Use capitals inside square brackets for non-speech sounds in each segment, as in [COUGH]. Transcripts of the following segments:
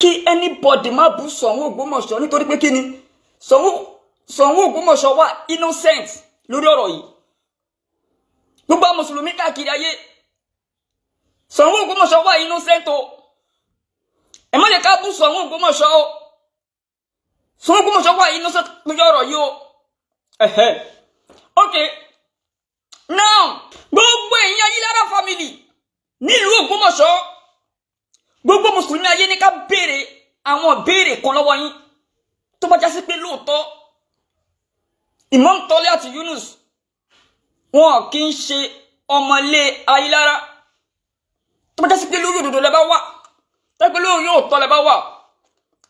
kí anybody má bú Ṣọ̀ún Ògbómọ̀ṣọ́ nítorí pé kí ni Ṣọ̀ún Ògbómọ̀ṣọ́ wà innocent lórí ọ̀rọ̀ yìí gbogbo mùsùlùmí káàkiri ayé Ṣọ̀ún Ògbómọ̀ṣọ́ wà innocent o ẹ má lè ká bú Ṣọ̀ún Ògbómọ̀ṣọ́ o Ṣọ̀ún Ògbómọ̀ṣọ́ wà innocent lórí ọ̀rọ̀ yìí o ẹ̀hẹ́ okay now gbogbo èèyàn Ayilara family nílùú Ògbómọ̀ṣọ́ gbogbo mùsùlùmí ayé ní ká béèrè àwọn béèrè kan lọ́wọ́ yín tó bá jásí pé lóòótọ́ Imam Tọ́lé àti Yunus wọn kì í ṣe ọmọlé Ayílára tó bá jásí pé lórí òdodo lẹ bá wà tó pé lórí yóò wà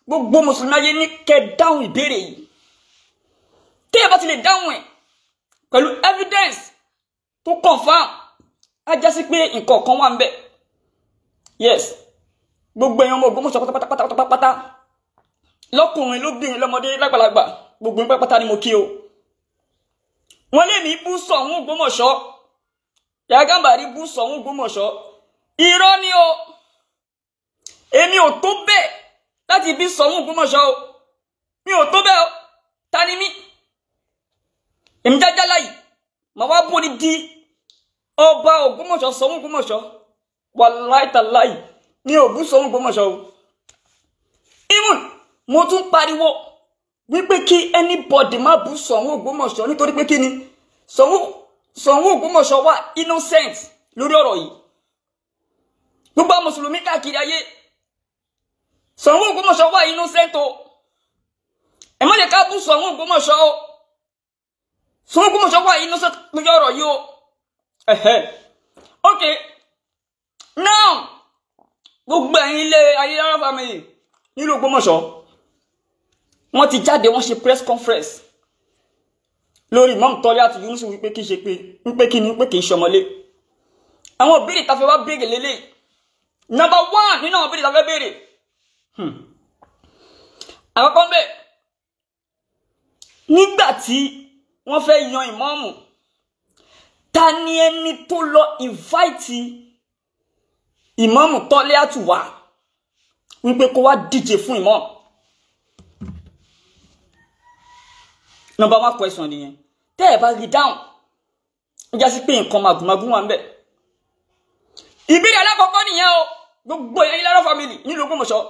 gbogbo mùsùlùmí ayé ní kẹ́ dáhùn ìbéèrè yìí tí bá ti lè dáhùn ẹ pẹ̀lú evidence tó confam á jásí pé nǹkan kan wà ń bẹ yes gbogbo ẹ̀yàn ọmọ Ògbómọ̀ṣọ́ pátápátápátá lọ́kùnrin lóbìnrin lọ́mọdé lágbàlagbà gbogbo ẹ̀yàn pátá ni mo kí o wọ́n lé ní bú sọ̀hún Ògbómọ̀ṣọ́ Yahya Gambari bú sọ̀hún Ògbómọ̀ṣọ́ irọ́ ni o èmi ò tó bẹ́ẹ̀ láti bí sọ̀hún Ògbómọ̀ṣọ́ o mi ò tó bẹ́ẹ̀ o ta ni mí èmi jájá láyìí màá wá bó ni di ọba Ògbómọ̀ṣọ́ sọ̀hún Ògbómọ̀ṣọ́ wàláìtàláyìí ní Ògbómọ̀ṣọ́ Ògbómọ̀ṣọ́ o even mo tún pariwo wípé kí anybody má bú Ṣọ̀ún Ògbómọ̀ṣọ́ nítorí pé kí ni Ṣọ̀ún Ògbómọ̀ṣọ́ wà innocent lórí ọ̀rọ̀ yìí gbogbo mùsùlùmí káàkiri ayé Ṣọ̀ún Ògbómọ̀ṣọ́ wà innocent o ẹ má lè ká bú Ṣọ̀ún Ògbómọ̀ṣọ́ o Ṣọ̀ún Ògbómọ̀ṣọ́ wà innocent lórí ọ̀rọ̀ yìí o okay now gbogbo ẹ̀yin ilé Ayédára family nílùú Ògbómọ̀ṣọ́ wọ́n ti jáde wọ́n ṣe press conference lórí Imam Toliat Yunus wípé kí ṣe pé ń pé kí ni pé kì í ṣọmọlé àwọn òbí ìtafẹ wa béèrè lélẹ̀ number one nínú àwọn òbí ìtafẹ béèrè hmm. àkọ́kọ́ ń bẹ nígbà tí wọ́n fẹ́ yan ìmáàmù ta ni ẹni tó lọ invite ìmáàmù tọ́lé àtùwà wípé kó wá díje fún ìmáàmù. number one question nìyẹn tẹ́ ẹ̀ bá rí dáhùn ó jásí pé nǹkan màgùnmàgùn wà ń bẹ̀. ìbéèrè alákọ̀ọ́kọ́ nìyẹn o gbogbo ẹ̀yin lára family nílùú Ògbómọ̀ṣọ́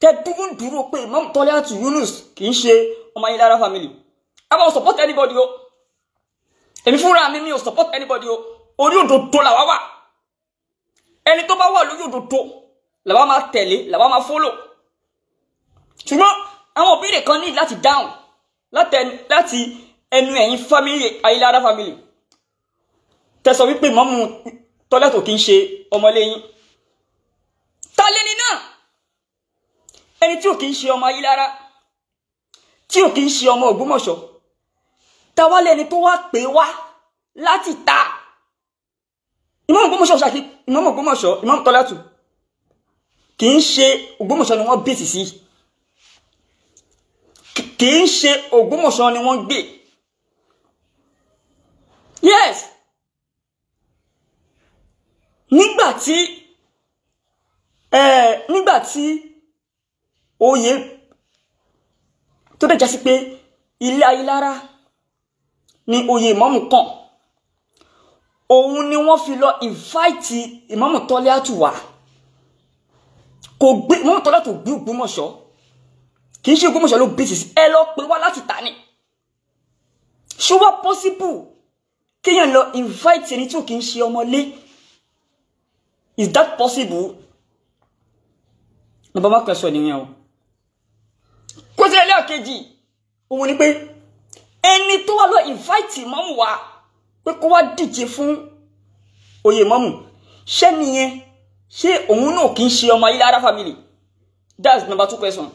tẹ́ dúró dúró pé ìmáàmù tọ́lé àtù Yunus kì í ṣe ọmọ ẹ̀yin lára family abọ́ support anybody o èmi fúnra mi mi ò support anybody o orí òdòdó làwa wà ẹni tó bá wà lórí òdòdó làwa máa tẹ̀lé làwa máa fólò ṣùgbọ́n àwọn òbí rẹ̀ kan ní láti dáhùn láti ẹnu ẹ̀yìn fámìlì Ayílára fámìlì tẹ̀sán wípé mọ́mú tọ́lẹ́tò kì í ṣe ọmọléyìn ta lẹni náà ẹni tí ò kì í ṣe ọmọ Ayílára tí ò kì í ṣe ọmọ Ògbómọ̀ṣọ́ ta wá lẹni tó wá pè wá láti ta ìmáàmù Ògbómọ̀ṣọ́ ṣáàkì ìmáàmù Ògbómọ̀ṣọ́ ìmáàmù Tọ́látù kì í ṣe Ògbómọ̀ṣọ́ ni wọ́n bèsì sí kì í ṣe Ògbómọ̀ṣọ́ ni wọ́n gbé yes nígbà tí nígbà tí oyè tó dẹ̀ jásí pé ilé Ayílára ni oyè ìmáàmù kàn òun ni wọ́n fi lọ ìfáìtì ìmáàmù Tọ́lẹ́àtù wá kò gbé ìmáàmù Tọ́lẹ́àtù gbé Ògbómọ̀ṣọ́ kì í ṣe Ògbómọ̀ṣọ́ ló bí sísí ẹ lọ pé wá láti ta ni ṣùgbọ́ pọ́síbù kéèyàn lọ invite ẹni tí ò kì í ṣe ọmọlé is that possible? bàbá má kẹsọ̀ nìyẹn o kó sí ẹlẹ́ọ̀kejì òun ni pé ẹni tó wà lọ invite ìmáàmù wa pé kó wá díje fún oyè mọ́mù ṣé nìyẹn ṣé òun náà kì í ṣe ọmọ ayélujára family that's number two person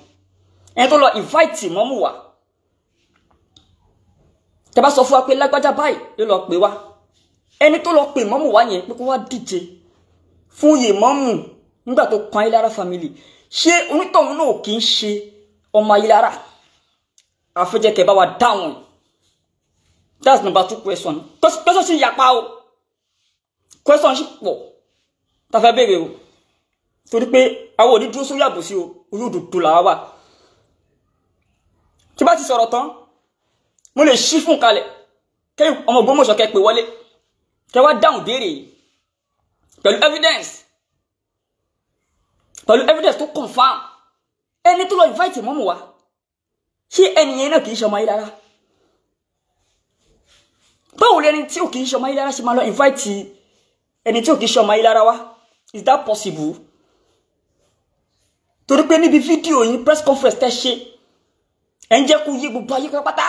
ẹni tó lọ invite mọ́mù wá tẹ́bá sọ fún wa pé lágbájá báyìí ló lọ pè wá ẹni tó lọ pè mọ́mù wá yẹn pé kó wá díje fún oyè mọ́mù nígbà tó kan ayélujára family ṣé onítọ̀hún náà kì í ṣe ọmọ ayélujára àfẹ́jẹ̀kẹ̀ bá wa dáhùn that's number two question question sì yapa o question sì pọ̀ tá a fẹ́ béèrè o torí pé àwọn òní dúró sórí àbòsí o orí òdòdó làwa wà tí bá ti sọ̀rọ̀ tán mo lè ṣí fún kalẹ̀ kẹ́yìn ọmọ Ògbómọ̀ṣọ́ kẹ́ pè wọlé kẹ́ wá dáhùn béèrè yìí pẹ̀lú evidence pẹ̀lú evidence tó confam ẹni tó lọ invite mọ́mù wa ṣé ẹnìyẹn náà kì í ṣe ọmọ ayé rárá báwo lẹni tí ò kì í ṣe ọmọ Ayílára ṣe máa lọ invite ẹni tí ò kì í ṣe ọmọ Ayílára wá is that possible torí pé níbi fídíò yìí press conference tẹ́ ṣe ẹ ń jẹ́ kó yé gbogbo ayé pátá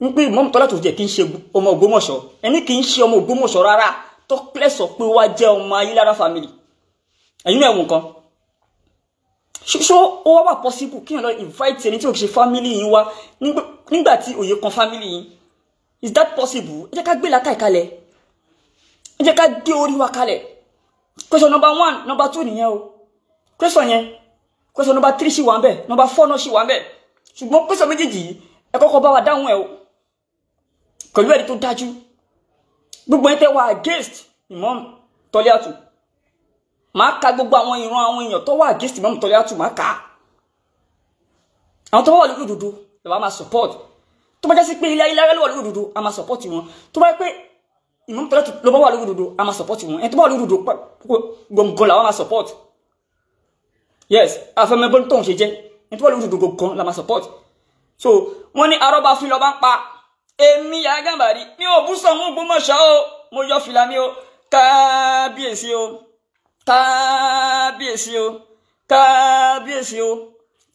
ń pé Imam Tola tó jẹ́ kí n ṣe ọmọ Ògbómọ̀ṣọ́ ẹni kì í ṣe ọmọ Ògbómọ̀ṣọ́ rárá tọ́pẹ́ sọ pé wá jẹ́ ọmọ Ayílára family ẹ̀yin náà ẹ̀wọ̀n kan ṣoṣo ó wá wà possible kí n lọ invite ẹni tí ò kì í ṣe family yín wá nígbà tí òye kan family yín is that possible ẹ jẹ́ ká gbé làákàyè kalẹ̀ ẹ jẹ́ ká gbé orí wa kalẹ̀ question number one number two nìyẹn o question yẹn question number three ṣì wà ń bẹ̀ number four náà ṣì wà ń bẹ̀ ṣùgbọ́n question méjèèjì yìí ẹ kọ́kọ́ bá wa dáhùn ẹ̀ o pẹ̀lú ẹ̀rí tó dájú gbogbo yín tẹ́ wà against Imam Tọ́lẹ́àtù màá ka gbogbo àwọn ìran àwọn èèyàn tó wà against Imam Tọ́lẹ́àtù màá ka àwọn tó wà lórí òdodo làwọn máa support tó bá jẹ́ sí pé ilé ayélujára ló wà lórí òdodo a máa sọ̀pọ̀tì wọn tó bá pé ìmọ̀mù tọ́lá ló bá wà lórí òdodo a máa sọ̀pọ̀tì wọn ẹni tó bá wà lórí òdodo gbọ̀ngàn làwọn máa sọ̀pọ̀tì yes afẹ́mẹ́bọ́n tóun ṣe jẹ́ ẹni tó wà lórí òdodo gbọ̀ngàn la máa sọ̀pọ̀tì so wọ́n ní arọ́ba fi lọ́ba ń pa èmi yàrá gàmbàrí mi ò bú sọ̀mú Ògbómọ̀ṣọ́ o mo yọ fìlà mi o kábíyèsí o kábíyèsí o kábíyèsí o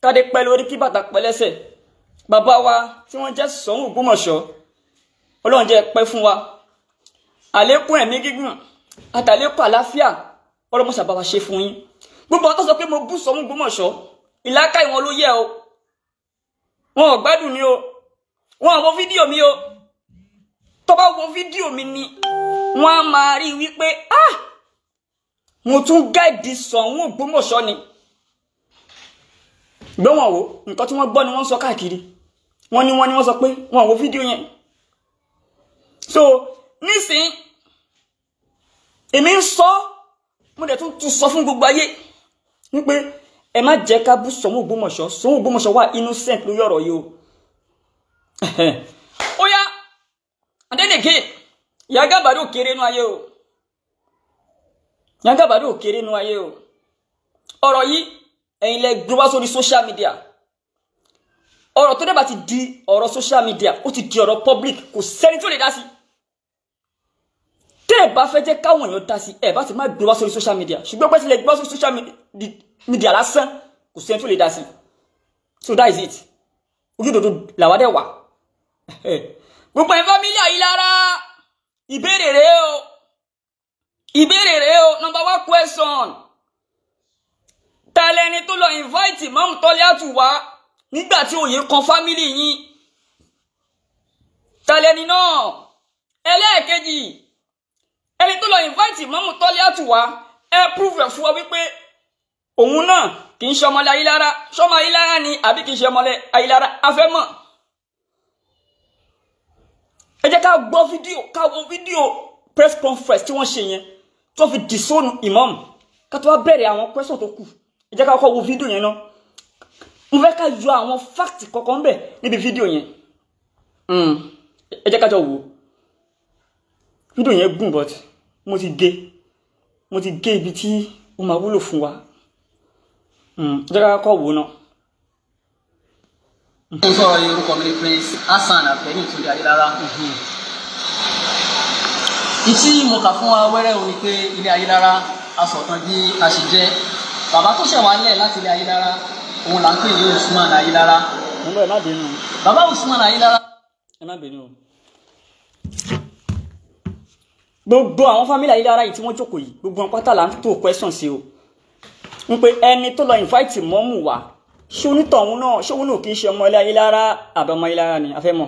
kádé pẹ́ lórí kí bàtà pẹ́ lẹ́sẹ̀ bàbá wa tí wọ́n jẹ́ Ṣọ̀ún Ògbómọ̀ṣọ́ Ọlọ́run jẹ́ pẹ́ fún wa àlékún ẹ̀mí gígùn àtàlékún àlàáfíà ọlọ́mọ sábà wa ṣe fún yín gbogbo ọtọ́ sọ pé mo bú Ṣọ̀ún Ògbómọ̀ṣọ́ ìlàkà ìwọn ló yẹ o wọn ò gbádùn mi o wọn ò fídíò mi o tó wo fídíò mi ni wọn á máa rí wípé ah mo tún gáàdì Ṣọ̀ún Ògbómọ̀ṣọ́ ni gbé wọn wo nǹkan tí wọ́n gbọ́ ni wọ́n sọ káàkiri wọ́n ní wọ́n ní wọ́n sọ pé wọ́n wo fídíò yẹn so nísìn èmi ń sọ mo dẹ̀ tún tún sọ fún gbogbo ayé wípé ẹ má jẹ́ ká bú Sọ́mù Ògbómọ̀ṣọ́ Sọ́mù Ògbómọ̀ṣọ́ wà innocent lórí ọ̀rọ̀ yìí o ó yá adédèké Ìyá Gàbárì ò kéré nú ayé o Ìyá Gàbárì ò kéré nú ayé o ọ̀rọ̀ yìí ẹ̀yin lẹ gbé wá sórí social media ọ̀rọ̀ tó dẹ́gbà ti di ọ̀rọ̀ social media ó ti di ọ̀rọ̀ public kò sẹ́ni tó lè dá sí tẹ́ ẹ bá fẹ́ jẹ́ káwọn èèyàn dá sí ẹ bá ti má gbé wá sórí social media ṣùgbọ́n pẹ́ tilẹ̀ gbé wá sórí social media lásán kò sẹ́ni tó lè dá sí so that is it ojúdodo làwa dẹ̀ wà gbogbo ẹ̀ fámílì Àyìlára ìbéèrè rèé o ìbéèrè rèé o number one question ta lẹni tó lọ invite Imam Toliatu wá nígbà tí òye kan fámìlì yín tẹlẹni náà ẹlẹ́ẹ̀kejì ẹni tó lọ invite mọ́mú tọ́lẹ́ àtùwá ẹ prove ẹ̀ fún ọ wípé òun náà kì í ṣe ọmọlẹ ayélára ṣọmọ ayélára ni àbí kì í ṣe ayélára afẹ́mọ̀ ẹ jẹ́ ká gbọ́ fídíò ká wo fídíò press conference tí wọ́n ṣe yẹn tó fi dìsónù imam ká tó wá bẹ̀rẹ̀ àwọn question tó kù ẹ jẹ́ ká kọ́ wo fídíò yẹn náà mo fẹ́ ká yọ àwọn fáàtì kọ̀ọ̀kan bẹ̀ níbi fídíò yẹn hmm, ẹ jẹ́ ká jọ wò ó fídíò yẹn gùn but mo ti gé mo ti gé ibi tí o máa wúlò fún wa hmm, ẹ jẹ́ ká kọ́ wò ó náà. mo sọ̀rọ̀ yìí orúkọ mi ni Prince Hassan Abdul Tunde Adélára hmm. ìtí mo kà fún wa wẹ́rẹ́ o ni pé ilé Ayélára asọ̀tàn bí a ṣe jẹ́ bàbá tó ṣẹ̀ wá lẹ̀ láti ilé Ayélára òun là ń pè ní Usman Ayilara. nígbà ẹ má bínú. bàbá Usman Ayilara. ẹ má bínú gbogbo àwọn fámìlì Ayilara yìí tí wọ́n jókòó yìí gbogbo àwọn pátá là ń tó question sí o n pe ẹni tó lọ invite mọ́mù wá ṣé onítọ̀hún náà ṣé òun náà kì í ṣe ọmọ ilé Ayilara àbọ̀mọ Ayilara ni a fẹ́ mọ̀.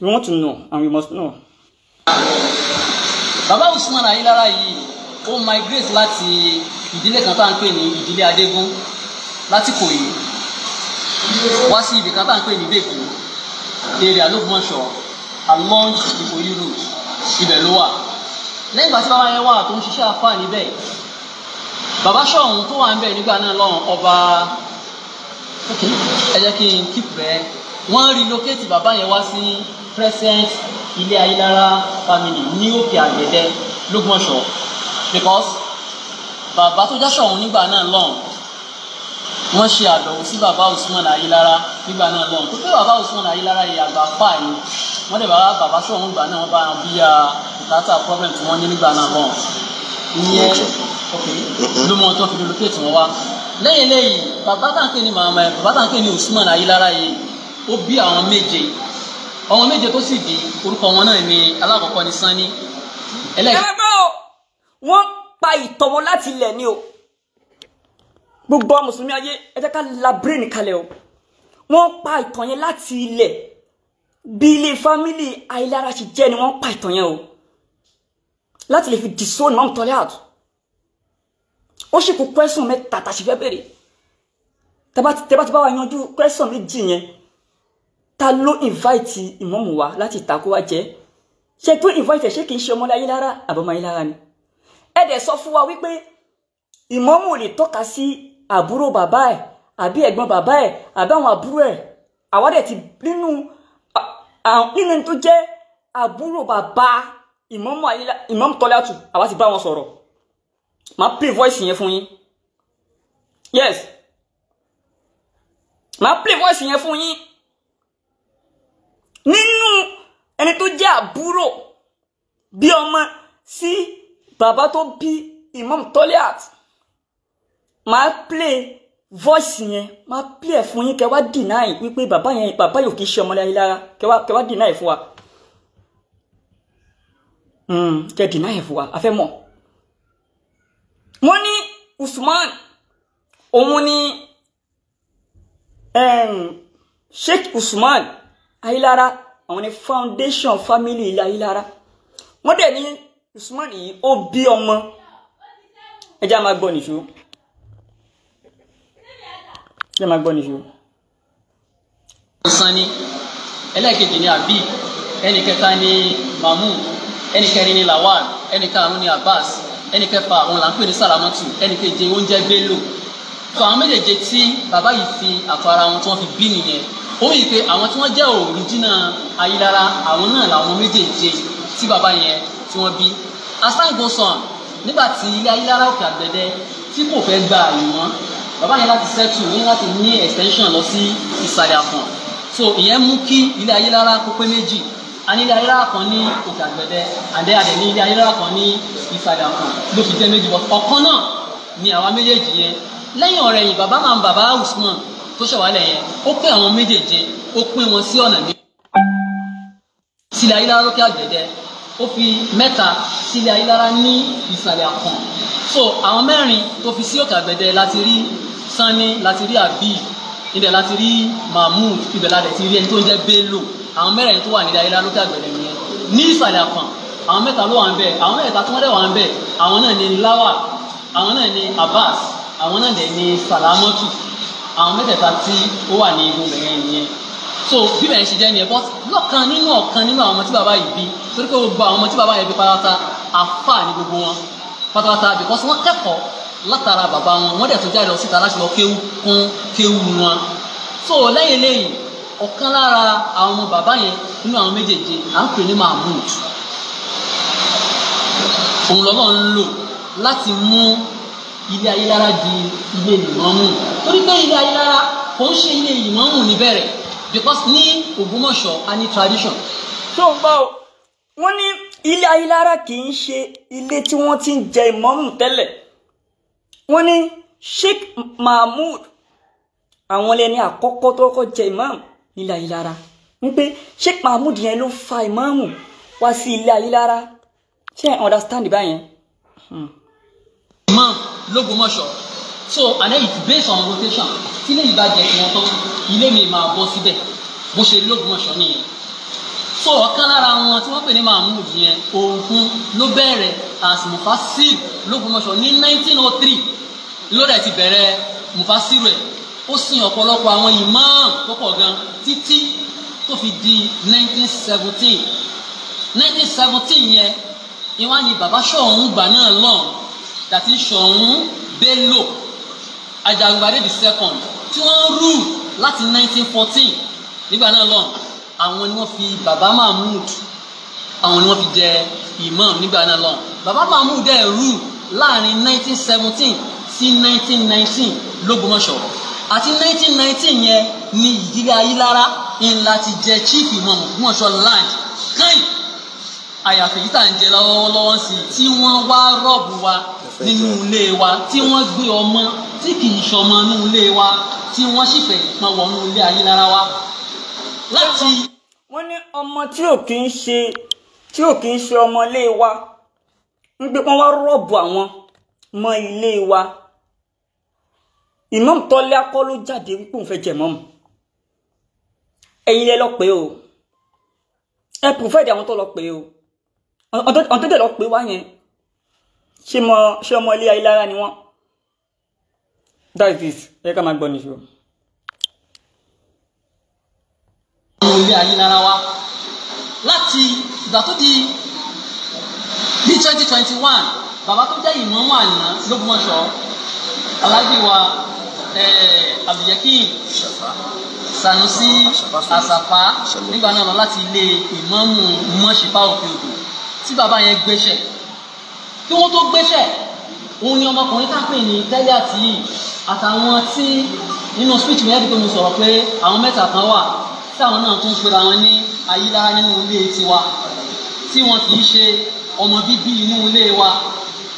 We want to know and we must know. Bàbá Usman Ayilara yìí ó migrate láti ìdílé kan tá à ń pè ní ìdílé adégún lásìkò yìí wá sí ibì kan tá à ń pè ní bèkú èrè àlógúnmọ̀ṣọ́ along ìkòyí road ibẹ̀ ló wà lẹ́yìn ìgbà tí bàbá yẹn wà tó ń ṣiṣẹ́ àfáà níbẹ̀ bàbá ṣọ̀hún tó wà ń bẹ̀ nígbà náà lọ́hùn ọba ẹ jẹ́ kí n kíp rẹ̀ wọ́n relocate bàbá yẹn wá sí present ilé ayélujára family ní òkè àgbẹ̀dẹ lógúnmọ̀ṣọ́ because bàbá tó já sọ̀hún nígbà náà lọ́hùn wọ́n ṣe àdọ̀wò sí bàbá Usman Ayilara nígbà náà lọ́hùn tó pé bàbá Usman Ayilara yìí àgbà pa ni wọ́n dẹ̀ bá bàbá sọ̀hún gbà náà wọ́n bá bí i bùkátà problem tí wọ́n ní nígbà náà lọ́hùn ìyẹn ló mọ tó fi relocate wọn wá lẹ́yìn lẹ́yìn bàbá tàǹkì ni màmá ẹ̀ bàbá tàǹkì ni Usman Ayilara yìí ó bí àwọn méje ọmọ méje tó sì bí orúkọ wọn náà ni alákọ̀ọ́kọ́ ni Sanni ẹlẹ́yìn. ẹ pa ìtàn wọn láti ilẹ̀ ni o gbogbo mùsùlùmí ayé ẹ jẹ́ ká la brain kalẹ̀ o wọ́n pa ìtàn yẹn láti ilẹ̀ bí ilé fámílì Àìlára ṣe jẹ́ ni wọ́n pa ìtàn yẹn o láti lè fi disown Imam Toliat ó ṣe kó question mẹ́ta tá a ṣe fẹ́ bèrè tẹ́bá ti bá wa yanjú question méjì yẹn ta ló invite Imam wa láti ìtakò wa jẹ́ ṣe tó invite ẹ̀ ṣé kì í ṣe ọmọlé Àìlára àbọ̀mọ Àìlára ni ẹ dẹ̀ sọ fún wa wípé ìmọ̀mù lè tọ́ka sí àbúrò bàbá ẹ̀ àbí ẹ̀gbọ́n bàbá ẹ̀ àbí àwọn àbúrò ẹ̀ àwa ti nínú nínú tó jẹ́ àbúrò bàbá ìmọ̀mù ayílá ìmọ̀mù tọ́lẹ́tù àwa ti bá wọn sọ̀rọ̀ màá play voice yẹn fún yín yes màá play voice yẹn fún yín nínú ẹni tó jẹ́ àbúrò bí ọmọ sí. Si, bàbá tó bí Imam Toliat máa play voice yẹn máa play ẹ̀ fún yín kẹ wá deny wípé bàbá yẹn bàbá yòókì ṣe ọmọ láyé lára kẹ wá deny fún wa hmm, kẹ deny fún wa a fẹ́ mọ̀ wọ́n ní Usman òun ni Sheikh Usman Ayilara àwọn ni foundation family ilé Ayilara wọ́n dẹ̀ ní Usman yìí ó bí ọmọ ẹjẹ́ a máa gbọ́ nìṣó ẹjẹ́ a máa gbọ́ nìṣó. sani ẹlẹ́ẹ̀kejì ni Habib ẹnì kẹta ni Mahmoud ẹnì kẹrin ni Lawal ẹnì karùn-ún ni Abbas ẹnì kẹfà òun là ń pè ní Salamatu ẹnì keje oúnjẹ Bello tó àwọn méjèèjé tí bàbá yìí fi àtọ̀ara wọn tí wọ́n fi bí nìyẹn ó yìí pé àwọn tí wọ́n jẹ́ òrìjínà Ayílára àwọn náà làwọn méjèèjé tí bàbá yẹn tí wọ́n bí as time goes on nígbà tí ilé ayé lára òkè àgbẹ̀dẹ tí kò fẹ́ gba àyè wọn bàbá yẹn láti settle wọ́n láti ní extension lọ sí ìsàlẹ̀ àfọ̀n so ìyẹn mú kí ilé ayé lára kó pé méjì a ní ilé ayé lára kan ní òkè àgbẹ̀dẹ àdé àdé ní ilé ayé lára kan ní ìsàlẹ̀ àfọ̀n ló fi jẹ́ méjì bọ́ ọ̀kan náà ni àwa méjèèjì yẹn lẹ́yìn ọ̀rẹ́ yìí bàbá màmú bàbá Usman tó ṣọ̀wálẹ̀ yẹn ó pín àwọn méjèèjì ó pín wọn sí ọ̀nà méjì sílẹ̀ ayé lára lókè àgbẹ̀dẹ ó fi mẹ́ta sílé ayélujára ní ìsàlẹ̀ àkàn so àwọn mẹ́rin tó fi sí òkè àgbẹ̀dẹ láti rí sanni láti rí àbí ibẹ̀ láti rí mahmood ibẹ̀ láti ti rí ẹni tó ń jẹ́ bello àwọn mẹ́rin tó wà nílé ayélujára lókè àgbẹ̀dẹ nìyẹn ní ìsàlẹ̀ àkàn àwọn mẹ́ta ló wà ń bẹ̀ àwọn mẹ́ta tó wọ́n dẹ̀ wà ń bẹ̀ àwọn náà ni lawa àwọn náà ni abbas àwọn náà dẹ̀ ni salamatu àwọn mẹ́tẹ̀ẹ̀ta tí ó wà ní igun bẹ̀rẹ̀ nìyẹn so bí bẹ́ẹ̀ ṣe jẹ́ nìyẹn but lọ́kàn nínú ọ̀kan nínú àwọn ọmọ tí bàbá yìí bí torí pé gbogbo àwọn ọmọ tí bàbá yìí bí pátápátá àfà ní gbogbo wọn pátápátá because wọ́n kẹ́kọ̀ọ́ látara bàbá wọn wọ́n dẹ̀ tó jáde lọ síta láti lọ kéwú kún kéwú wọn so lẹ́yìn lẹ́yìn ọ̀kan lára àwọn ọmọ bàbá yẹn nínú àwọn méjèèjì à ń pè ní mahmood òun lọ́nà ń lò láti mú ilé ayélára di ilé ìmọ̀ọ́mù torí pé ilé ayélára kò ń ṣe ilé ìmọ̀ọ́mù níbẹ̀rẹ̀ because ní Ògbómọ̀ṣọ́ a ní tradition. tó ń bá o wọ́n ní ilé Ayílára kì í ṣe ilé tí wọ́n ti ń jẹ ìmọ̀mù tẹ́lẹ̀ wọ́n ní Sheikh Mahmood àwọn lẹni àkọ́kọ́ tó kọ́ jẹ ìmọ̀mù nílé Ayílára wípé Sheikh Mahmood yẹn ló fa ìmọ̀mù wá sí ilé Ayílára ṣé ẹ understand báyẹn. Hmm. imam l'Ògbómọ̀ṣọ́ so and then it's based on rotation tí ilé yìí bá jẹ tiwọn tán ilé mi máa bọ́ síbẹ̀ bó ṣe lóògùnmọ̀ṣọ́ nìyẹn so ọ̀kan lára wọn tí wọ́n pè ní mahmood yẹn Ògún ló bẹ̀rẹ̀ as mufasir lóògùnmọ̀ṣọ́ ní 1903 ló dẹ̀ ti bẹ̀rẹ̀ mufasir rẹ̀ ó sin ọ̀pọ̀lọpọ̀ àwọn imam tó pọ̀ gan títí tó fi di 1917 1917 yẹn ìwọ́n ni bàbá Ṣọ̀ún gbà náà lọ́n dàtí Ṣọ̀ún Bello Ajagubade the second tí wọ́n rú láti 1914 nígbà náà lọ àwọn ni wọ́n fi baba Mahmood àwọn ni wọ́n fi jẹ imam nígbà náà lọ baba Mahmood dẹ̀ rú láàrin 1917 sí 1919 lógbómọ̀ṣọ́ àti 1919 yẹn ni ìdílé Ayílára ńlá ti jẹ chief imam Ògbómọ̀ṣọ́ land kain àyàfi yìí tà ń jẹ lọ́wọ́lọ́wọ́ sí i tí wọ́n wá rọ́ọ̀bù wa nínú ilé wa tí wọ́n gbé ọmọ tí kì í ṣọmọ nínú ilé wa tí wọ́n sì fẹ́ pọn wọnú ilé ayé lára wa. láti. wọ́n ní ọmọ tí ò kì í ṣe tí ò kì í ṣe ọmọ ilé wa ń gbé pọ́n wá rọ́ọ̀bù àwọn mọ́ ilé wa Imam Tọ́lá akọ́ ló jáde wípé òun fẹ́ jẹ mọ́mù ẹ̀yin lẹ lọ pé o ẹ pòfẹ́ẹ̀dì àwọn tó lọ pé o ọ̀tọ́tẹ̀ lọ pé wá yẹn ṣé ọmọ ilé ayé lára ni wọ́n that is it ẹ ká máa gbọ́ nìṣó. ọmọ ilé ayé lára wa láti ìgbà tó di ní twenty twenty one bàbá tó jẹ́ ìmọ̀ọ́mọ́ àná lógúnmọ̀ṣọ́ aláàjì wa abdulyakin sanusi asafa nígbà náà lọ láti ilé ìmọ̀ọ́mù mọ̀ṣípà òkè odò tí bàbá yẹn gbéṣẹ́ kí wọ́n tó gbéṣẹ̀ òun ni ọmọkùnrin tá ní tẹ́lẹ̀ àti àtàwọn tí nínú speech mi ẹ̀dùn pé sọ̀rọ̀ pé àwọn mẹ́ta kan wà tí àwọn náà tún pera wọn ní ayílára nínú ilé tiwa tí wọn kì í ṣe ọmọ bíbí inú ilé wa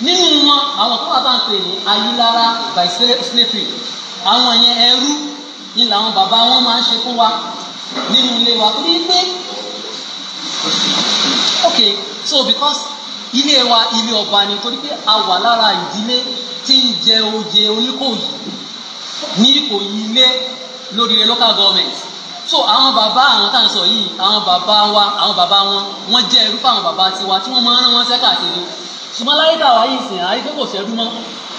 nínú wọn àwọn tó wà tá ń pè ní ayílára by slavery àwọn yẹn ẹrú ni làwọn bàbá wọn máa ń ṣe fún wa nínú ilé wa torí pé okay so because ilé wa ilé ọba ni torí pé a wà lára ìdílé tí ń jẹ oyè oníkòyí ní ìkòyí ilé lórí local government so àwọn bàbá àwọn tá à ń sọ yìí àwọn bàbá wa àwọn bàbá wọn wọn jẹ ẹrú fáwọn bàbá tiwa tí wọn máa ń rán wọn sẹ́kà kiri ṣùgbọ́n láyé tá a wáyé ìsìn àyè pé kò ṣẹ́dú mọ́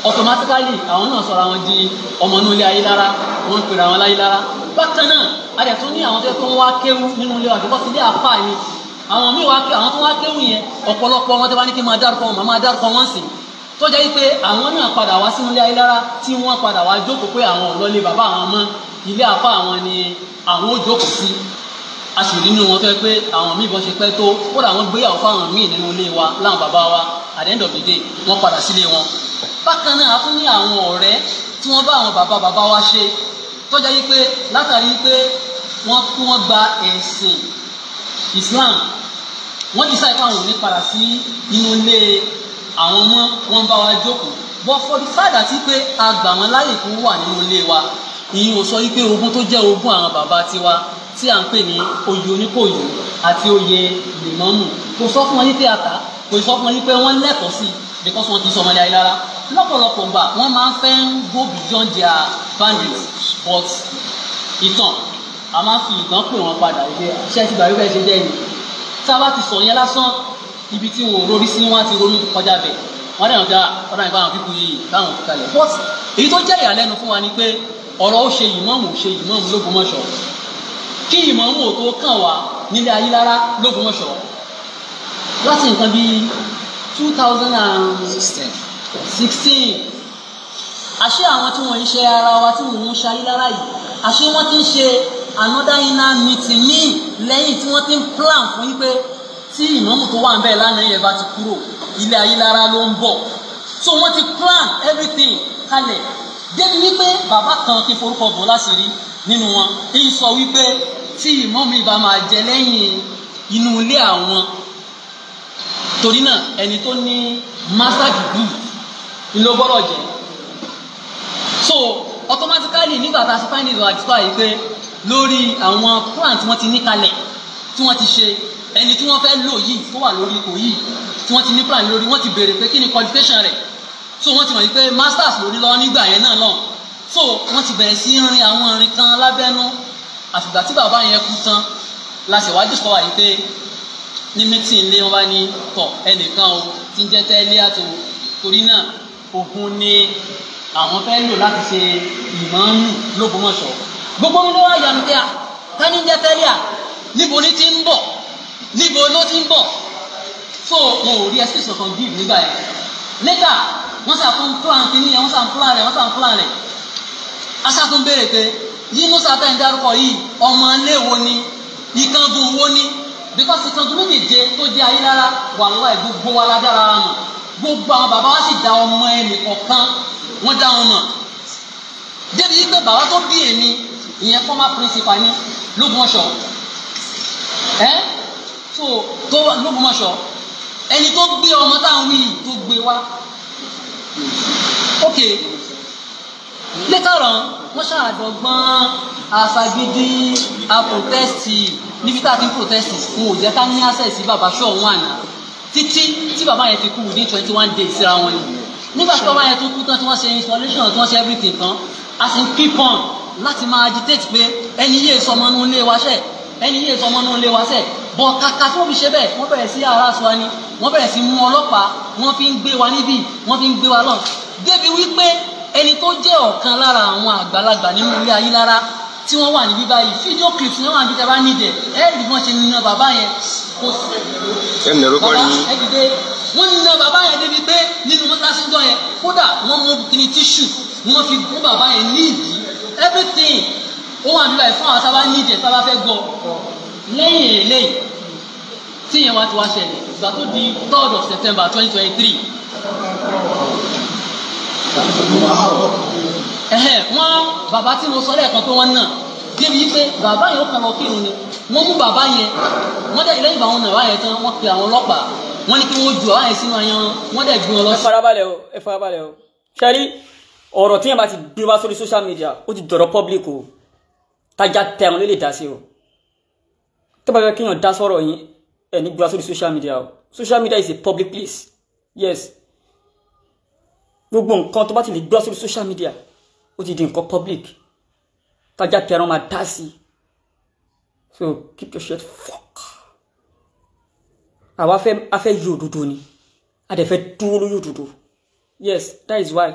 automatically àwọn náà sọ̀rọ̀ àwọn di ọmọ inú ilé ayé lára wọ́n ń pèrè àwọn láyé lára bákan náà a dẹ̀ tún ní àwọn tó yẹ kó wá kéwú nínú ilé wa àti bọ́sí ilé yìí àwọn míì wá pé àwọn tó wá kéwù yẹn ọ̀pọ̀lọpọ̀ wọn tó bá ní kí n máa dárúkọ wọn máa dárúkọ wọn sí tó jẹ́ pé àwọn náà padà wá sínú ilé ayélujára tí wọ́n padà wá jókòó pé àwọn ọ̀lọ́lé bàbá àwọn mọ́ ilé àfa àwọn ni àwọn ó jókòó sí a sì rí nínú wọn tó yẹ pé àwọn míì bọ́n ṣe pẹ́ tó kódà àwọn gbéyàwó fáwọn míì nínú ilé wa láwọn bàbá wa at the end of the day wọ́n padà sílé wọn bákan náà a tún ní àwọn ọ̀rẹ́ tí wọ́n bá àwọn bàbá bàbá wa ṣe tó jẹ́ pé látàrí pé wọ́n gba ẹ̀sìn Islam wọ́n ti sáyẹ̀ fáwọn òní padà sí inú ilé àwọn ọmọ wọn bá wa jókòó bọ́ fọdí fàdà sí pé a gbà wọn láyè kó wà nínú ilé wa ìyẹn ò sọ wípé ogún tó jẹ́ ogún àwọn bàbá tiwa tí à ń pè ní oyè oníkòyí àti oyè lèmọ́mù kò sọ fún wọn yí pé ata kò sọ fún wọn yí pé wọ́n lẹ́tọ̀ọ́ sí because wọn kì í sọ ọmọdé ayé rárá lọ́pọ̀lọpọ̀ gbà wọ́n máa ń fẹ́ go beyond their boundaries but ìtàn a máa fi ìtàn pè wọ́n padà wípé ṣé ti gbà wípé ṣe jẹ́ ni tá a bá ti sọ yẹn lásán ibi tí wọn ò rori sí wọn á ti ronú kọjá bẹ̀ wọ́n dẹ̀ nǹkan ah, ọ̀dà ìbáwọn fíkú yìí káwọn fi kalẹ̀ but èyí tó jẹ́ ìyàlẹ́nu fún wa ni pé ọ̀rọ̀ ó ṣe ìmáàmù ó ṣe ìmáàmù l'Ógbómọ̀ṣọ́ kí ìmáàmù ò tó kàn wá nílé ayé rárá l'Ógbómọ̀ṣọ́ láti nǹkan bíi two thousand and sixteen àṣé àwọn tí wọ́n ń ṣe ara wa tí wọ́n ń ṣe ayé rárá yìí àṣé wọ́n ti ń ṣe another inner meeting ní lẹ́yìn tí wọ́n ti ń plan fún yí pé tí ìnáwó tó wà ń bẹ̀ lánàá yẹn bá ti kúrò ilé ayélujára ló ń bọ̀ so wọ́n ti plan everything kalẹ̀ débi wípé bàbá kan ti forúkọ bò láṣìírí nínú wọn ń sọ wípé tí ìmọ̀mí bá máa jẹ lẹ́yìn inú ilé àwọn torí náà ẹni tó ní master degree ló gbọ́dọ̀ jẹ́ so automatically nígbà tá a ṣe find it out àti sọ pé lórí àwọn plan tí wọ́n ti ní kalẹ̀ tí wọ́n ti ṣe ẹni tí wọ́n fẹ́ lò yìí tó wà lórí ipò yìí tí wọ́n ti ní plan lórí wọ́n ti béèrè pé kí ni qualification rẹ̀ so wọ́n ti mọ̀ pé masters lórí lọ nígbà yẹn náà náà so wọ́n ti bẹ̀rẹ̀ sí rin àwọn irin kan lábẹ́nú àfìgbà tí bàbá yẹn kú tán la ṣe wá dìkọ̀ wáyé pé ní mítìn ilé wọn bá ní tọ̀ ẹnìkan o ti ń jẹ́ tẹ́lẹ̀ àti torí náà ògùn ni àwọn fẹ́ lò láti ṣe ìmọ̀ọ́nù lóbùmọ̀ṣọ́ gbogbo mi ló wá yànú pé à ká ní jẹ́ tẹ́lẹ̀ à níbo ni ti ń bọ̀ níbo ló ti ń bọ̀ so wọn ò rí ẹsẹ̀ sọ̀kan give nígbà yẹn later wọ́n sàkún plan kìíní yẹn wọ́n sàkún plan rẹ̀ wọ́n sàkún plan rẹ̀ asàkún béèrè pé yínú sátẹ̀ ń dárúkọ yìí ọmọ ilé wo ni ìkangun wo ni because ìkangun méjèèje tó jẹ́ ayé rárá wàláhì gbogbo wa ládára nù gbogbo àwọn bàbá wa sì da ọmọ ẹnì kọ̀ọ̀kan wọ́n dá wọn mọ̀ débi yìí pé bàbá tó bí èmi ìyẹn former principal ní lógúnmọ̀ṣọ́ ẹ́ so tó lógúnmọ̀ṣọ́ ẹni tó gbé ọmọ táwọn wí tó gbé wá ok later on wọ́n ṣàdọ̀gbọ́n àṣàgídí àprotẹ́sì níbi tá a ti ń protẹ́sì wọn ò jẹ́ ká ní access sí bàbá ṣọ́ọ̀ wọn àná títí tí bàbá yẹn fi kú within twenty one days síra wọn ni nígbà tí bàbá yẹn tó kú tán tí wọ́n ṣe installation tí wọ́n ṣe everything tán a sì keep on láti máa agitate pé ẹni yéé sọmọ nínú ilé wa ṣẹ ẹni yéé sọmọ nínú ilé wa ṣẹ bọ kàkà tó fi ṣe bẹ́ẹ̀ wọ́n bẹ̀rẹ̀ sí ara sọ ẹni wọ́n bẹ̀rẹ̀ sí mú ọlọ́pàá wọ́n fi ń gbé wa níbí wọ́n fi ń gbé wa lọ débi wípé ẹni tó jẹ́ ọ̀kan lára àwọn àgbàlagbà nínú ilé ayé lára tí wọ́n wà níbí báyìí fídíò clips ni wọ́n wà níbi tẹ́ bá nídẹ̀ ẹ́ rí wọ́n ṣe nínú bàbá yẹn kò sí. ẹ nẹ̀rọ kọ́ ni. ẹ dìde wọ́n nínú bàbá yẹn débi pé nínú mọ́tàlásí jọ yẹn kódà wọ́n mú kíni tíṣù wọ́n fi gún bàbá yẹn ní ìdí everything ó wà nígbà yìí fún àwọn sábà ní ìdẹ̀ sábà fẹ́ gbọ́ lẹ́yìn eléyìí tí ìyẹn wá ti wá ṣẹlẹ̀ ìgbà tó di third of September twenty twenty three wọ́n bàbá tí mo sọ lẹ́ẹ̀kan pé wọ́n náà débi pé bàbá yẹn ó kàn lọ kírun ni wọ́n mú bàbá yẹn wọ́n dẹ̀ lẹ́yìn ìbáwọn náà wáyẹn tán wọ́n pe àwọn ọlọ́pàá wọ́n ní kí wọ́n ju àwọn yẹn sínú ayan wọ́n dẹ̀ gbé wọn ẹ farabalẹ̀ o ẹ farabalẹ̀ o ṣe rí ọ̀rọ̀ tí yẹn bá ti gbé wá sórí social media ó ti dọ̀rọ̀ public o tájà tẹ̀wọ̀n ló lè dá sí o tó bá fẹ́ kéèyàn dá sọ̀rọ̀ yín ẹ̀ ní gbé wá sórí social media o social media is a public place yes gbogbo nǹkan tó bá ti lè gbé wá sórí social media ó ti di nǹkan public tájà tẹ̀wọ̀n máa dá sí so keep your shirt. fuck àwa afẹ́ afẹ́ yí òdodo ni a dẹ̀ fẹ́ dúró lórí yes that is why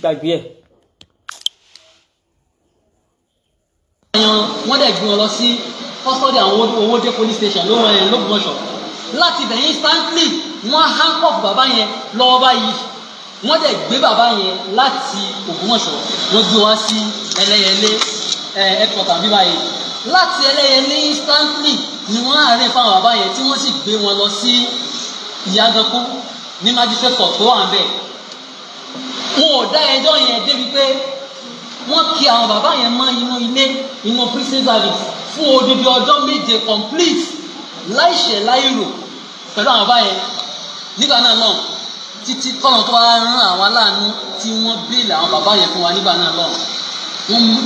gbàgbé ẹ̀. wọ́n dẹ̀ gbé wọn lọ sí kọ́sọ́dì àwọn Owódé police station ló wọn ẹ̀ lọ́gbọ̀nsọ̀ láti bẹ̀ instantly wọ́n hang up bàbá yẹn lọ́wọ́ báyìí wọ́n dẹ̀ gbé bàbá yẹn láti Ògbómọ̀ṣọ́ wọ́n gbé wá sí Ẹlẹ́yẹlé eh, headquarter bí báyìí láti Ẹlẹ́yẹlé instantly ni wọ́n àárẹ̀ fáwọn bàbá yẹn tí wọ́n sì gbé wọn lọ sí Ìyágankú ní magistrate court tó wà ń bẹ̀ wọn ò dá ẹjọ́ yẹn débi pé wọ́n kì àwọn bàbá yẹn mọ́ inú ilé inú prison service fún odidi ọjọ́ méje complete láìṣẹ̀ láìrò pẹ̀lú àwọn bàbá yẹn nígbà náà lọ títí kọ́nà tó wá rán àwọn aláàánú tí wọ́n bíìlì àwọn bàbá yẹn fún wa nígbà náà lọ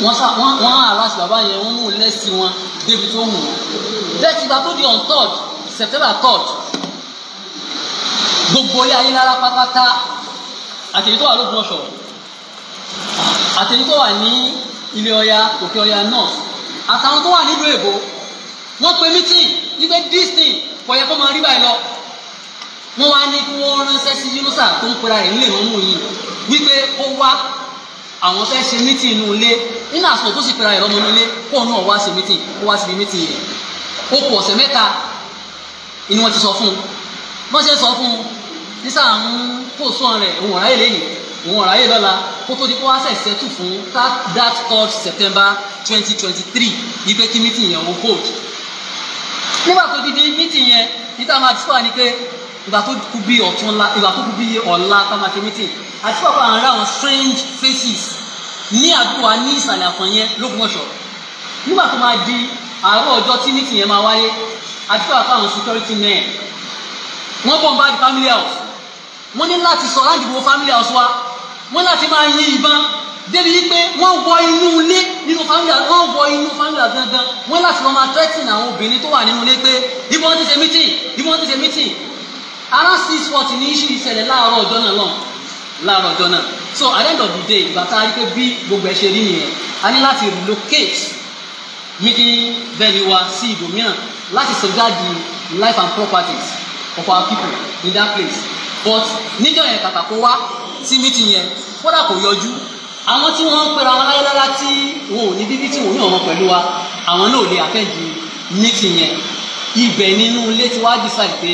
wọ́n sá wọ́n wọ́n harass bàbá yẹn wọ́n mú lẹ́sìn wọn débi tó wù wọ́n bẹ́ẹ̀ bá tó di on third September third gbogbo ilé ayélujára pátápátá àtẹ̀yí tó wà lóògùn ọ̀ṣọ́ àtẹ̀yí tó wà ní ilé ọya òkè ọya north àtàwọn tó wà nílùú èbó wọ́n pe meeting nígbẹ́ disney kò yẹ kó máa rí báyìí lọ wọ́n wá ní kí wọ́n ránṣẹ́ sí yúnúsà tó ń pera rẹ̀ nílé ìmọ̀mú yìí wípé ó wá àwọn fẹ́ ṣe meeting inú ilé nínú àsìkò tó sì pera rẹ̀ lọ́mọ inú ilé kó náà wá ṣe meeting kó wá síbi meeting yẹn ó kù ọ̀sẹ̀ mẹ́ta inú wọn ti sọ fún un wọ́n ṣe sọ fún un nísà ń pòsùn rẹ̀ òun ọ̀ráyè lẹ́yìn òun ọ̀ráyè lọ́la kó tó di kó wá sẹ̀sẹ̀ tù fún that third September twenty twenty three ipe kí mítìn yẹn ó hold nígbà tó di mítìn yẹn níta máa ti sọ́wọ́ ni pé ìgbà tó kú bí ọ̀túnla ìgbà tó kú bí ọ̀la tamaki meeting àti pàpà àwọn ará strange faces ní àdúgbò wa ní ìsàlẹ̀ àfọ̀nyẹ́ lókùnmọ̀ṣọ́ nígbà tó máa di àárọ̀ ọjọ́ tí meeting yẹn máa wáyé àti pàpà àwọn security men wọ́n bọ̀ ń bá di family house wọ́n ní láti sọ láti wo family house wa wọ́n láti máa yin ìbọn débi wípé wọ́n wọ inú ilé nínú family house wọ́n wọ inú family house gangan wọ́n láti máa threaten àwọn obìnrin tó wà nínú ilé pé ibi wọ́n ti ṣe meeting ibi wọ́n ti ṣe meeting ara six forty ní iṣu ìṣẹ̀lẹ̀ láàárọ̀ ọjọ́ náà lọ́n láàárọ̀ ọjọ́ náà so at the end of the day ìgbà tá a rí pé bí gbogbo ẹ̀ ṣe rí nìyẹn a ní láti relocate meeting venue wa sí ibòmíràn láti safeguard the life and properties of our people in that place but níjọ́ yẹn kàkà kó wá sí mítì yẹn kódà kò yọjú àwọn tí wọ́n ń pera wọn láyélára tí wọn ò ní bíbí tí wọn ò ní ọmọ pẹ̀lú wa àwọn náà ò lè àfẹ́jì mítì yẹn ibẹ̀ nínú ilé tí wàá decide pé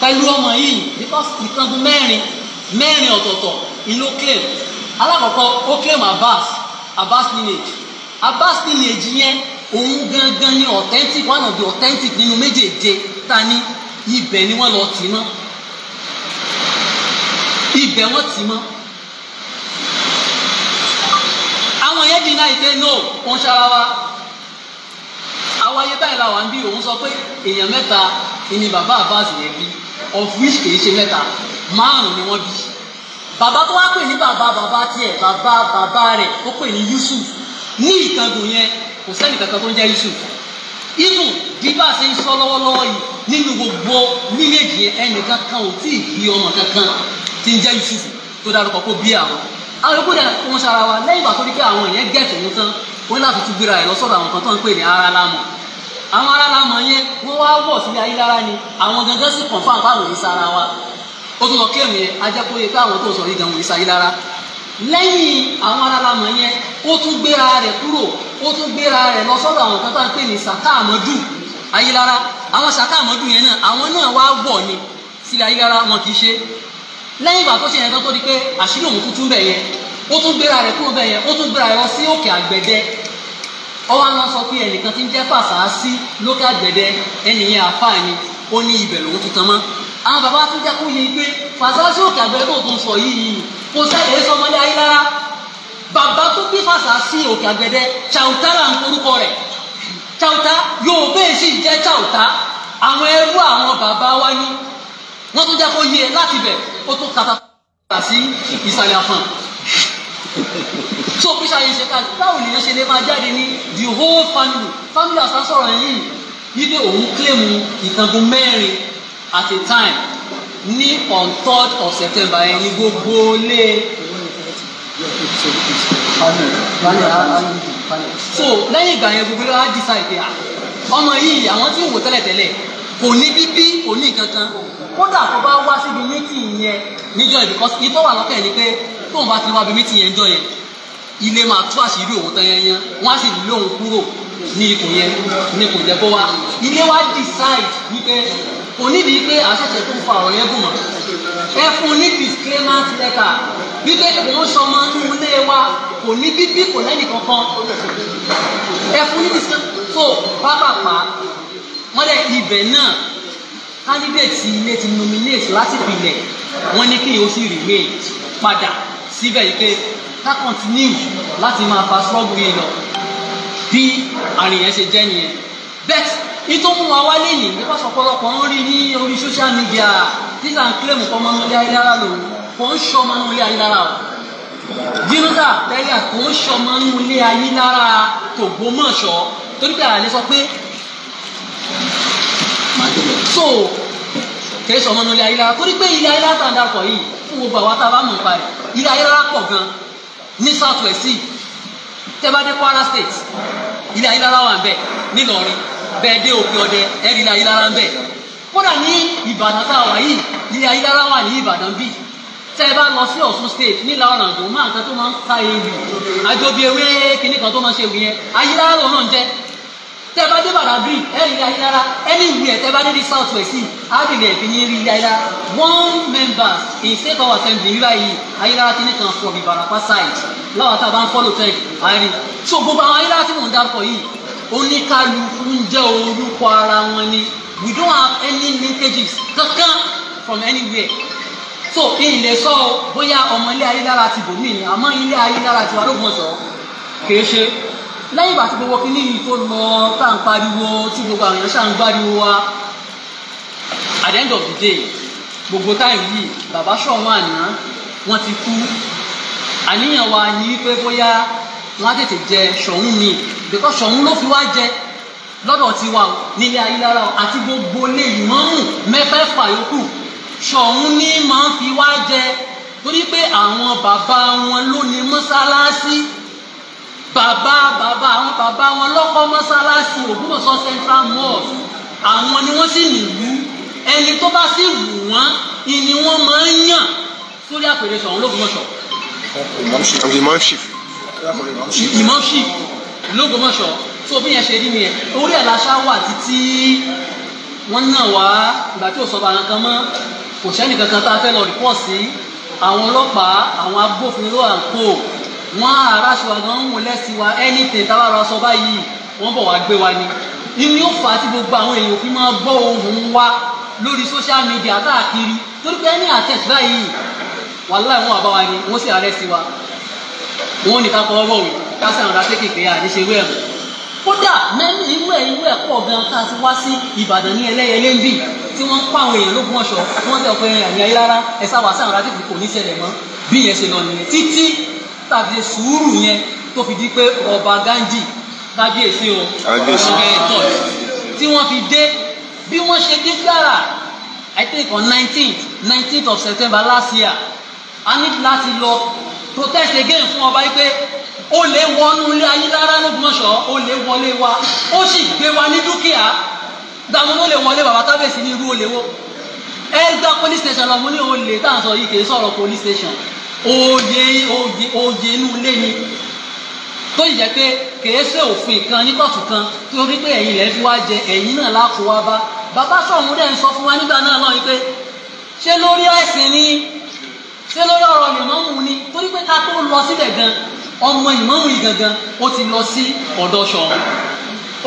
pẹ̀lú ọmọ yìí because ìkangun mẹ́rin mẹ́rin ọ̀tọ̀ọ̀tọ̀ ìlú claim alákọ̀ọ́kọ́ ó claim Abbas Abbas lineage Abbas lineage yẹn òun gangan ni authentic one of the authentic nínú méjèèje ta ni ibẹ̀ ni wọ́n lọ tì náà ibẹ̀ wọ́n ti mọ́. àwọn yẹn dín náà ìpè no òun ṣara wa àwọn ayé báyìí la wà ń bí òun sọ pé èèyàn mẹ́ta ni bàbá Abbas yẹn bí of which kì í ṣe mẹ́ta márùn-ún ni wọ́n bí bàbá tó wá pè ní bàbá bàbá tiẹ̀ bàbá bàbá rẹ̀ ó pè ní Yusuf ní ìkangùn yẹn kò sẹ́ni kankan tó ń jẹ́ Yusuf inú bí bá a ṣe ń sọ lọ́wọ́lọ́wọ́ yìí nínú gbogbo nílé yìí ẹnìkan kan ò tí ì bí ọmọ kankan tí ń jẹ́ Yusufu tó dárúkọ kó bí àwọn àwọn yòókù dẹ̀ ń ṣara wa lẹ́yìn ìgbà tó ní pé àwọn èèyàn gẹ̀ẹ́tì òun tán wọ́n láti tún gbéra ẹ̀ lọ sọ́dọ̀ àwọn kan tó ń pè ní ara lámù àwọn ara lámù yẹn wọ́n wá wọ̀ sílé ayélujára ni àwọn gangan sì kàn fáwọn báwọn yìí sára wa ó tún lọ kéèmù yẹn ajáko yẹ pé àwọn tó sọ yìí gan wòye sáyé lára lẹ́yìn àwọn ara lámù yẹn ó tún gbéra rẹ̀ kúrò ó tún gbéra rẹ̀ lọ sọ́dọ̀ àwọn kan tó ń pè ní sàká àmọ́dù ayélujára àwọn sàká àmọ́dù yẹn náà àwọn náà wá wọ̀ ni sílé ayélujára wọn kì í ṣe lẹ́yìn ìgbà tó ṣe yẹn tó tó di pé àṣírí òun tuntun bẹ̀ yẹn ó tún gbéra rẹ̀ kúrò bẹ̀ yẹn ó tún gbéra rẹ̀ lọ sí òkè àgbẹ̀dẹ ọwọ́ àná sọ pé ẹnìkan ti ń jẹ́ fàṣàásí lókè àgbẹ̀dẹ ẹnìyẹn àfáà ni ó ní ibẹ̀ lòun ti tan mọ́ àwọn bàbá tún jẹ́ kó yẹ pé fàṣàásí òkè àgbẹ̀dẹ tó tún sọ yìí kò sẹ́yìn sọmọlé ayé rárá bàbá tó bí fàṣàásí òkè àgbẹ̀dẹ chauta là ń korúkọ rẹ̀ chauta yóò bẹ́ẹ̀ sì jẹ́ chauta àwọn ẹrú àwọn bàbá wa ní wọ́n tún jẹ́ kó yé e láti bẹ̀ ó tún katapata sí ìsàlẹ̀ àfọ̀n so bí ṣàyè ṣe ká báwo nìyẹn ṣe lè máa jáde ní the whole family family àṣà sọ̀rọ̀ yìí wípé òun kílèmù ìtàngún mẹ́rin at a time ní on third of September yẹn ní gbogbo lé so lẹ́yìn ìgbà yẹn gbogbo lọ́wọ́ á decide pé ah, ọmọ yìí àwọn tí ń wò tẹ́lẹ̀tẹ́lẹ̀ kò ní bíbí kò ní nǹkan kódà tó bá wá síbi mítìn yẹn níjọ́ yẹn because ìtọ́ wà lọ́kẹ́ ni pé tóun bá ti wá bí mítìn yẹn níjọ́ yẹn ilé máa tú àṣírí òun tán yẹn yẹn wọ́n á sì lé òun kúrò ní ipò yẹn ní ipò jẹ́ kó wá ilé wa decide wípé onídìí pé àṣẹṣẹ tó ń fa ọ̀rọ̀ yẹn gùn mọ́ ẹ fún ní disclaimer letter bíbẹ́ òun sọmọ nínú ilé wa kò ní bíbí kò lẹ́nì kankan ẹ fún ní disclaimer so pápápá wọ́n lẹ ibẹ̀ náà candidate ilé ti nominate láti pilẹ̀ wọ́n ní kéèyàn ó sì remain padà síbẹ̀ yìí pé ká continue láti máa fa struggle yìí lọ bí àrìyàn ṣe jẹ́ nìyẹn bẹ́ẹ̀ ìtò mú wa wálé yìí nípa ọ̀pọ̀lọpọ̀ ń rí ní orí social media títà ń kílẹ̀mù kọ́ ọmọnulẹ̀ ayélujára lòun kò ń ṣe ọmọnulẹ̀ ayélujára o jírúdà tẹ́lẹ̀ kò ń ṣe ọmọnulẹ̀ ayélujára tògbómọ̀ṣọ́ torí àlẹ́ sọ pé so kì í sọ ọmọ nílé ayélujára torí pé ilé ayélujára tá à ń dàpọ̀ yìí fún gbogbo àwa tá a bá mọ̀ nípa rẹ̀ ilé ayélujára pọ̀ gan ní south west yìí tẹ́ Kwara state ilé ayélujára wà bẹ́ẹ̀ nílọrin bẹ́ẹ̀ dé òkè ọdẹ ẹ̀rí ilé ayélujára ń bẹ kódà ní ìbàdàn tá a wà yìí ilé ayélujára wà ní ìbàdàn bíi tẹ́ ẹ bá lọ sí Ọ̀ṣun state nílà ọ̀ràngún máa nǹkan tó máa ń ka ewì àjọbí ewé kìnnìkan tó máa ń ṣe ewì yẹn ayélujára lòun náà ń jẹ́ tẹ bá dé Badagry ẹ rí ilé ayé rárá ẹni ìwé ẹ tẹ bá dé di south west yìí á rí ilé ẹ̀fín ní rí ilé one member in state power assembly rí báyìí ayélujára ti ní kan from Ìbàràpá side láwọn tá a bá ń follow tech àárín so gbogbo àwọn ayélujára tí mò ń dárúkọ yìí oníkálukú ń jẹ́ orúkọ ara wọn ni we don't have any linkages kankan from anywhere so ilé sọ bóyá ọmọ ilé ayélujára ti bò mí ni àmọ́ ilé ayélujára ti wà lóògùn ọ̀sán kì í ṣe lẹ́yìn ìgbà tí gbogbo kínní yìí tó lọ tá à ń pariwo tí gbogbo àwọn èèyàn ṣáà ń gbariwo wa at the end of the day gbogbo táyì yìí bàbá ṣọ̀wọ́n àná wọ́n ti kú àníyàn wa ní pé bóyá wọ́n á tètè jẹ ṣọ̀ún mi because ṣọ̀ún ló fi wá jẹ lọ́dọ̀ tiwa o nílé ayélujára o àti gbogbo ilé ìmọ̀ọ́mù mẹ́fẹ̀ẹ̀fà yòókù ṣọ̀ún ní máa ń fi wá jẹ torí pé àwọn bàbá wọn ló ní mọ́sálásí bàbá bàbá àwọn bàbá wọn lọ́kọ́ mọ́sálásí Ògbómọ̀ṣọ́ central mosque àwọn ni wọ́n sì nìlú ẹni tó bá sì wù wọ́n ni wọ́n máa ń yàn sórí àpèrè sọ̀rọ̀ l'Ógbómọ̀ṣọ́. ìmọ̀ọ́ṣì ìmọ̀ọ́ṣì l'Ógbómọ̀ṣọ́ tó bí yẹn ṣe rí nìyẹn orí ẹ̀ láṣá wà títí wọ́n náà wá ìgbà tí ò sọ̀rọ̀ mọ́ kò sẹ́nì tá a fẹ́ lọ rìpọ́ọ̀ àwọn ọlọ́pàá àwọn agbófinró à wọ́n aráṣọ àgbọn ń wọlé sí wa anything táwa ra sọ báyìí wọ́n bọ̀ wá gbé wa ni ìní ó fà á tí gbogbo àwọn èèyàn fi máa gbọ́ ohùn wa lórí social media káàkiri torí pé ẹni àtẹ̀tù báyìí wàhálà wọn àbá wa ni wọ́n sì arẹ́ sí wa wọ́n ní ká kọ́ ọ́ bọ̀wé ká sì àwọn adáké kékeré àníṣe wẹ̀ mọ́ kódà mẹ́rin irú ẹ̀ irú ẹ̀ pọ̀ gan ká ti wá sí Ìbàdàn ní ẹlẹ́yẹlé ń bì tí wọ́n ń pa àwọn èèyàn lógún ọ̀ṣọ́ wọ́n tẹ̀ pé ẹ̀yìn ayé rárá ẹ̀ sáwà sí àwọn adáké kò ní ṣẹlẹ̀ mọ́ bí ìyẹn ṣe lọ nìyẹn títí sísà fi sùúrù yẹn tó fi di pé ọba Gánjì kábíyèsí o ọ̀gá ẹ̀tọ́ tí wọ́n fi dé bí wọ́n ṣe dé gbàrà I think on nineteenth nineteenth of September last year a ní láti lọ protest again fún ọba yìí pé o lè wọnú ilé Ayílára lÓgbómọ̀ṣọ́ ó lè wọlé wa ó sì gbé wa ní dúkìá gbàmú ló lè wọlé bàbá kábíyèsí ní irú olè wo ẹ gba police station lọ mo ní olè tá à ń sọ yìí kì í sọ̀rọ̀ police station oyè oyè oyè inú ilé ni tó yẹ pé kèése òfin kan ní kóòtù kan torí pé ẹ̀yin lẹ́ẹ̀ fi wá jẹ ẹ̀yin náà lákò wá bá bàbá sọ̀hún dẹ̀ ń sọ fún wa nígbà náà lọ́ọ́ yìí pé ṣé lórí ẹ̀sìn ni ṣé lórí ọ̀rọ̀ ìmọ̀mù ni torí pé ká tó lọ síbẹ̀ gan ọmọ ìmọ̀mù yìí gangan ó ti lọ sí ọ̀dọ̀ sọ̀hún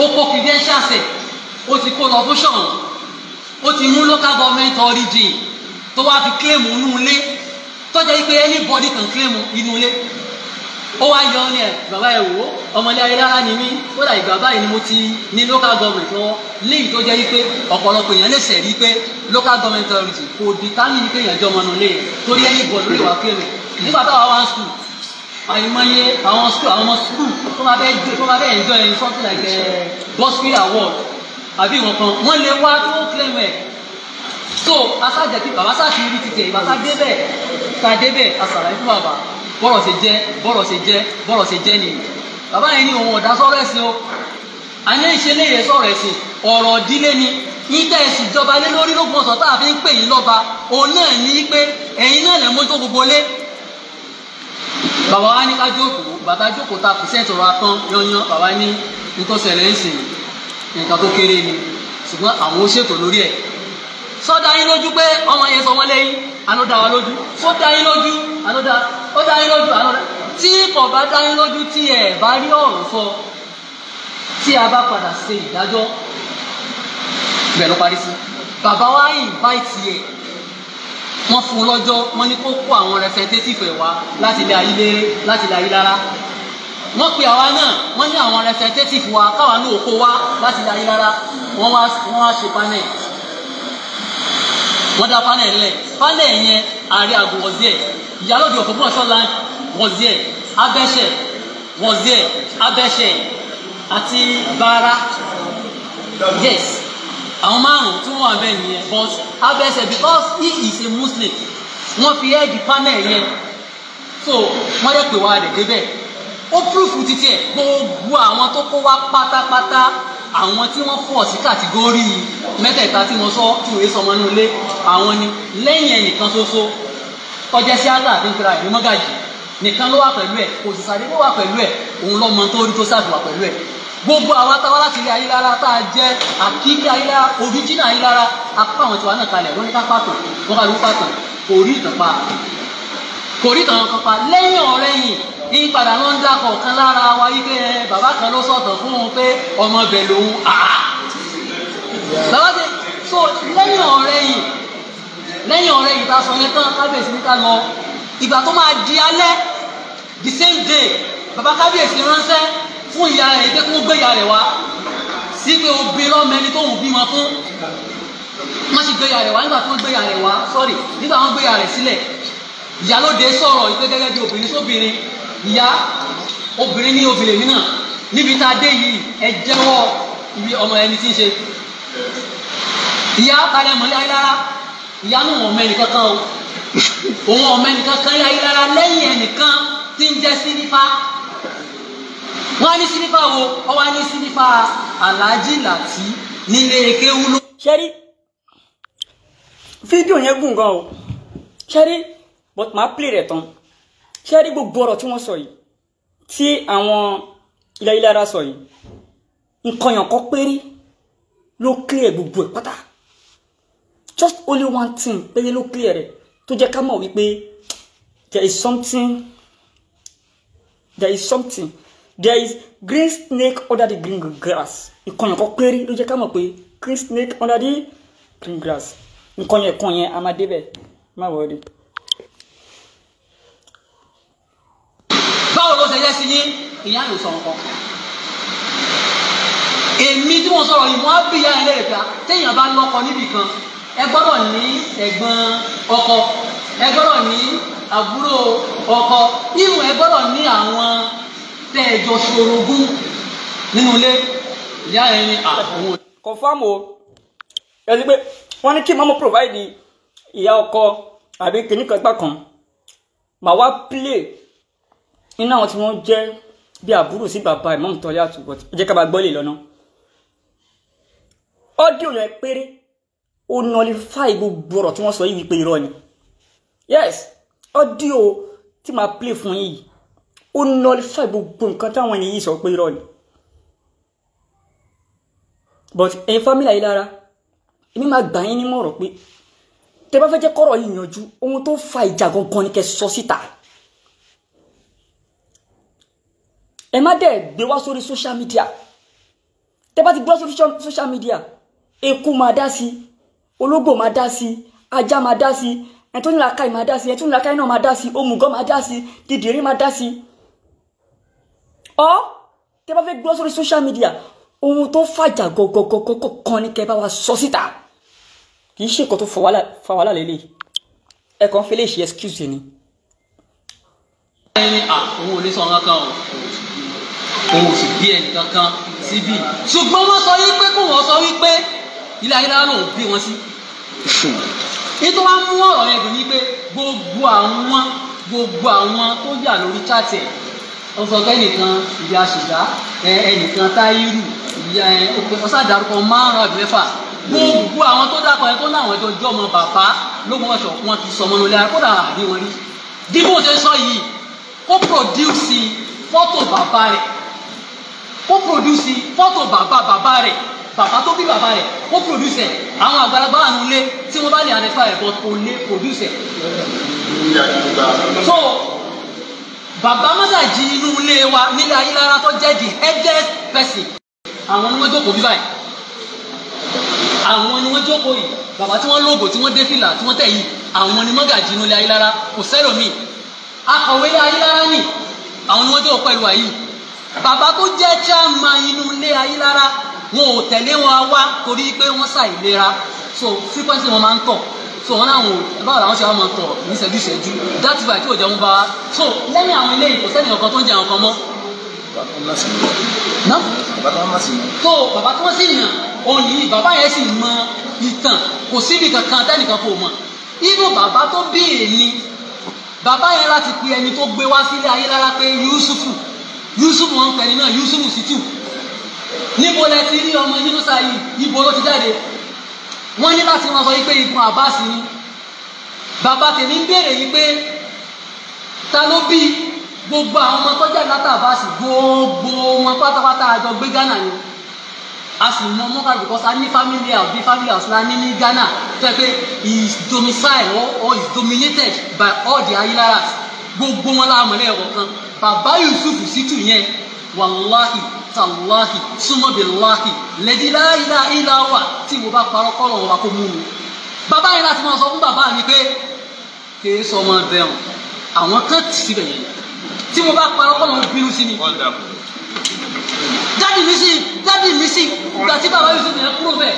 ó kó kìdíẹ́ ṣàṣẹ̀ ó ti kó lọ fún sọ̀hún ó ti mú local government origin tó wá fi kílèmù nú ilé tọ́jà yìí pé anybody can claim inú ilé ó wá yọ ní ẹ bàbá ẹ wò ó ọmọlẹ ayélujára ni mí kódà ìgbà báyìí ni mo ti ní local government lọ́wọ́ léyìí tó jẹ́ yí pé ọ̀pọ̀lọpọ̀ èèyàn lè sẹ̀rí pé local government authority kò di tání ní kéèyàn jọmọ nù lé yẹn torí ẹni bọ̀dọ̀ lè wá kéèmẹ̀ nígbà táwa wá skul àyìnmọ́yé àwọn skul àwọn ọmọ skul tó máa bẹ́ẹ̀ jó tó máa bẹ́ẹ̀ enjoy something like a eh, bursary award àbí ìwọ̀n kan wọ́n lè wá tó claim ẹ̀ so asájà kí bàbá sáà ti rí ti tẹ̀ bàbá débẹ̀ ta débẹ̀ asàlàyé fún bàbá bọ́rọ̀ ṣe jẹ́ bọ́rọ̀ ṣe jẹ́ bọ́rọ̀ ṣe jẹ́ nìyí bàbá yẹn ni òun ọ̀dà sọ̀rọ̀ ẹ̀sìn o àní ìṣe léyè sọ̀rọ̀ ẹ̀sìn ọ̀rọ̀ ìdílé ni ìtẹ̀ ẹ̀sìn ìjọba lé lórí lókun ọ̀sán tá a fi ń pè yín lọ́ba òun náà ní pé ẹ̀yin náà lè mójútó gbogbo lé bàbá wa ní ká jókòó bàtà jókòó ta pìsẹ́ǹtì ọ̀rọ̀ atán yanyan bàbá ní nítòsẹ̀lẹ̀ ń sìn nǹkan tó kéré ni ṣùgbọ́n àwọn ó ṣètò lórí ẹ̀ sọ́dá yín lójú pé ọmọ yẹn sọ wọ́n lẹ́yìn àná dá wa lójú ó dá yín lójú àná dá ó dá yín lójú àná dá tí kò bá dá yín lójú tí ẹ bá rí ọ̀rọ̀ sọ tí a bá padà ṣe ìdájọ́ bẹ́ẹ̀ ló parí sí bàbá wa invite yẹ wọ́n fún un lọ́jọ́ wọ́n ní kó kó àwọn representative ẹ̀ wá láti ilé ayíléré láti ilé ayílára wọ́n pe àwa náà wọ́n ní àwọn representative wa káwa ní òkó wa láti ilé ayílára wọ́n wá ṣe panel wọ́n dá panel lẹ̀ panel yẹn ààrẹ àgọ́ was there ìyálòdì ọ̀pọ̀ pọ̀ ṣọ́la was there abẹ́ṣẹ̀ was there abẹ́ṣẹ̀ àti bara yes àwọn márùn tí wọ́n wà bẹ́ẹ̀ nìyẹn but abẹ́ṣẹ̀ because he is a muslim wọ́n fi ẹ́ di panel yẹn so wọ́n yẹ pé wàá rẹ̀ débẹ̀ ó púrúfù títí ẹ̀ gbogbo àwọn tó kó wá pátápátá àwọn tí wọ́n fọ̀ sí kàtígórì mẹ́tẹ̀ẹ̀ta tí wọ́n sọ tí òye sọmọ inú ilé àwọn ni lẹ́yìn ẹnìkan ṣoṣo tọ́jẹ́ sí àgbà àti nkira ìlú mọ́gàjì nìkan ló wà pẹ̀lú ẹ̀ kò sì sáré ló wà pẹ̀lú ẹ̀ òun lọ́mọ tó rí tó ṣàdùwà pẹ̀lú ẹ̀ gbogbo àwa táwa láti ilé ayélujára tá a jẹ́ àkíkí ayélujára oríjìnà ayélujára apá àwọn tiwa náà kalẹ̀ wọ́n ní ká pàtàn wọ́n kàlù pàtàn kò rí ìtàn kò rí tàn lẹ́yìn ọ̀rẹ́ ní padà wọn ń dàpọ̀ kan lára wa yí pé bàbá kan ló sọ̀tàn fún un pé ọmọ bẹ̀ lòun à. bàbá ṣe so lẹ́yìn ọ̀rẹ́ lẹ́yìn ọ̀rẹ́ yìí sọ yẹn tán kábíyèsí níta lọ ìgbà tó máa di alẹ́ the same day bàbá kábíyèsí ránṣẹ́ fún ìyá rẹ̀ pé gbé ìyá rẹ̀ wá sí pé obìnrin lọ́mọ ẹni tó ń bímọ fún wọ́n sì gbé ìyá rẹ̀ wá nígbà tó ń gbé ìyá rẹ̀ wá sorry nígbà wọ́n gbé ìyá rẹ̀ sílẹ̀ ìyálóde sọ̀rọ̀ ìpè gẹ́gẹ́ bí obìnrin sóbìnrin ìyá obìnrin ní obìnrin mìíràn níbi tá a dé yìí ẹ jẹ́wọ́ ibi ọmọ ẹni tí ń ṣe ìyá balẹ̀ mọ́lẹ́ ayélujára ìyá náà wọ́n mẹ́rin kankan o òun ọ̀mọ ẹnìkan kan yá ayélujára lẹ́yìn ẹnìkan tí ń jẹ́ sínífà wọ́n á ní sínífà wo ọwọ́ á ní sínífà aláàjì làtí nílé kéwú ló. ṣẹ́rí fídíò yẹn gùn gan o ṣẹ́rí but màá play rẹ̀ tán ṣé rí gbogbo ọ̀rọ̀ tí wọ́n sọ yìí tí àwọn ilẹ̀ ilẹ̀ ara sọ yìí nǹkan yàn kọ́ péré ló clear gbogbo ẹ̀ pátá just only one thing péré ló clear rẹ̀ tó jẹ́ ká mọ̀ wípé there is something there is something there is green snake under the green grass nǹkan yàn kọ́ péré ló jẹ́ ká mọ̀ pé green snake under the green grass nǹkan yẹn kan yẹn a máa débẹ̀ má wọlé. báwo ló ṣe yẹ sí yín ìyá yóò sọ nǹkan èmi tí mo sọ̀rọ̀ yìí mo á bí ìyá yẹn lẹ́yìn ká ah, téèyàn bá lọ́kọ níbì kan ẹ gbọ́dọ̀ ní ẹ̀gbọ́n ọkọ ẹ gbọ́dọ̀ ní àbúrò ọkọ irun ẹ gbọ́dọ̀ ní àwọn tẹ́ẹ̀jọ ṣorogún nínú ilé ìyá yẹn ah, ní àwọn. confam o ẹ ti pé wọ́n ní kí mọ́mú provide ìyá ọkọ àbí kìnnìkan gbà kan màá wá play nínú àwọn tí wọ́n jẹ́ bí àbúrò sí bàbá Imam Taliatu but ẹ jẹ́ ká bá gbọ́ lè lọ́nà ọ́díò yẹn péré ó nọlifáì gbogbo ọ̀rọ̀ tí wọ́n sọ yìí wípé irọ́ ni yes ọ́díò tí màá play fún yìí ó nọlifáì gbogbo nǹkan táwọn ènìyàn sọ pé irọ́ ni but ẹ̀yin fámìlì ayé lára èmi máa gbà yín nímọ̀ràn pé tẹ bá fẹ́ jẹ́ kọ́rọ̀ yìí yanjú ohun tó fa ìjà gangan ni kẹ́ sọ síta. So ẹ má dẹ̀ gbé wá sórí social media tẹ bá ti gbé sórí social media eku máa dá sí ológbò máa dá sí ajá máa dá sí ẹni tó ní làákàyè máa dá sí ẹni tó ní làákàyè náà máa dá sí òmùgọ̀ máa dá sí dìdìrín máa dá sí ọ tẹ bá fẹ́ gbé sórí social media ohun tó fàjà gọgọgọgọ kan ní kẹ́ bá wa sọ síta kì í ṣe nǹkan tó fa wàhálà lélẹ̀ ẹ kàn ṣe excuse ni. ẹni àwọn olè kan o òun sì bí ẹnì kankan síbí ṣùgbọ́n wọ́n sọ wípé kò wọ́n sọ wípé ilé ayé lára lòun bí wọn sí. ètò wa mú ọ̀rọ̀ yẹn dùn ní pé gbogbo àwọn gbogbo àwọn tó yà lórí chátì ẹ̀ wọ́n sọ pé ẹnìkan ìyá ṣùgbá ẹnìkan táírù ìyá ẹ ọ̀sá ìdárúkọ márùn-ún àbí mẹ́fà gbogbo àwọn tó dákọ̀ ẹ tó láwọn ẹjọ́ jọ́ ọmọ bàbá lóko wọn sọ wọn ti sọ ọmọ nílé ara kódà àbí wọn rí bí bó ṣe sọ yìí kó pòdúsì fọ́tò bàbá rẹ̀ ó produce fọ́tò bàbá bàbá rẹ̀ bàbá tó bí bàbá rẹ̀ ó produce àwọn àgbàlagbà àánú lé tí wọ́n bá lè àdẹ́fà ẹ̀ bọ́ kò lè produce so bàbá mọ́sàjì inú ilé wa nílẹ̀ ayélujára tó jẹ́ the headed person àwọn ni wọ́n jókòó bí báyìí àwọn ni wọ́n jókòó yìí bàbá tí wọ́n lóògùn tí wọ́n dé fìlà tí wọ́n tẹ̀ yìí àwọn ni mọ́gàjì inú ilé ayélujára kò sẹ́lòmíì akọ̀wé ayélujára nì àwọn ni wọ́n jókòó pẹ̀lú àyíì bàbá tó jẹ́ chairman inú ilé Ayílára wọn ò tẹ̀lé wọn wá torí pé wọ́n ṣàìlera so frequency wọn máa ń tọ̀ so wọn náà wọn báwo làwọn ṣe wá máa tọ̀ ní ìṣẹ́jú ìṣẹ́jú that is why tí ò jẹun bá wa so lẹ́yìn àwọn ilé ìkò sẹ́ni ọ̀kan tó ń jẹ àwọn kan mọ́. bàbá tó wá sí yàn. so bàbá tó wá sí yàn òun yìí bàbá yẹn sì mọ ìtàn kò síbi kankan tẹ́nìkan kò mọ̀ inú bàbá tó bí èmi bàbá yẹn láti pe ẹni tó gbé wá sílé ayé lára pé Yusufu yusuf wọn pẹ̀lú náà yusuf situ níbo lẹ ti rí ọmọ yunusa yìí ibo ló ti jáde wọ́n ní láti wọn sọ yìí pé ibùn abbas ni bàbá tèmi ń béèrè yìí pé ta ló bí gbogbo àwọn ọmọ tọ́jà látà abbas gbogbo wọn pátápátá àjọ gbé ghana ni a sì mọ mọ́ká because a ní family house bí family house la ní ní ghana tó yẹ pé is domicile or, or is dominated by all the ayilaras gbogbo wọn la mọ̀ lẹ́yìn ọ̀kọ̀ọ̀kan bàbá Yusuf sítù yẹn wàláhì tàláhì súnmọ́bìláhì lẹ́díláìlá ìlàwà tí mo bá parọ́ kọ́lọ̀ wa kó mú mi. bàbá yẹn láti máa sọ fún bàbá mi pé kìí sọ ọmọ bẹ́ẹ̀rùn àwọn kan tì síbẹ̀ yẹn tí mo bá parọ́ kọ́lọ̀ ń bínú sí mi. dádì mi sí dádì mi sí ìgbà tí bàbá Yusuf yẹn kúrò bẹ́ẹ̀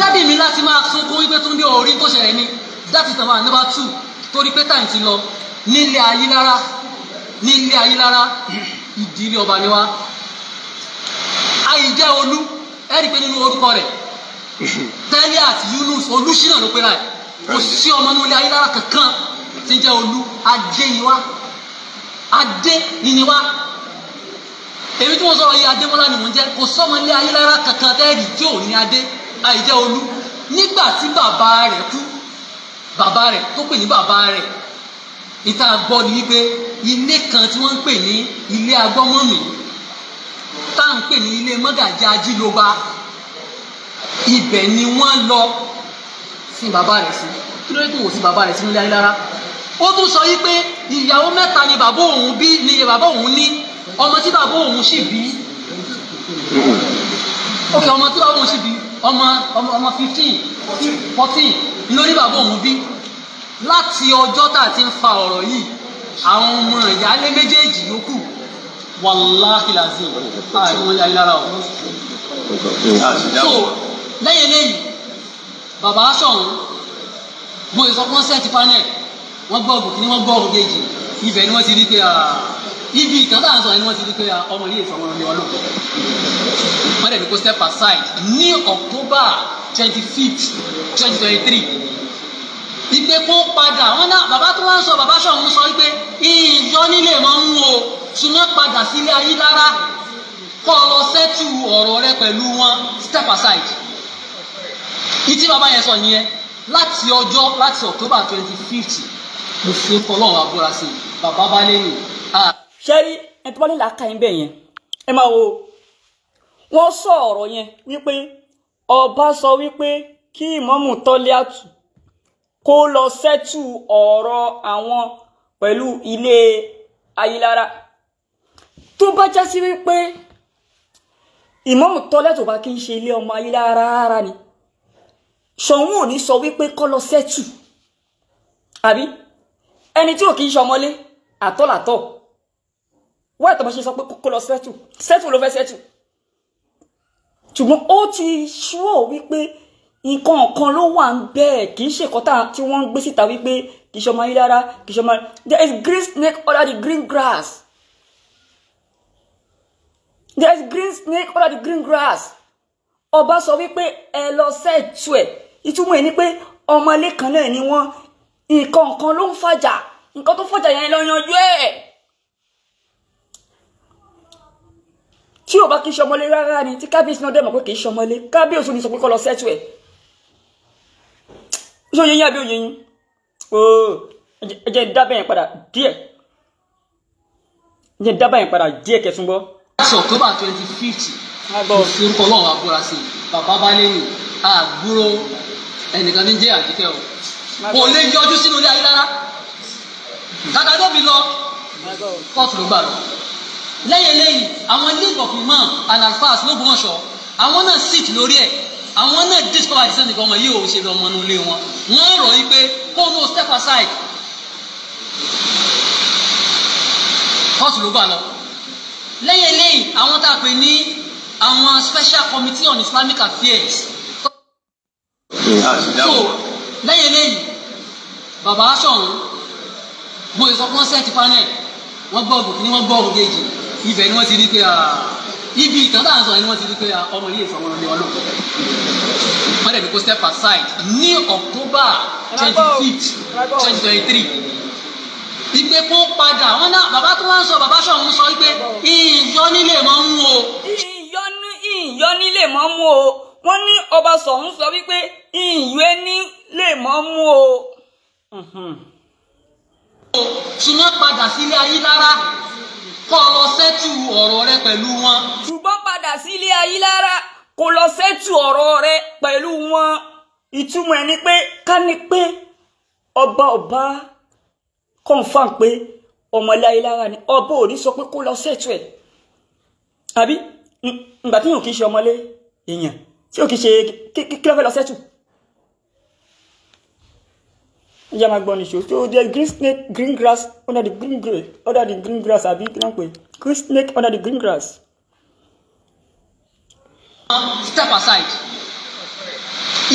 dádì mi láti máa sunkún wípé tún bí orí tó ṣẹlẹ̀ ni láti tàn wá nípa tù torí pé táyì ti lọ nílé ayé lára ní ilé ayé lára ìdílé ọba ni wá àyíjẹ́ olú ẹ̀rí pé nínú orúkọ rẹ̀ tẹ́lẹ̀ àti Yunus olùsínà ló pera ẹ̀ kò sí ọmọ nínú ilé ayé lára kankan tí ń jẹ́ olú adé ni wá adé ni wá èmi tí mo sọ̀rọ̀ yìí adémọ́lá ni mò ń jẹ́ kò sọ́mọ ilé ayé lára kankan tẹ́ẹ̀rì tí ò ní adé àyíjẹ́ olú nígbà tí bàbá rẹ̀ kú bàbá rẹ̀ tó pè ní bàbá rẹ̀ ìta gbọ́ ni wípé ilé kan tí wọ́n ń pè ní ilé agbọ́mọ̀mí tá à ń pè ní ilé mọ́gàjá ajílóba ibẹ̀ ni wọ́n lọ sin bàbá rẹ̀ sí kí ló dé tó wò sí bàbá rẹ̀ sí nílẹ̀ rárá ó tún sọ wípé ìyàwó mẹ́ta ni bàbá òun bí ni bàbá òun ní ọmọ tí bàbá òun sì bí ok ọmọ tí bàbá òun sì bí ọmọ ọmọ fifteen fourteen lórí bàbá òun bí láti ọjọ́ tá a ti ń fa ọ̀rọ̀ yìí àwọn ọmọ ìyáálé méjèèjì yòókù wàláhì làzí àìmọ ilé ayé lára o. so lẹ́yìn lẹ́yìn bàbá sọ̀hún mo sọ fún sẹ́ẹ̀tì panel wọ́n gbọ́ ògùn kìíní wọ́n gbọ́ ògùn kejì ibẹ̀ ni wọ́n ti rí pé ah, ibi ìtàn tá à ń sọ ni wọ́n ti rí pé ah, ọmọ ilé ìfọwọ́ ni wọ́n lò pọ̀ wọ́n dẹ̀ ní kó step aside ní October twenty fifth twenty twenty three ìpè kó padà wọn náà ah, bàbá tó wá ń sọ bàbá sọ̀hún sọ wípé ìjọ nílé mọ́ ń wo ṣùgbọ́n padà sílé ayé rárá kọ́ ọ lọ sẹ́tù ọ̀rọ̀ rẹ pẹ̀lú wọn step aside ìtí bàbá yẹn sọ nìyẹn láti ọjọ́ láti October twenty fifth mo fi kọlọ́run àbúrà sí i bàbá bá lẹ́yìn. Ah. ṣẹ́rí ẹ tó bá nílà ká ẹ bẹ́ẹ̀ yẹn ẹ máa wo wọ́n sọ ọ̀rọ̀ yẹn wípé ọba sọ wípé kí ìmọ̀mù tọ́lé àtù kó lọ sẹ́tù ọ̀rọ̀ àwọn pẹ̀lú ilé Ayilara tó bá já sí wípé ìmọ̀mù tọ́lẹ̀ tó bá kí ń ṣe ilé ọmọ Ayilara rárá ni Ṣọ̀ún ò ní sọ wípé kó lọ sẹ́tù àbí ẹni tí ò kì í ṣọmọlé àtọ́làtọ̀ wọ́n ẹ̀tọ́ bá ṣe sọ pé kó lọ sẹ́tù sẹ́tù ló fẹ́ sẹ́tù ṣùgbọ́n ó ti ṣúọ̀ wípé nǹkan kan ló wà ń bẹ́ẹ̀ kì í ṣe kọ́tà tí wọ́n ń gbé síta wípé kì í ṣe yín rárá kì í ṣe there is green snake under the green grass there is green snake under the green grass ọba sọ wípé ẹ lọ sẹ́ẹ̀tù ẹ̀ ìtumọ̀ ẹ̀ ni pé ọmọlé kan náà ni wọ́n nǹkan kan ló ń fàjà nǹkan tó fàjà yẹn lọ yanjú ẹ̀ tí ò bá kì í ṣe ọmọlé rárá ni tí kábíyèsí náà dẹ̀ mọ̀ pé kì í ṣe ọmọlé kábíyèsí ò sọ pé kó lọ sẹ́ẹ̀tù ẹ̀ ṣé oyè yín àbí oyè yín ooo ẹ dábẹ́ yẹn padà díẹ̀ ẹ dábẹ́ yẹn padà díẹ̀ kẹsùn bọ́. láti October twenty fifth ìforúkọ náà wà búra sí bàbá bá lẹ́yìn àgbúrò ẹnìkan ní jẹ́ àdìkẹ́ o kò lè yọjú sínú ilé ayé rárá kàkà tó fi lọ kóòtù ló gbà lọ lẹ́yìn lẹ́yìn àwọn league of imam and alfas ló gbọ́n sọ àwọn náà sit lórí ẹ̀ àwọn náà discover the same thing ọmọ yìí ò ṣe bí ọmọ inú ilé wọn wọ́n rọ̀ yí pé kó no step aside kóòtù ló gbà lọ lẹ́yìn eléyìí àwọn tá a pè ní àwọn special committee on Islamic affairs so lẹ́yìn eléyìí bàbá aṣọ̀run mo lè sọ pé wọ́n sẹ́ẹ̀tì panel wọ́n gbọ́ ògùn kí ni wọ́n gbọ́ ògùn kejì ibẹ̀ ni wọ́n ti rí pé àà. Ah, ibi ìtàn tá à ń sọ yẹn ni wọ́n ti rí pé ọmọ ilé ìfọwọ́ ọmọ ọlọ́ wọ́n dẹ̀ ní kó step aside ní October twenty fifth twenty twenty three ìpè kó padà wọn náà bàbá tó wá ń sọ bàbá sọ̀hún sọ wípé ìyọ́ nílé mọ́ ń wo. ìyọ́ nílé mọ́ ń wo wọ́n ní ọba sọ̀hún sọ wípé ìyọ́ nílé mọ́ ń wo ṣùgbọ́n padà sílé ayé lára kọ́ ọ lọ sẹ́tù ọ̀rọ̀ rẹ pẹ̀lú wọn. ṣùgbọ́n padà sílé Ayílára kò lọ sẹ́tù ọ̀rọ̀ rẹ pẹ̀lú wọn ìtumọ̀ ẹ̀ ni pé ká ní pé ọba ọba kọ̀ǹfàm pé ọmọlé Ayílára ni ọba ò ní sọ pé kó lọ sẹ́tù ẹ̀ àbí ìgbà tí yóò kì í ṣe ọmọlé èèyàn tí yóò kì í ṣe kí ló fẹ́ lọ sẹ́tù ìyá máa gbọ́ nìṣó so there green snake green grass under the green grey under the green grass àbí kí wọ́n pè green snake under the green grass. step aside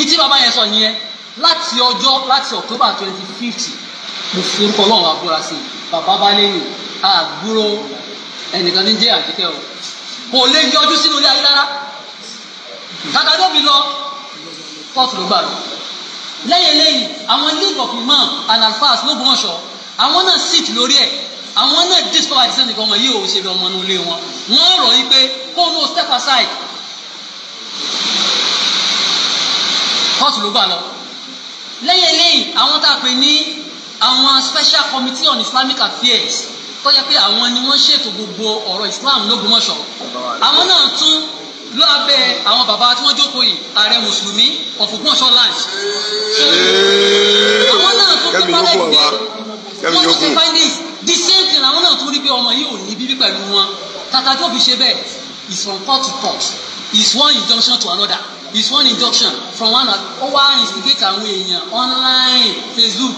ìtí bàbá yẹn sọ yẹn láti ọjọ́ láti october twenty fifth mo forúkọ ọlọ́run àbúrà sí bàbá bá lẹ́yìn àgbúrò ẹnìkan ní jẹ́ àjíkẹ́ o kò lè yọjú sínú ilé ayé rárá kàkàdé mi lọ kóòtù ló gbà lọ lẹ́yìn lẹ́yìn àwọn league of imam and alfas ló gbọ́n ṣọ àwọn náà sit lórí ẹ̀ àwọn náà discover àti sẹ́nìkan ọmọ yìí ò ṣe bí ọmọ inú ilé wọn wọ́n rọ̀ yí pé kó o no step aside kóòtù ló gbà lọ lẹ́yìn lẹ́yìn àwọn tá a pè ní àwọn special committee on islamic affairs tó yẹ pé àwọn ni wọ́n ṣètò gbogbo ọ̀rọ̀ islam lógbómọ̀ṣọ́ àwọn náà tún lábẹ́ àwọn bàbá tí wọ́n jókòó yìí ààrẹ mùsùlùmí ọ̀fùnkúnṣọ́ land. àwọn náà tó kí bá rẹ̀ wọ́n tó kí findings the same thing àwọn náà tún rí pé ọmọ yìí ò ní bíbí pẹ̀lú wọn kàkà tó fi ṣe bẹ́ẹ̀ is from court to court is one injunction to another is one injunction from one ó wá instigate àwọn èèyàn online facebook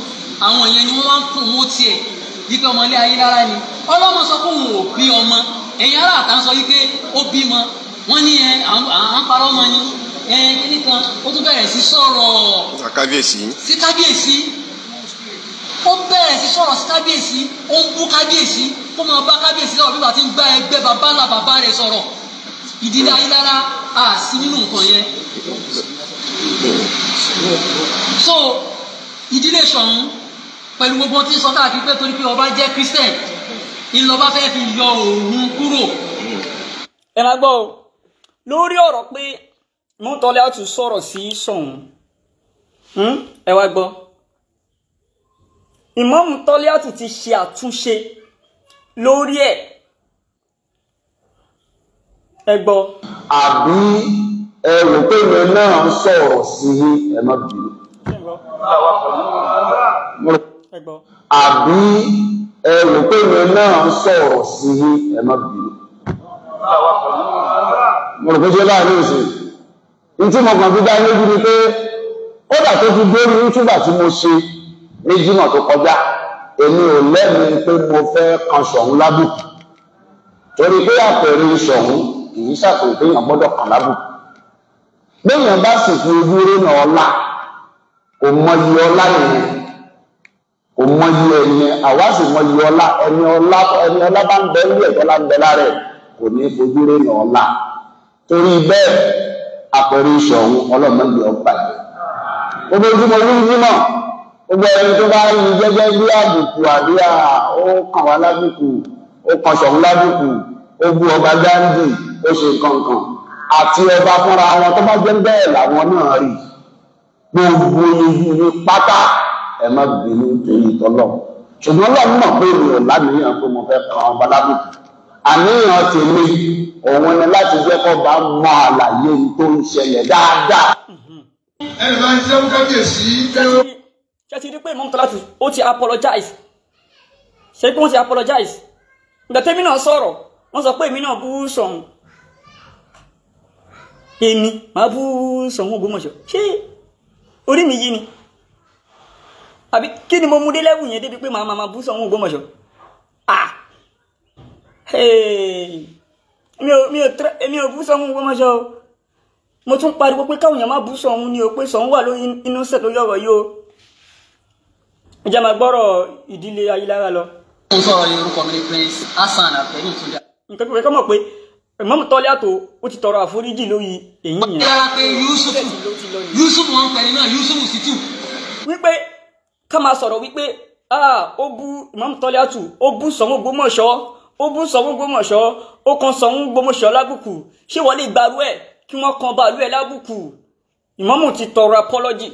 àwọn èèyàn ni wọ́n wá ń promote ẹ̀ yípe ọmọ ilé ni ọlọ́mọ sọ fún òun ò bí ọmọ ẹ̀yin aráàta sọ yí pé ó bímọ wọ́n ní ẹ à ń parọ́ ọmọ ni ẹ kíní kan ó tún bẹ̀rẹ̀ sí sọ̀rọ̀. kábíyèsí. sí kábíyèsí ó bẹ̀rẹ̀ sí sọ̀rọ̀ sí kábíyèsí ó ń bú kábíyèsí ó máa bá kábíyèsí sọ̀rọ̀ bí wàá ti ń gbá ẹgbẹ́ bàbá ńlá bàbá rẹ̀ sọ̀rọ̀ ìdílé ayélujára à sí nínú nǹkan yẹn. so ìdílé sọ̀hún pẹ̀lú gbogbo tí sọ káàkiri pé torí pé ọba jẹ́ christian ńlọba fẹ́ fi yọ òun kúrò. ẹ máa gbọ́ o lórí ọ̀rọ̀ pé Murtala tún sọ̀rọ̀ sí Ṣọ̀ún hmm? ẹ wá gbọ́ Imam Murtala tún ti ṣe àtúnṣe lórí ẹ̀ ẹ gbọ́. àbí ẹ rò pé ìwé náà ń sọ̀rọ̀ sí ẹ má bínú. àbí ẹ rò pé ìwé náà ń sọ̀rọ̀ sí ẹ má bínú mọ̀lùkúnṣe láàrin ìsìn ìtí mọ̀kàn fi dá lójú ni pé kódà tó fi dórí yútúbà tí mo ṣe ní jìnnà tó kọjá èmi ò lẹ́mìí pé mo fẹ́ kan sọ̀hún lábùkù torí pé àpẹẹrẹ sọ̀hún kì í ṣàpèjì téèyàn gbọ́dọ̀ kan lábùkù béèyàn bá sì fi ojú rénà ọlá kò mọyì ọlá yẹn kò mọyì ẹni àwa sì mọyì ọlá ẹni ọlá ẹni ọlá bá ń bẹ ní lá ń bẹ lára ẹ̀ kò ní fojú rénà ọlá torí bẹ́ẹ̀ àpẹẹrẹ ìṣọ̀hún ọlọ́mọdé ọba yìí gbogbo ojúmọ́ olúmọ̀ gbogbo ẹni tó bá rí gẹ́gẹ́ bí àbùkù àbí ó kàn wá lábùkù ó kàn ṣọ̀hún lábùkù ó bú ọba Ghandi ó ṣe kankan àti ọba fúnra wọn tó bá jẹ́ bẹ́ẹ̀ làwọn náà rí gbogbo iye pátá ẹ má bínú torí tọ́lọ̀ ṣùgbọ́n lọ́mọ pé mi ò lánìyàn pé mo fẹ́ kàn ọba lábùkù àníyàn tèmi òun ni láti jẹ́ kó bá mọ àlàyé tó ń ṣẹlẹ̀ dáadáa. ẹnì máa ń ṣe ń kábíyèsí. ṣé ti rí pé Imam Talatu ó ti apologize ṣé pé wọ́n ti apologize ìgbà tẹ́mi náà sọ̀rọ̀ wọ́n sọ pé èmi náà bú sọ̀hún èmi máa bú sọ̀hún Ògbómọ̀ṣọ́ ṣé orí mi yìí ni àbí kí ni mo mú dé lẹ́wù yẹn débi pé màá máa bú sọ̀hún Ògbómọ̀ṣọ́ ah. Hey èmi ò bú sọ́hún wọ́n mọ́ṣọ́ o mo tún pariwo pé káwọn èèyàn má bú sọ́hún ni o pé sọ́hún wà lórí innocent lórí ọ̀rọ̀ yìí o ìjà gbọ́rọ̀ ìdílé Ayílára lọ. mo sọ̀rọ̀ orúkọ mi ni Prince Hassan Àbẹ̀yìn tó dá. nǹkan pípẹ́ kọ́ mọ̀ pé Imam Tọ́lẹ́àtò ó ti tọrọ àforíjì lórí èyí yẹn. yàrá pé Yusuf Yusuf wọn pẹ̀lú náà Yusuf sì tù. wípé ká máa sọ̀rọ̀ wípé ah, ó bú Imam Tọ́lẹ́àtò ó bú Ṣọ̀ún Ògbómọ̀ṣọ́ ó bún Ṣọ̀ún Ògbómọ̀ṣọ́ ó kan Ṣọ̀ún Ògbómọ̀ṣọ́ lábùkù ṣé wọ́n lè gbarú ẹ̀ kí wọ́n kan bàálù ẹ̀ lábùkù ìmámù ti tọrọ apọ́lọ́jì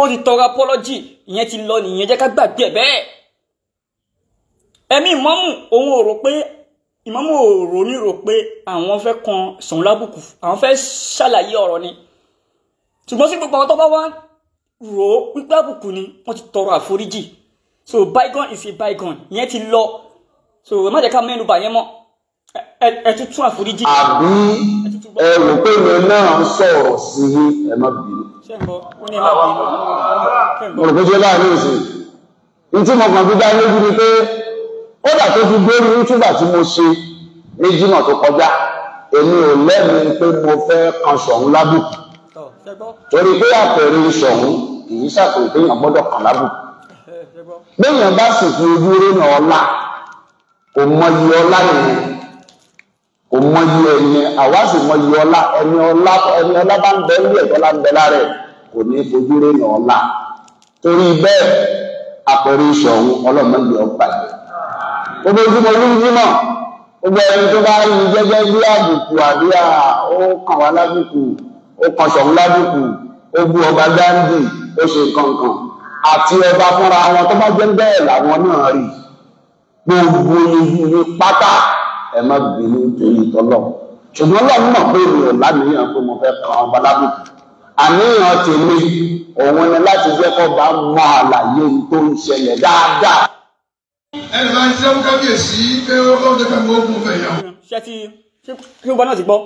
ó ti tọrọ apọ́lọ́jì ìyẹn ti lọ nìyẹn jẹ́ ká gbàgbé ẹ̀ bẹ́ẹ̀ ẹ̀mí ìmámù òun ò rò pé ìmámù ò rò ní rò pé àwọn fẹ́ kan Ṣọ̀ún lábùkù àwọn fẹ́ ṣàlàyé ọ̀rọ̀ ni ṣùgbọ́n sí gbogbo àwọn tó bá wá rò ó pípẹ́ àbùkù ni wọ́n ti tọrọ àforíjì so bygone is a bygone ìyẹn ti lọ so ẹ má jẹ́ ká mẹ́nu bà yẹn mọ́ ẹ tútù àforíjì. àbí ẹ rò pé mi náà ń sọ̀rọ̀ sí i ẹ má bínú. ṣé ń bọ ó ní ẹ má bínú. mo rò pé ṣé báyìí ló ṣe ní tí mo kàn fi dá lójú ni pé ó dà tó fi gbé mi túbà tí mo ṣe méjì náà tó kọjá èmi ò lẹ́mìí pé mo fẹ́ kan sọ̀hún lábùkù torí pé àpẹẹrẹ sọ̀hún kì í ṣàpèjì èèyàn gbọ́dọ̀ kan lábùkù. béèyàn bá sì fi ojú rénà ọlá kò mọyì ọlá yẹn kò mọyì ẹ̀yẹn àwa sì mọyì ọlá ẹni ọlá ẹni ọlá bá ń bẹ ní ẹ̀kọ́ lá ń bẹ lára ẹ̀ kò ní fojú rẹ̀ nà ọlá torí bẹ́ẹ̀ àpẹẹrẹ ìṣọ̀hún ọlọ́mọdé ọgbà yẹn gbogbo ojúmọ olúmi náà gbogbo ẹni tó bá rí gẹ́gẹ́ bí àbùkù àbí à ó kàn wá lábùkù ó kàn sọ̀hún lábùkù ó bú ọba Ghandi ó ṣe kankan àti ọba fúnra wọn tó bá jẹ́ bẹ́ẹ̀ làwọn náà rí i gbogbo ihu pátá ẹ má bínú torí tọlọ ṣùgbọ́n lọ́wọ́ mọ̀ pé mi ò lánìyàn pé mo fẹ́ kan ọba lábùkù àníyàn tèmi òun ni láti jẹ́ kó bá mọ àlàyé tó ń ṣẹlẹ̀ dáadáa. ẹnì máa ń ṣe ń kábíyèsí pé ó lọ́wọ́ jẹ́ káàmù ogun fẹ̀yà. ṣé ti ṣé kí ó gbọ́ náà ti gbọ́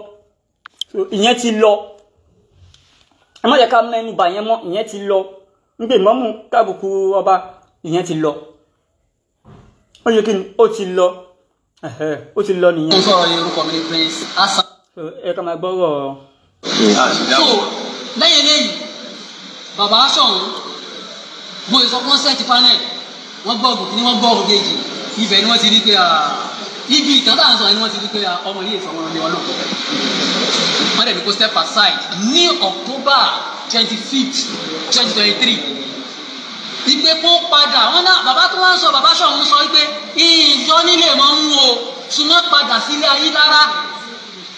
ìyẹn ti lọ ẹ má jẹ́ ká mẹ́nu bà yẹn mọ́ ìyẹn ti lọ ń pè mọ́mú kábùkù ọba ìyẹn ti lọ ó ṣe kí ni ó ti lọ ó ti lọ nìyẹn. mo sọ̀rọ̀ yìí orúkọ mi ni prince hasan. ẹ ká máa gbọ́rọ̀. so lẹ́yìn lẹ́yìn bàbá aṣọ̀hún mo sọ fún sẹ́ẹ̀tì panel wọ́n gbọ́ ògùn kìíní wọ́n gbọ́ ògùn kejì ibẹ̀ ni wọ́n ti rí pé ah, ibi ìtàn tá ń sọ ni wọ́n ti rí pé ah, ọmọ ilé ìfọwọ́ ọmọdé ọlọ́pàá wọ́n dẹ̀ ní kó step aside ní October twenty fifth twenty twenty three ìpè kó padà wọn náà ah, bàbá tó wá ń sọ bàbá sọ̀hún sọ wípé ìjọ nílé mọ́ ń wo súnmọ́ padà sílé ayé lára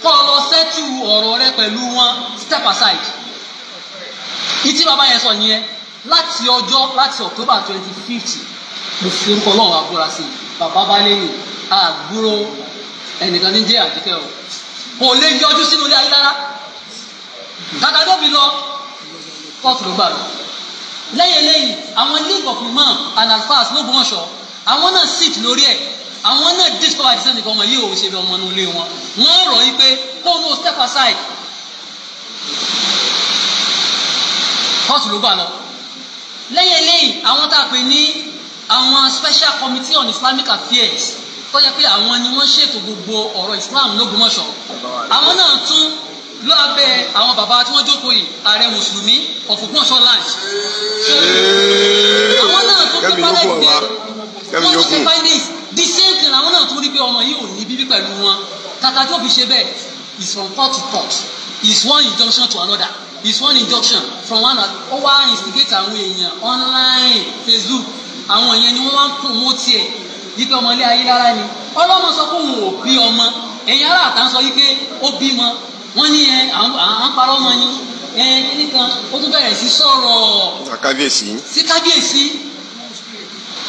kọ́ ọ lọ sẹ́tù ọ̀rọ̀ rẹ pẹ̀lú wọn step aside ìtí bàbá yẹn sọ yẹn láti ọjọ́ láti October twenty fifth mo fi orúkọ Ọlọ́run àbúrà sí bàbá bá lẹ́yìn àgbúrò ẹnìkan ní jẹ́ àdìkẹ́ o kò lè yọjú sínú ilé ayé lára kàkà tóbi lọ kóòtù ló gbà lọ lẹ́yìn lẹ́yìn àwọn league of imam and alfas ló gbọ́nṣọ́ àwọn náà sit lórí ẹ̀ àwọn náà discover àti sẹ́nìkan ọmọ yìí ò ṣe bí ọmọ inú ilé wọn wọ́n rọ̀ yí pé kó o no step aside kóòtù ló gbà lọ lẹ́yìn lẹ́yìn àwọn tá a pè ní àwọn special committee on islamic affairs tó yẹ pé àwọn ni wọ́n ṣètò gbogbo ọ̀rọ̀ islam lógbómọ̀ṣọ́ àwọn náà tún lábẹ́ àwọn bàbá tí wọ́n jókòó yìí ààrẹ mùsùlùmí ọ̀fùnkúnṣọ́ land. àwọn náà tó kí parẹ́ gbé wọ́n tó kí finance the same thing àwọn náà tó rí pé ọmọ yìí ò ní bíbí pẹ̀lú wọn kàkà tí ó fi ṣe bẹ́ẹ̀ is from court to court is one injunction to another is one injunction from one ó wá instigate àwọn èèyàn online facebook àwọn èèyàn ni wọ́n wá ń promote ẹ̀ yípe ọmọ ilé ni ọlọ́mọ sọ fún òun ò bí ọmọ ẹ̀yin aráàta sọ yí pé ó bímọ wọ́n ní ẹ à ń parọ́ ọmọ ni ẹ kíní kan ó tún bẹ̀rẹ̀ sí sọ̀rọ̀. kábíyèsí. sí kábíyèsí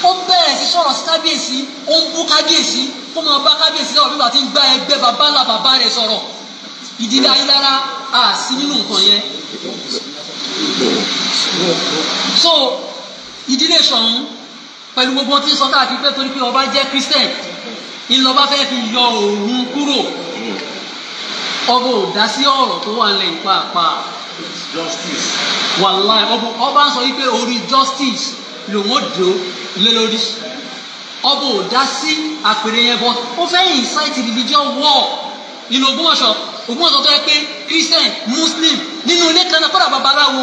ó bẹ̀rẹ̀ sí sọ̀rọ̀ sí kábíyèsí ó ń bú kábíyèsí ó máa bá kábíyèsí lọ́wọ́ bíbá ti ń gbá ẹgbẹ́ bàbá ńlá bàbá rẹ̀ sọ̀rọ̀ ìdílé ayélujára à sí nínú nǹkan yẹn. so ìdílé Ṣọ̀ún pẹ̀lú gbogbo tí ń sọ káàkiri pé torí pé ọba jẹ́ Christian ńlọba fẹ́ fi yọ òun kúrò ọba ò dá sí ọ̀rọ̀ tó wà nílẹ̀ ìpaapá. justice. wàláì ọba ń sọ wípé orí justice lòun ò dó lé lórí ọba ò dá sí àpèrè yẹn bọ ó fẹ́ incite religion war nínú Ògbómọ̀ṣọ́ Ògbómọ̀ṣọ́ tó yẹ pé Christian Muslim nínú ilé kan náà kọ́dà babaláwo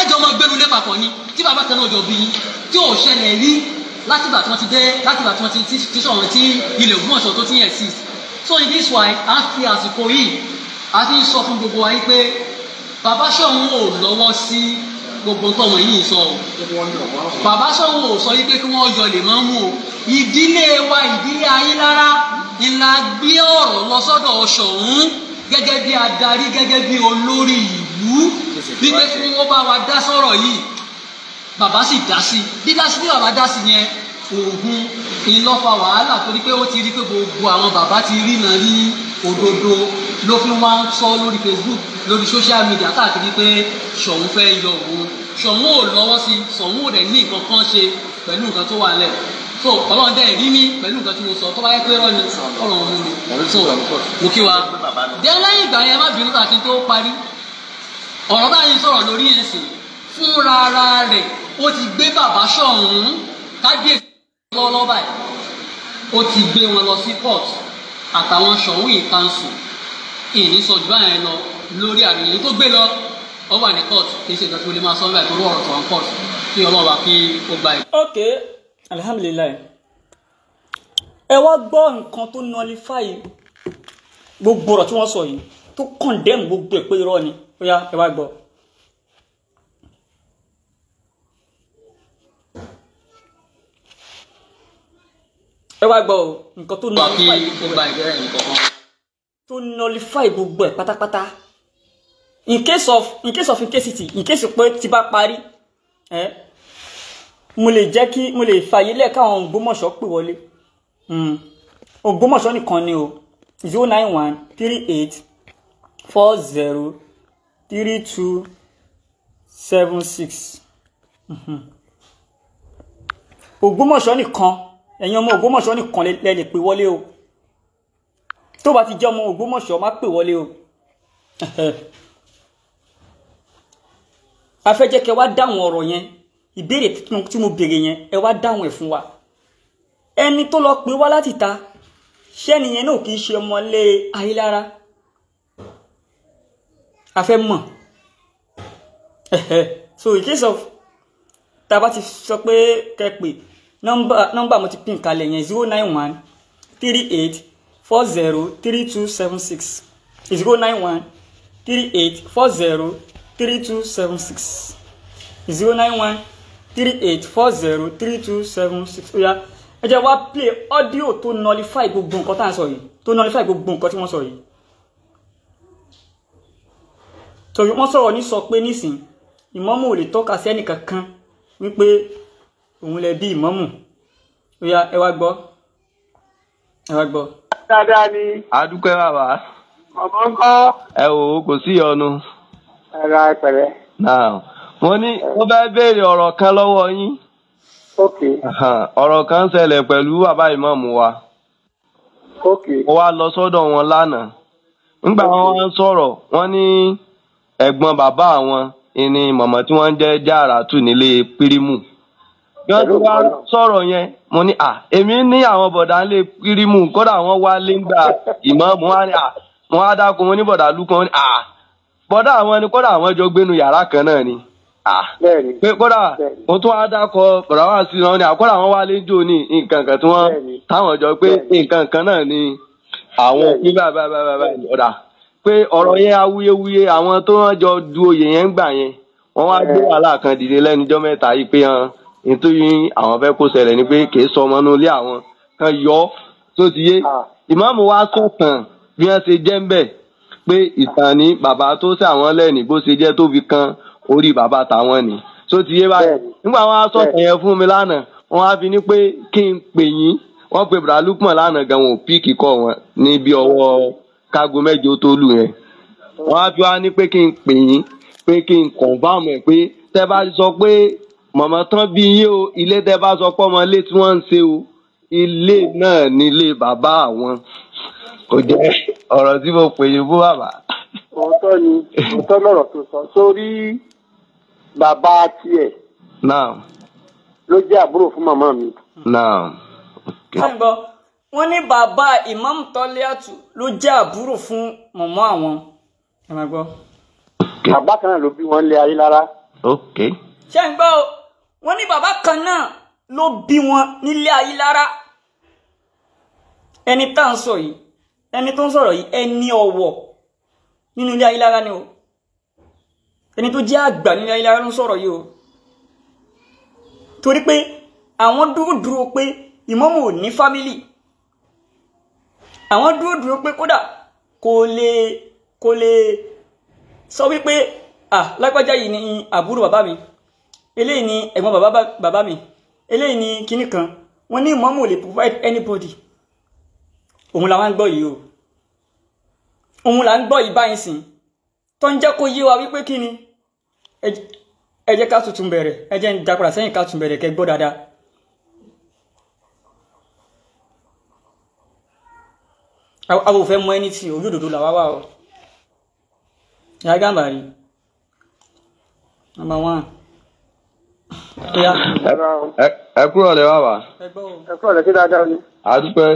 ẹjọ́ máa gbẹ́nu lé papọ̀ ni tí bàbá kan náà jọ bí yín tí ò ṣẹlẹ̀ rí látìgbà tí wọ́n ti dé látìgbà tí wọ́n ti tí sọ̀rọ̀ tí ilẹ̀ Ògbómọ̀ṣọ́ tó ti yẹn exist so in this way a fi àsìkò yìí a fi ń sọ fún gbogbo wa yìí pé bàbá Ṣọ̀ún ò lọ́wọ́ sí gbogbo tọmọ yìí sọ o bàbá Ṣọ̀ún ò sọ yìí pé kí wọ́n yọ lè máa mú o ìdílé wa ìdílé Ayílára ńlá gbé ọ̀rọ̀ lọ sọ́dọ̀ Ṣọ̀ún gẹ́gẹ́ bí adarí gẹ́gẹ́ bí olórí ìlú wípé kí wọ́n bá wa dá sọ̀rọ̀ yìí bàbá sì dá sí dídá sí bí bàbá dá sí yẹn òògùn iná fa wàhálà torí pé ó ti rí pé gbogbo àwọn bàbá ti rí náà rí òdodo ló fi wá ń sọ lórí Facebook lórí social media káàkiri pé Ṣọ̀ún fẹ́ yọ òun Ṣọ̀ún ò lọ́wọ́ sí Ṣọ̀ún ò rẹ̀ ní nǹkan kan ṣe pẹ̀lú nǹkan tó wà lẹ̀ so ọlọ́run dẹ́ rí mi pẹ̀lú nǹkan tí mo sọ tó bá yẹ pé rọ́ ni ọ̀rọ̀ ọ̀hún mi so mo kí wa dẹ́ lẹ́yìn ìgbà yẹn má bínú tàbí tó parí ọ̀rọ̀ báyìí sọ̀rọ̀ lórí ẹ̀sìn fúnra rẹ̀ ó ti gbé bàbá Ṣọ̀ún kábíyèsí lọ́wọ́lọ́wọ́ báyìí ó ti gbé wọn lọ sí court àtàwọn sọ̀wìn kanṣu ìní sọ̀jù báyẹn lọ lórí àmì ìlú tó gbé lọ ó wà ní court kì í ṣe ìgbà tó lè máa sọ nígbà tó ọ̀rọ̀ tó wà ní kí ọlọ́wà kí ó gba ẹ̀. ok alihamdulilayi ẹ wá gbọ́ nǹkan tó nọlifáyì gbogbo ọ̀rọ̀ tí wọ́n sọ yìí tó kọ̀ndẹ́mù gbogbo ẹ̀ pé irọ́ ni ó yá ẹ wá gbọ́. ẹ wá gbọ́ o nǹkan tó nullify gbogbo nullify gbogbo ẹ̀ pátápátá in case of in case of in case it in case pé ti bá parí ẹ mo lè jẹ́ kí mo lè fààyè lẹ̀ káwọn Ògbómọ̀ṣọ́ pè wọlé hmm. Ògbómọ̀ṣọ́ nìkan ni o zero nine one three eight four zero three two seven six hmm. Ògbómọ̀ṣọ́ nìkan ẹ̀yin ọmọ Ògbómọ̀ṣọ́ nìkan lẹ lè pè wọlé o tó bá ti jẹ́ ọmọ Ògbómọ̀ṣọ́ má pè wọlé o a fẹ́ jẹ́ kẹ́ wá dáhùn ọ̀rọ̀ yẹn ìbéèrè tí mo béèrè yẹn ẹ wá dáhùn ẹ̀ fún wa ẹni tó lọ pè wá láti ta ṣẹ́ni yẹn náà kì í ṣe ọmọlé Ayílára a fẹ́ mọ̀ so in case of tá a bá ti sọ pé kẹ́ pè nọ́mbà nọ́mbà mo ti pin kalẹ̀ yẹn zero nine one three eight four zero three two seven six zero nine one three eight four zero three two seven six zero nine one three eight four zero three two seven six ó yá ẹ jẹ́ wá play audio tó nullify gbogbo nǹkan tá à ń sọ yìí tó nullify gbogbo nǹkan tí wọ́n sọ yìí torí wọ́n sọ̀rọ̀ ní sọ pé nísìn ìmọ̀mù ò lè tọ́ka sí ẹnìkan kan wípé òun lè bí ìmọ̀mù Oya, yá ẹ wá gbọ́ ẹ wá gbọ́. dáadáa ni. adúpẹ́ bàbá. ọmọ ń ẹ wò ó kò sí ìyọnu. ẹ ra ìpẹ̀lẹ́. náà mo ní mo bá béèrè ọ̀rọ̀ kan lọ́wọ́ yín. ok. ọ̀rọ̀ kan ṣẹlẹ̀ pẹ̀lú bàbá ìmọ̀mù wa. ok. mo wá lọ sọ́dọ̀ wọn lánàá ńgbà wọn wá sọ̀rọ̀ wọn ní ẹ̀gbọ́n bàbá wọn ìní mọ̀mọ́ tí wọ́n ń jẹ́ járàtù nílé pírímù. Okay wọ́n ti wá sọ̀rọ̀ yẹn mo ní à èmi ní àwọn bọ̀dà ńlẹ̀ pírímù kódà wọ́n wá lẹ́ngbà ìmọ̀ mo wá ní à mo wá dákun mo ní bọ̀dà lukọ̀ à bọ̀dà àwọn ni kódà àwọn jọ gbénu yàrá kan náà ni à pé kódà mo tún wá dákọ bọ̀dà wà sí wọn ni àkọ́dà àwọn wá lẹ́jọ́ ní nǹkan kan tí wọ́n táwọn jọ pé nǹkan kan náà ni àwọn òfin bàbá bàbá bàbá pé ọ̀rọ̀ yẹn awuyewuye àwọn tó wọ́n jọ du oyè yẹn gbà yẹn wọ́n wá gbé wàhálà kan dìde lẹ́nujọ́ mẹ́ta yìí pé hàn nítorí àwọn fẹ́ kó ṣẹlẹ̀ ni pé kì í sọ ọmọ inú ilé àwọn kan yọ tó ti yé ah. ìmáàmù wa sọ̀tàn bí wọ́n ṣe jẹ́ ń bẹ̀ pé ìtàn ni bàbá tó ṣe àwọn lẹ́ni bó ṣe jẹ́ tó fi kan orí bàbá tàwọn ni tó ti yé báyìí nígbà wọn á sọ̀tàn yẹn fún mi lánàá wọn á fi ní pé kí n pè yín wọn pe bùrà lukman lánàá gan wọn ò píìkì kọ wọn níbi ọwọ́ kágo mẹ́jọ tó lù yẹn wọn á fi wá ní pé kí n pè yín pé kí n kọ̀ǹfàmù ẹ̀ pé tẹ́ bá sọ pé mọ̀mọ́ tán bí yín o ilé tẹ́ bá sọ pọ́ ọmọ ilé tí wọ́n ń ṣe o ilé náà ni ilé bàbá àwọn kò jẹ́ ọ̀rọ̀ tí mo pè yín fún bàbá. òótọ́ ni òótọ́ lọ̀rọ̀ tó sọ sórí bàbá tiẹ̀. ló jẹ́ àbúrò fún màmá mi. wọ́n ní bàbá Imam Tọ́lẹ́àtù ló jẹ́ àbúrò fún màmá àwọn. ẹ máa gbọ́. bàbá kan náà ló bí wọn lé ayé lára. ok. ṣé ń gbọ́ o wọ́n ní bàbá kan náà ló bí wọn nílé Ayílára ẹni tá à ń sọ yìí ẹni tó ń sọ̀rọ̀ yìí ẹni ọ̀wọ̀ nínú ilé Ayílára ni o ẹni tó jẹ́ àgbà nílé Ayílára ló ń sọ̀rọ̀ yìí o torí pé àwọn dúró dúró pé ìmọ̀mù ò ní fámìlì àwọn dúró dúró pé kódà kò lè kò lè sọ wípé ah lágbájá yìí ni àbúrò bàbá mi eléyìí ni ẹ̀gbọ́n bàbá bàbá mi eléyìí ni kinní kan wọ́n ní ìmọ̀ọ́mù lè provide anybody òun làwọn ń gbọ́ yìí o òun là ń gbọ́ yìí báyìí sìn tó ń jẹ́ kó yé wa wípé kí ni ẹ jẹ́ ká tuntun bẹ̀rẹ̀ ẹ ń dapòdà sẹ́yìn ká tuntun bẹ̀rẹ̀ kẹ́ gbọ́ dáadáa. àwọn òfẹ́ mọ ẹni tí olódodo làwa wà o. ìyá gàmbàrí number one. Ìyá. Ẹ kúrò lè wá wá. Ẹ kúrò lè kí ni. A dúpẹ́.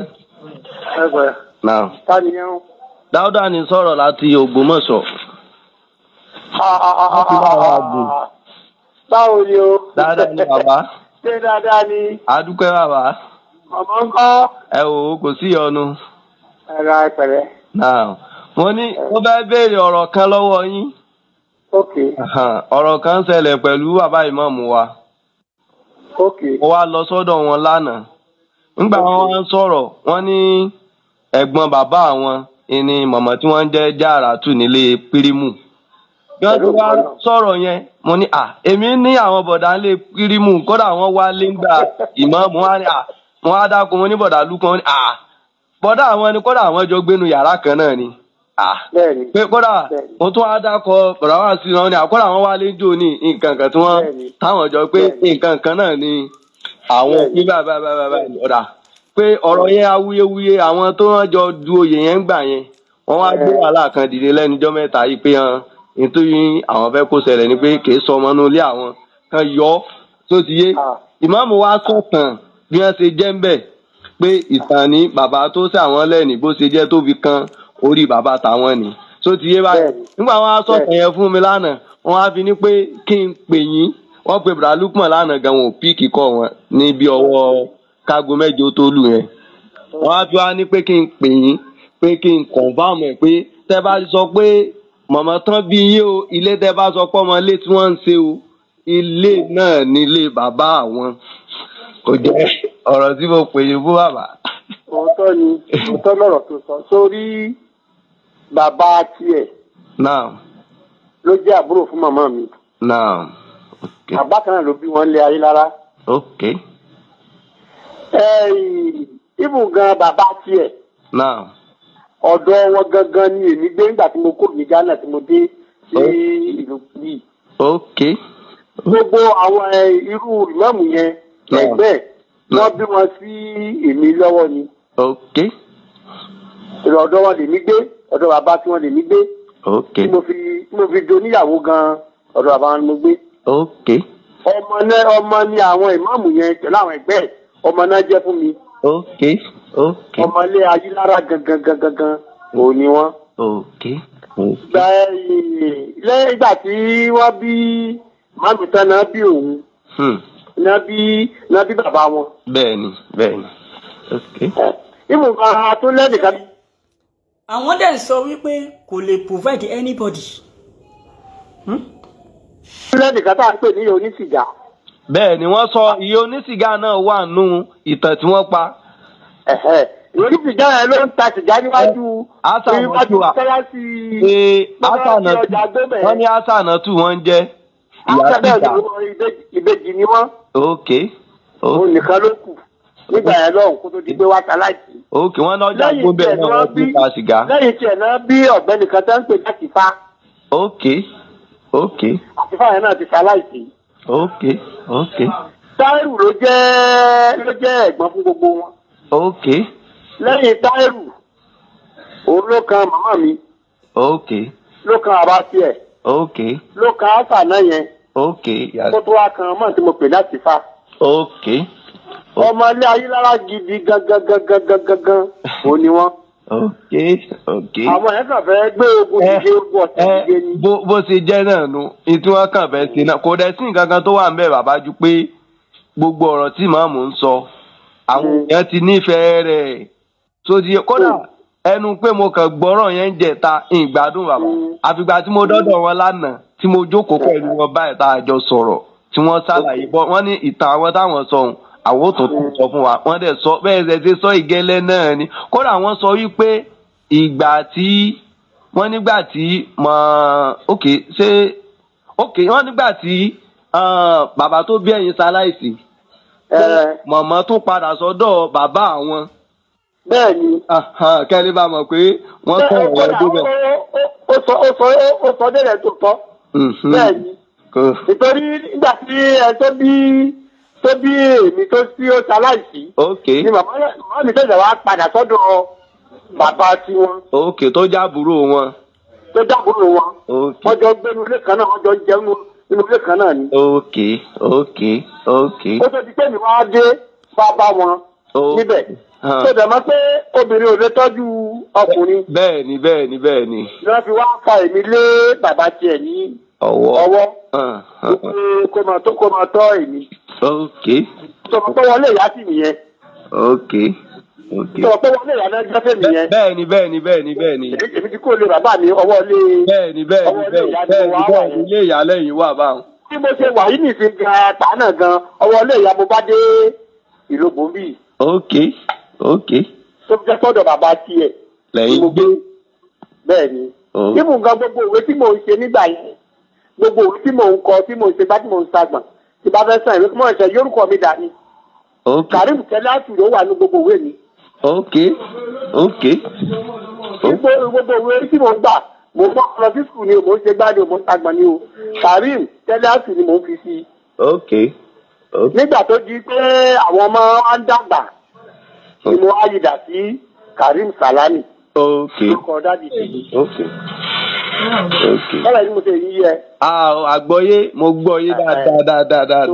Ẹ gbọ́dọ̀. Náà. Ta ni yẹn o? Dáúdà ni sọ̀rọ̀ láti Ògbómọ̀ṣọ́. Báwo ni o? Dáadáa ni bàbá. Ṣé dáadáa ni? bàbá. ń kọ́. Ẹ wò ó kò sí ìyọnu. Ẹ ra mo ní mo béèrè ọ̀rọ̀ kan lọ́wọ́ yín. Ọ̀rọ̀ kan ń ṣẹlẹ̀ pẹ̀lú bàbá ìmọ̀ọ́mù wa. mo wá lọ sọ́dọ̀ wọn lánàá ńgbà wọn wá sọ̀rọ̀ wọn ní ẹgbọn bàbá wọn ni mọ̀mọ́ tí wọn ń jẹ́ Járàtù nílé Pírímù bí wọ́n ti wá sọ̀rọ̀ yẹn mo ní à èmi ní àwọn bọ̀dà nílé Pírímù kódà wọn wá léńgbà ìmọ̀ mo wá ní à mo wá dákun mo ní bọ̀dà lukọ́ à bọ̀dà wọn ni kódà wọn jọ gbénu yàrá kan náà ni. Ah. pé kódà mo tún wá dákọ bàbá sí wọn ni àkọ́dà wọn wá léjò ní nǹkan kan tí wọ́n táwọn jọ pé nǹkan kan náà ni àwọn òfin bàbá bàbá bàbá ọ̀dà pé ọ̀rọ̀ yẹn awuyewuye àwọn tó wọ́n jọ du oyè yẹn gbà yẹn wọ́n wá gbé wàhálà kan dìde lẹ́nujọ́ mẹ́ta yìí pé hàn nítorí àwọn fẹ́ kó ṣẹlẹ̀ ni pé kì í sọ ọmọ inú ilé àwọn kan yọ tó ti yé ah. ìmáàmù wa sọ̀tàn bí wọ́n ṣe jẹ́ ń bẹ̀ pé ìtàn ni bàbá tó ṣe àwọn lẹ́nìí bó ṣe jẹ́ tó kan orí bàbá tàwọn ni so ti yé báyìí nígbà wọn á sọ̀tàn yẹn fún mi lánàá wọn á fi ní pé kí n pè yín wọn pe bùrà lukman lánàá gan wọn ò píìkì kọ wọn ní bí ọwọ́ kágo mẹ́jọ tó lù yẹn wọn á fi wá ní pé kí n pè yín pé kí n kọ̀ǹfàmù ẹ̀ pé tẹ́ bá sọ pé mọ̀mọ́ tán bí yín o ilé tẹ́ bá sọ pé ọmọ ilé tí wọ́n ń ṣe o ilé náà ni ilé bàbá àwọn kò jẹ́ ọ̀rọ̀ tí mo pè yín fún bàbá. òótọ́ ni òótọ́ lọ̀rọ̀ tó sọ sórí bàbá tiẹ̀. náà. ló jẹ́ àbúrò fún màmá mi. náà. ok. bàbá kan náà ló bí wọn lé ayé lára. ok. ẹ ibùn gan bàbá tiẹ̀. náà. ọ̀dọ̀ wọn gangan ni èmi gbé nígbà tí mo kó ní Ghana tí mo dé sí ìlú yìí. ok. gbogbo àwọn irú ìmọ̀mù yẹn ẹgbẹ́ wọ́n bí wọn sí èmi lọ́wọ́ ni. ok. ìrọ̀dọ̀ wọn lèmi gbé ọ̀dọ̀ bàbá tí wọ́n lè mí gbé. ok tí mo fi tí mo fi do níyàwó gan-an ọ̀dọ̀ bàbá wọn ni mo gbé. ok ọmọ náà ọmọ ni àwọn ìmáàmù yẹn pẹ̀lú àwọn ẹgbẹ́ ẹ̀ ọmọ náà jẹ́ fún mi. ok ok ọmọ ayélujára gangan gangan gan òun ni wọ́n. ok ok eh, lẹ́yìn ìgbà tí wọ́n bí màmí tán náà bí òun hmm. náà bí náà bí bàbá wọn. bẹ́ẹ̀ni bẹ́ẹ̀ni ok. Eh, ìmùkàn àtúnlẹ̀ nìkan bí àwọn dẹ̀ sọ wípé kò lè provide anybody. lẹ́nìkan hmm? tá à ń pè ní onísìgá. bẹ́ẹ̀ ni wọ́n sọ iye onísìgá náà wà nù ìtàn tí wọ́n pa. onísìgá yẹn ló ń ta sìgá níwájú níwájú kẹ́láàsì ọjà gbẹ́mẹ̀. wọ́n ní asana tù wọ́n ń jẹ́. asana ìbejì ni wọ́n. ok. òun nìkan ló kù nígbà yẹn lọ́hùn kó tó di pé wá ta láìsí. ok wọn náà jágbó bẹ́ẹ̀ náà wọn ti ta sìgá. lẹ́yìn tiẹ̀ náà bí ọ̀gbẹ́ni kan tó ń pè láti fa. ok ok. àti fáwọn náà ti ta láìsí. ok ok. táírù ló jẹ́ ló jẹ́ ẹ̀gbọ́n fún gbogbo wọn. ok. lẹ́yìn táírù òun ló kan màmá mi. ok. ló kan àbá tiẹ̀. ok. ló kan áfà náà yẹn. ok. kó tó wá kan mọ̀ tí mo pè láti fa. ok. okay. ọmọ ilé ayélujára gidi gangan wọn. ok ok. àwọn yẹn kàn fẹ́ gbé ogun ìdíje ogun ìdíje ni. bó bó ṣe jẹ́ náà nu kàn fẹ́ ṣe náà kò dẹ̀ sí nǹkan tó wà ń bẹ̀ bàbá ju pé gbogbo ọ̀rọ̀ tí màmú ń sọ àwọn mm. èèyàn ti nífẹ̀ẹ́ rẹ̀ kódà mm. ẹnu pé mo kàn gbọ́rọ̀ yẹn ń jẹ̀ta ìgbádùn bàbá mm. àfìgbà tí mo dọ́dọ̀ wọn lánàá tí mo jókòó pẹ̀lú wọn báyìí tá a jọ sọ̀rọ̀ tí wọ́n ṣàlàyé bọ́ wọ́n ní ìtàn àwọn táwọn sọ̀hún àwọn ò tó sọ fún wa wọ́n dẹ̀ sọ bẹ́ẹ̀ ṣe ṣe sọ ìgẹ́lẹ́ náà ni kódà wọ́n sọ wípé ìgbà tí wọ́n nígbà tí mọ̀ ok ṣé ok wọ́n nígbà tí bàbá tó bí ẹ̀yin ṣaláìsí mọ̀mọ́ tó padà sọ́dọ̀ bàbá àwọn bẹ́ẹ̀ni. kẹ́lí bá mọ̀ pé wọ́n kọ́ ọ̀rọ̀ ẹ̀dọ́ bẹ̀. ó sọ ó sọ ó sọ délẹ̀ tó tọ́. Mhm. bẹ́ẹ̀ni. nítorí nígbà tí ẹ tó bí tó bí èmi tó sí ó ṣaláìsí. ok ni màmá mi tẹ̀sẹ̀ wá padà sọ́dọ̀ bàbá tiwọn. ok tó jábúrò wọn. tó jábúrò wọn. ok wọ́n jọ gbẹ́nu ilé kan náà wọ́n jọ jẹun inú ilé kan náà ni. ok ok ok. ó tó di pé mi wá dé bàbá wọn níbẹ̀ tó dẹ̀ mọ́ pé obìnrin ò lè tọ́jú ọkùnrin. bẹ́ẹ̀ni bẹ́ẹ̀ni bẹ́ẹ̀ni. ni wọ́n fi wá fa èmi lé bàbá tiẹ̀ ní ọwọ́. ọwọ́ kó máa tó kó máa tọ́ èmi. ok. sọmọ pé wọlé ìyá sì nìyẹn. ok. Okay. sọ pé wọlé ìyá náà jáfẹ́ mi yẹn. bẹ́ẹ̀ni bẹ́ẹ̀ni bẹ́ẹ̀ni bẹ́ẹ̀ni. èmi ti kó lè bàbá mi ọwọ́ lé. bẹ́ẹ̀ni bẹ́ẹ̀ni bẹ́ẹ̀ni bẹ́ẹ̀ni ilé ìyá lẹ́yìn wà báwọn. bí mo ṣe wà yìí nìsín gan tànà gan ọwọ́ lé ìyá mo bá dé ìlú bòmbì. ok ok. tó fi jẹ́ sọ́dọ̀ bàbá tiẹ̀. lẹ́yìn gbé. bẹ́ẹ̀ni. ibùn gan gbogbo òwe tí mo ṣe nígbà yẹn gbogbo òun tí mò ń kọ tí mò ń ṣe bá tí mò ń sagbọn tí bá fẹ́ sàn ìwé tí mò ń ṣe yórùkọ mi dání. Karim Tẹ́lá àtúrò wà ní gbogbo òwe mi. ok ok. gbogbo òwe tí mò ń gbà mo mọ ọlọ sí skul ni o mo ń ṣe gbádùn mo ń sagbọn ni o Karim Tẹ́lá àtúrò ni mo ń fi sí. ok nígbà tó di pé àwọn ọmọ wa ń dàgbà ni mo wá dà sí Karim Salami. ok ok bọ́lá yìí mo ṣe yí yẹ. àgbọ̀yé mo gbọ́ yé dáadáa dáadáa.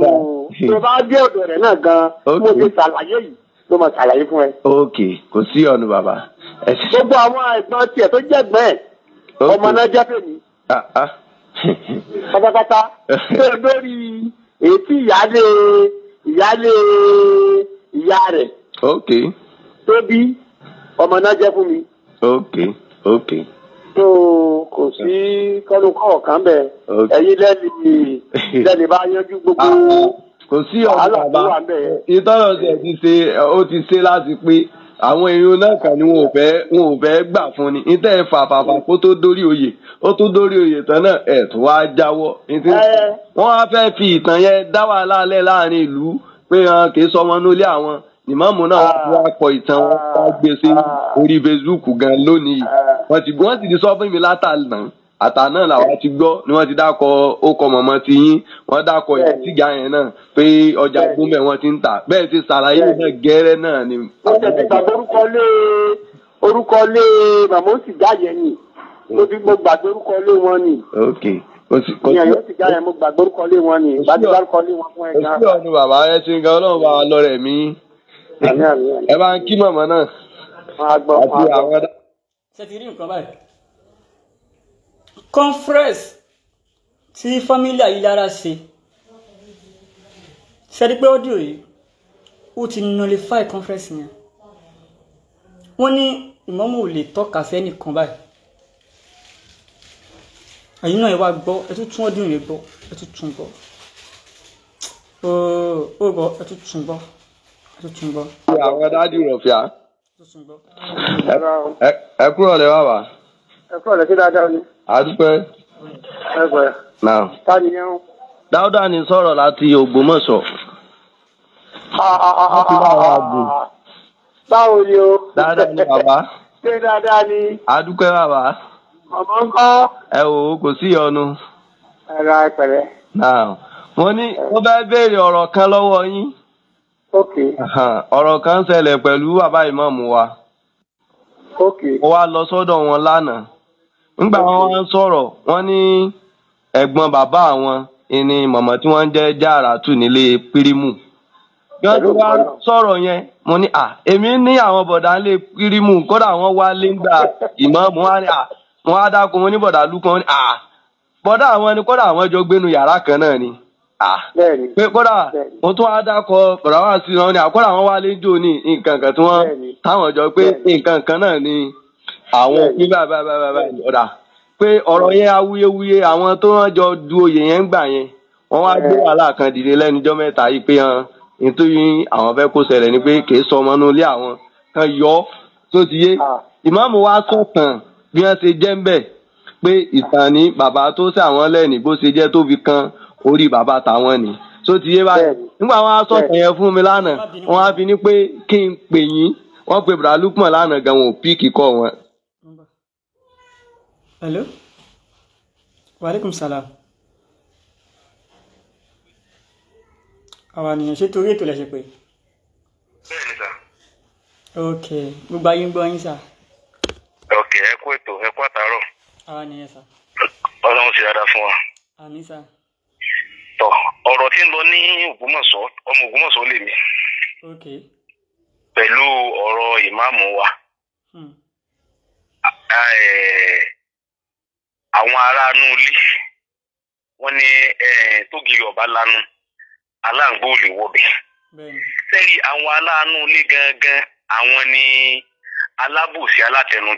tó bá dé ọ̀dọ̀ rẹ̀ náà gan-an mo ṣe ṣàlàyé yìí ló máa ṣàlàyé fún ẹ. ok kò sí ọ̀nù bàbá. gbogbo àwọn ẹ̀gbọ́n tiẹ̀ tó jẹ́ gbẹ́ ẹ̀ ọmọ náà jẹ́ pèmí. Ah, ah. pátápátá tó lórí ètí ìyáálé ìyáálé ìyá rẹ̀. ok. tó bí ọmọ náà jẹ́ fún mi. ok ok so kò sí kọ́lùkọ́ ọ̀kan bẹ̀ ẹ̀yin lẹ́ni [LAUGHS] lẹ́ni bá yanjú gbogbo kò sí ọ̀rọ̀ bàbá ìtọ́nà ṣe ti ṣe ó ti ṣe láti pé àwọn èèyàn náà kàn ní wọn ò fẹ́ wọn ò fẹ́ gbà fún ni níta ẹ̀ fà fà fà kó tó dórí oyè ó tó dórí oyè tán náà ẹ̀ tó wá jáwọ́ wọ́n á fẹ́ fi ìtàn yẹn dá wàhálà lẹ̀ láàrin ìlú pé kì í sọ wọn nólé àwọn ìmáàmù náà ah. wọ́n kọ ìtàn wọn wá ah. gbé sí ah. orí Facebook gan lónìí wọ́n ti wọ́n sì ti sọ fún mi látàlá àtàná làwọn ti gbọ́ ni wọ́n ti dákọ̀ ókọ mọ̀mọ́ ti yín wọ́n dákọ̀ ìtìjà yẹn náà pé ọjà gbúnbẹ̀ wọn ti ń tà bẹ́ẹ̀ ti ṣàlàyé náà gẹ́rẹ́ náà ni. ó tẹ̀sí gbàgbé orúkọ lé orúkọ lé màmá ó sì jáyẹ ni mo fi mo gbàgbé orúkọ lé wọn ni. ok ìyẹn yóò sì jáyẹ mo gbàgbé orúkọ lé wọn ni ìgbàgbé orúkọ lé wọn fún ẹ gan. òṣìṣẹ́ ọ̀nù bàbá ẹ ti ń gan ọlọ́run bá wa lọ́rẹ̀ mí ẹ bá ń kí màmá náà àti àwọn dá. ṣe ti rí nǹkan báyìí conference tí fámílì Ayilara ṣe ṣe rí pé ọ́díò yìí ó ti nullify conference yẹn wọ́n ní ìmọ̀mù ò lè tọ́ka sẹ́nìkan báyìí ẹ̀yin náà ẹ wá gbọ́ ẹ tún tún ọ́dún yẹn gbọ́ ẹ tún tún gbọ́ ó ó gbọ́ ẹ tún tún gbọ́. ẹ kúrò lè wá wá. ẹ kúrò lè sí dáadáa ni. àdúpẹ́. ni yẹn o. dáúdà ni sọ̀rọ̀ láti Ògbómọ̀ṣọ́. báwo ni o. Dada ni bàbá. ṣé dada ni. ọmọ ẹ kò sí ìyọnu. ẹ ra ẹ ní bá kan lọ́wọ́ yín. ọ̀rọ̀ kan ṣẹlẹ̀ pẹ̀lú bàbá ìmáàmù wa mo lọ sọ́dọ̀ wọn lánàá nígbà wọn wá sọ̀rọ̀ wọn ní ẹ̀gbọ́n bàbá àwọn ni mọ̀mọ́ tí wọ́n jẹ́ jàràtù nílé pírímù bí wá sọ̀rọ̀ yẹn mo ní à èmi ní àwọn bọ̀dà nílé pírímù kódà wọ́n wá à wọ́n á dákun wọn ní bọ̀dà à Ah. pé kódà mo tún wá dákọ bàbá wa sí wọn ni àkọ́dà wọn wá léjò ní nǹkan kan tí wọ́n táwọn jọ pé nǹkan kan náà ni àwọn òpin bàbá bàbá bàbá ọ̀dà pé ọ̀rọ̀ yẹn awuyewuye àwọn tó wọ́n jọ du oyè yẹn ń gbà yẹn wọ́n wá gbé wàhálà kan dìde lẹ́nujọ́ mẹ́ta yìí pé hàn nítorí àwọn fẹ́ kó ṣẹlẹ̀ ni pé ah. kì í sọ ọmọ inú ilé àwọn kan yọ ọ́ tó ti yé ah. ìmáàmù wa sọ̀tàn bí wọ́n ṣe jẹ́ ń bẹ̀ pé ìtàn ni bàbá tó ṣe àwọn lẹ́ni bó ṣe jẹ́ tó kan orí bàbá tàwọn ni tó ti yé báyìí nígbà wọn á sọ̀tàn yẹn fún mi lánàá wọn á fi ní pé kí n pè yín wọn pe bùrà lukman lánàá gan wọn ò píìkì kọ wọn. hello waaleykum salaam àwọn àníyàn ṣe torí ètò lẹ́sẹ̀ pé. ok gbogbo ayé ń gbọ́ yín sá. ok ẹ kú ètò ẹ kú àtàárọ̀. àwọn àníyàn sá. ọlọ́run ti dáadáa fún wa. àmín sá. tọ ọ̀rọ̀ tí ń lọ ní Ògbómọ̀ṣọ́ ọmọ pẹ̀lú ọ̀rọ̀ ìmáàmù wa hmm. àwọn ará ilé wọn ní tógiri ọba lanu aláǹgbó lè wọbẹ àwọn aláàánú ilé gangan àwọn ni alábòsí ní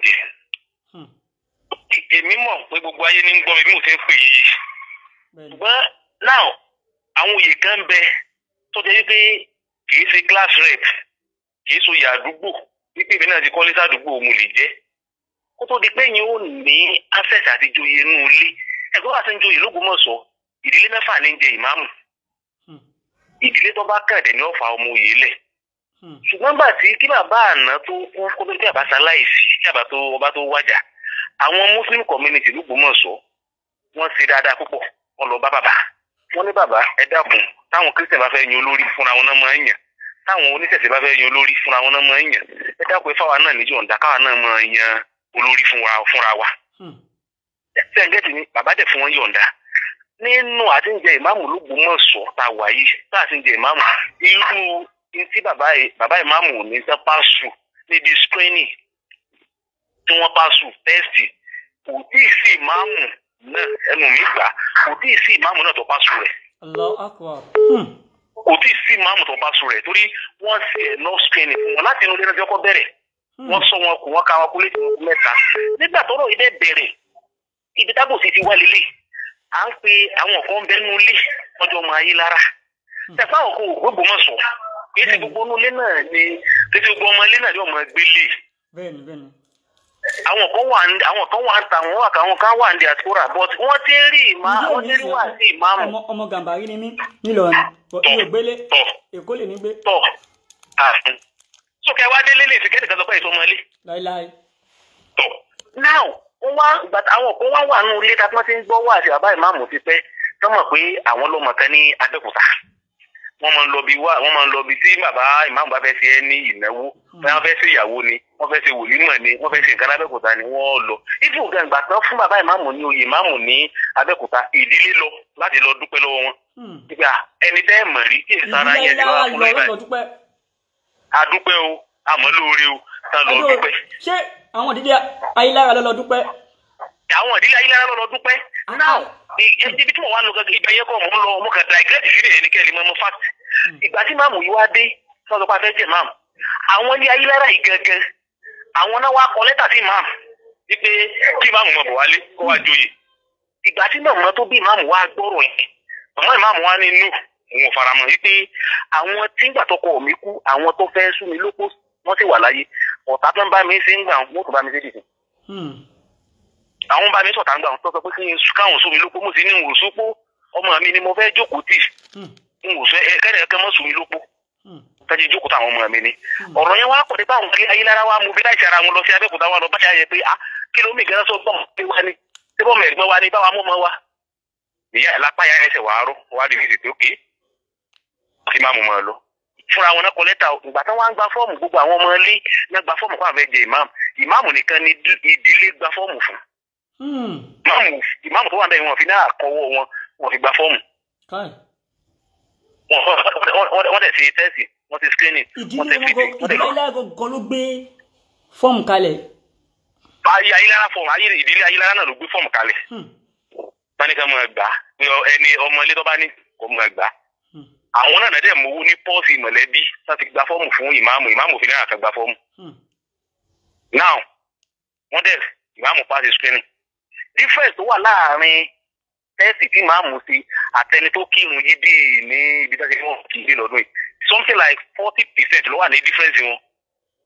now àwọn òye kan ń bẹ tó jẹ́ wípé kìí ṣe class rep kìí ṣe oyè àdúgbò wípé èmi náà ti kọ́lé sádùúgbò mo lè jẹ́ kó tó di pé yín ó ní access àti joyè inú ilé ẹ̀gbọ́n àti joyè lógúnmọ̀ṣọ́ ìdílé mẹ́fà ní jẹ ìmáàmù hmm. ìdílé tó bá kàn dẹ̀ ní ọ̀fà ọmọ òye lẹ̀ hmm. ṣùgbọ́n gbà tí kí bàbá àná tó kú kó tó kí bàbá ṣaláìsí kí bàbá tó ọba tó wájà àwọn muslim community lógúnmọ̀ṣọ́ wọ́n ṣe dáadáa púpọ̀ wọ́n lọ bá bàbá wọ́n ní bàbá ẹ dákun táwọn kristian bá fẹ́ yan olórí fúnra wọn náà máa ń yàn táwọn oníṣẹ̀ṣe bá fẹ́ yan olórí fúnra wọn náà máa ń yàn ẹ dákun fáwa náà níjọ ọ̀dà káwa náà máa yan olórí fúnra wa. sẹ́ńgẹ́tì hmm. ni bàbá dẹ̀ fún wọn yọ̀ǹda nínú àti ń jẹ ìmáàmù lÓgbómọ̀ṣọ́ tá a wà yìí tá a ti ń jẹ ìmáàmù irú tí bàbá ìmáàmù ò ní sẹ́ pàṣù níbi screening tí wọ́n pàṣù tẹ́sì kò tí ì sí ìmáàmù náà ẹnu mi gbà kò tí ì sí ìmáàmù náà tó bá sùn rẹ̀. Hmm. kò tí ì sí ìmáàmù tó bá sùn rẹ̀ torí wọ́n ṣe ẹ̀ nọ́ọ̀sì training fún wọn láti inú ilé ẹjọ́ kọ́ bẹ̀rẹ̀ hmm. wọ́n sọ wọn kò wọ́n ka wọn kó lè tó mẹ́ta nígbà tọ́rọ̀ ilé bẹ̀rẹ̀ ibi tábòsí ti wá lélẹ̀ à ń pe àwọn kan bẹ́nu lé ọjọ́ máa yí lára tẹ̀sán hmm. àwọn kò gbogbo mọ̀ sọ kí ti gbogbo ọmọ ilé náà ni gbogbo ọmọ ilé náà ni ọmọ gbélé. bẹ́ẹ̀ni bẹ́ẹ̀ni àwọn kan wà ní àwọn kan wà ń ta wọn wà káwọn kan wà ní diaspora but wọn ti rí ìmá wọn ti rí wà sí ìmáàmù. ọmọ ọmọ gàmbàrí ni mí nílọrin bọ iye gbélé èkó lè ní gbé. tọ sókè wá délé lè fi kẹ́tẹ̀kẹ́ sọ pé láíláí. tọ now wọn wá gbàtà àwọn kan wá wà nù ilé tá a ti ń gbọ́ wà sí bàbá ìmáàmù ti pẹ́ tọ́mọ̀ pé àwọn ló mọ̀ kan ní abẹ́kúta wọ́n máa ń lọ bí wá wọ́n máa ń lọ bí tí bàbá ìmáàmù bá fẹ́ ṣe ẹ́ ní ìnáwó hmm. bẹ́ẹ̀ fẹ́ ṣe ìyàwó ni wọ́n fẹ́ ṣe wòlímọ̀ ni wọ́n fẹ́ ṣe nǹkan lábẹ́kúta ni wọ́n lọ. ibi ògá ìgbà tán fún bàbá ìmáàmù ní oyè ìmáàmù ní abẹ́kúta ìdílé lọ láti lọ dúpẹ́ lọ́wọ́ wọn. Hmm. ìgbà ẹni tẹ́ ẹ̀ mọ̀ rí kí ìsara yẹn ti wá fún lọ́ọ́ adúpẹ́ o àwọn ìdílé ayélujára lọ lọ dúpẹ́ ah, now ah. ibi tí mo wà lọ gẹ́gẹ́ ibà yẹn kọ mo ń lọ mo kàn digress sílẹ̀ ẹni kẹlẹ mo mo fact hmm. ìgbà tí máàmù yìí wá dé sọsọ pé a fẹ́ jẹ máàmù àwọn ilé ayélujára yìí gangan àwọn náà wá kọ lẹ́tà sí máàmù wípé kí máàmù mọ̀ bọ̀ wálé kó wá hmm. joyè ìgbà tí màmá tó bí ìmáàmù wa gbọ́rọ̀ yìí màmá ìmáàmù wa nínú òun ò faramọ́ àwọn bá mi sọ̀tà ń gbà wọn sọ pé kí n káwọn sún mi lóko mo sì ní ìwòsù pó ọmọ mi ni mo fẹ́ jókòó tì ìwòsù hmm. kẹ́rẹ̀ kẹ́ mọ́ sùn mi lóko tọ́jú hmm. ìjókòó táwọn ọmọ mi ni hmm. ọ̀rọ̀ yẹn wá kọ́ nípa àwọn ilé ayélujára wa mo fi láì ṣara wọn lọ sí abẹ́kúta a ah, kí ló mi gẹ́rẹ́ sọ gbọ́n mi wá ni ṣé bọ́ mẹ̀gbọ́n wa ni báwa mọ́ mọ́ wa ìyá ìlápá ya ẹsẹ̀ wàá rọ wàá rí ìrètí òkè kí má mo mọ́ ọ lọ fúnra wọn náà kọ lẹ́tà ìgbà tí wọ́n á gba fọ́ọ̀mù gbogbo àwọn ọmọ ilé náà gba fọ́ọ̀mù fún àfẹ́jẹ ìmáàmù ìmáàmù nìkan ni ìdílé gba fọ́ọ̀mù fún Hmm. ìmáàmù tó wà bẹ́ẹ̀ wọn fi náà kọ́wọ́ wọn wọn fi gba fọ́ọ̀mù. wọ́n tẹ̀ sí tẹ́sì wọ́n ti screening wọ́n tẹ̀ fi tẹ̀. ìdílé aláàgọ́gọ́ ló gbé fọ́ọ̀mù kalẹ̀. ayé ayélujára fọ́ọ̀mù ayé ìdílé ayélujára náà ló gbé fọ́ọ̀mù kalẹ̀. báníkà mọ̀ ẹgbà ẹni ọmọ ilé tó bá ní kò mọ̀ ẹgbà. Hmm. àwọn náà nàdẹ̀ mowó ní pọ́ọ̀sì mọ̀lẹ́bí láti gba fọ́ọ̀mù fún ìmáàmù ìmáàmù fi náà fẹ́ gba fọ́ọ̀mù. Hmm. now wọ́n dẹ̀ ìmáàmù pass screening difference tó wà láàrin tẹ́sì tí màá mú sí àtẹni tó kírun yí bíi ní ibi tó ṣe kí wọ́n kí lọ́dún yìí something like forty percent ló wà ní difference wọn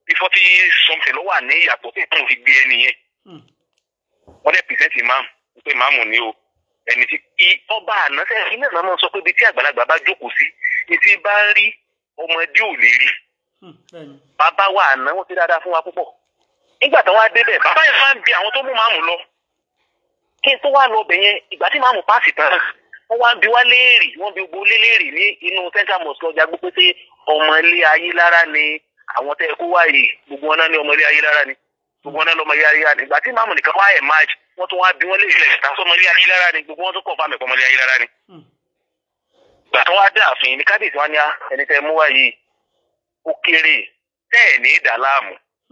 bí forty something ló wà ní ìyàtọ̀ tí màá fi gbé ẹni yẹn one hmm. hundred percent imam pé màámù ni o ẹni tí ọba ànáṣẹ́ iná náà máa sọ pé ibi tí àgbàlagbà bá jókòó sí ni tí bá ń rí ọmọdé ò lè rí hmm, bàbá wa àná wọn ti dáadáa fún wa púpọ̀ nígbà tí wọn á débẹ̀ bàbá yẹn máa ń bi àwọn tó mú màámù lọ kí n tó wá lọ ọbẹ̀ yẹn ìgbà tí màmú páàsì tán wọ́n wá bí wá léèrè wọ́n bí gbogbo lé léèrè ní inú central mosque ọjà gbogbo pé ọmọ ilé ayé lára ni àwọn tẹ́ kó wá yìí gbogbo wọn náà ní ọmọ ilé ayé lára ni gbogbo wọn náà lọ́mọ ilé ayé lára ni ìgbà tí màmú nìkan wá ẹ̀ march wọ́n tún wá bí wọ́n léèrè ìta sọmọ ilé ayé lára ni gbogbo wọn tún kọ̀ fáàmì ọmọ ilé ayé lára ni. Hmm. ìgbà tí wọ́n á dé àfin ní kábíyèsí wọn ní ẹni tẹ́ mú wá ó kéré tẹ́ẹ̀ ní ìdá láàmú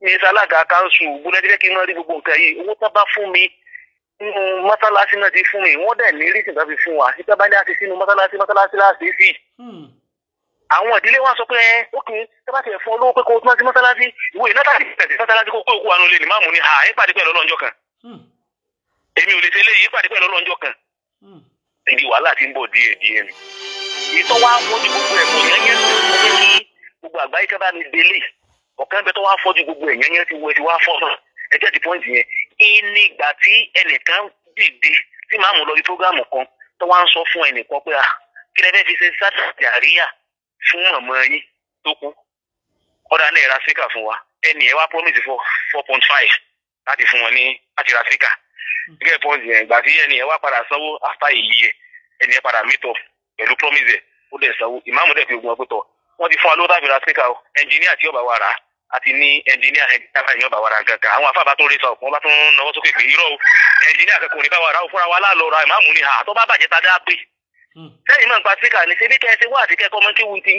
misa hmm. alága kanṣu gbóná jẹ́ kí n rí gbogbo nǹkan yìí owó tán bá fún mi nínú mọ́sálásí náà ti fún mi wọ́n dẹ̀ ní rí sìnkà fi fún wa àti tẹ́ bá ní àti sínú mọ́sálásí mọ́sálásí láti hmm. àwọn ìdílé wa sọ pé ókè tẹ́ tiẹ̀ fún olówó pé kó o tún sí mọ́sálásí ìwé iná tàbí tẹ̀sí mọ́sálásí kó o kó òkú àánú lè ní kan. Hmm. èmi ò lè ṣe pẹ̀lú ọlọ́njọ́ kan. ìdí wàhálà ti ń bọ̀ díẹ̀ díẹ̀ ni. ìtọ́wá wọn gbogbo ọ̀kan bẹ tó wá fọ́jú gbogbo ẹ̀yàn yẹn ti wọ ti wá fọ́nà ẹ jẹ́ ti pọ́ǹtì yẹn ìnígbà tí ẹnìkan dìde tí màmú lọ rí prógámù kan tó wá ń sọ fún ẹnìkan pé kí lẹ́fẹ́ fi ṣe sátìrì àríyá fún màmá yín tó kú ọ̀dà náà ẹ̀ra síkà fún wa ẹnì ẹ̀ wá promise for four point five láti fún wọn ní láti ra síkà gẹ́gẹ́ pọ́ǹtì yẹn ìgbà tí ẹnì ẹ̀ wá padà sanwó after a year ẹnì ẹ̀ padà meet up pẹ̀lú promise ẹ̀ ó dẹ̀ sanwó ìmáàmù dẹ̀ fi ogun ọgbẹ́tọ̀ wọ́n ti fún wa lóòótọ́ àfihàn síkà ẹnjìníà tí ọba wa rà á àti ní ẹnjìníà ẹgbẹ́ báyìí yóò bá wàrà kankan àwọn afábá tó rí sọ wọn bá tún náwó sókè pé irọ́ o ẹnjìníà kankan ò ní bá wàrà o fúnra wa láàlọ́ ra ìmáàmù ni àtọ́ bá bàjẹ́ tá a dá pé hmm. sẹ́yìn máa ń pa síkà ní ṣebí kẹ́ ẹ ṣe wá àti kẹ́kọ́ ọmọ kíwu ti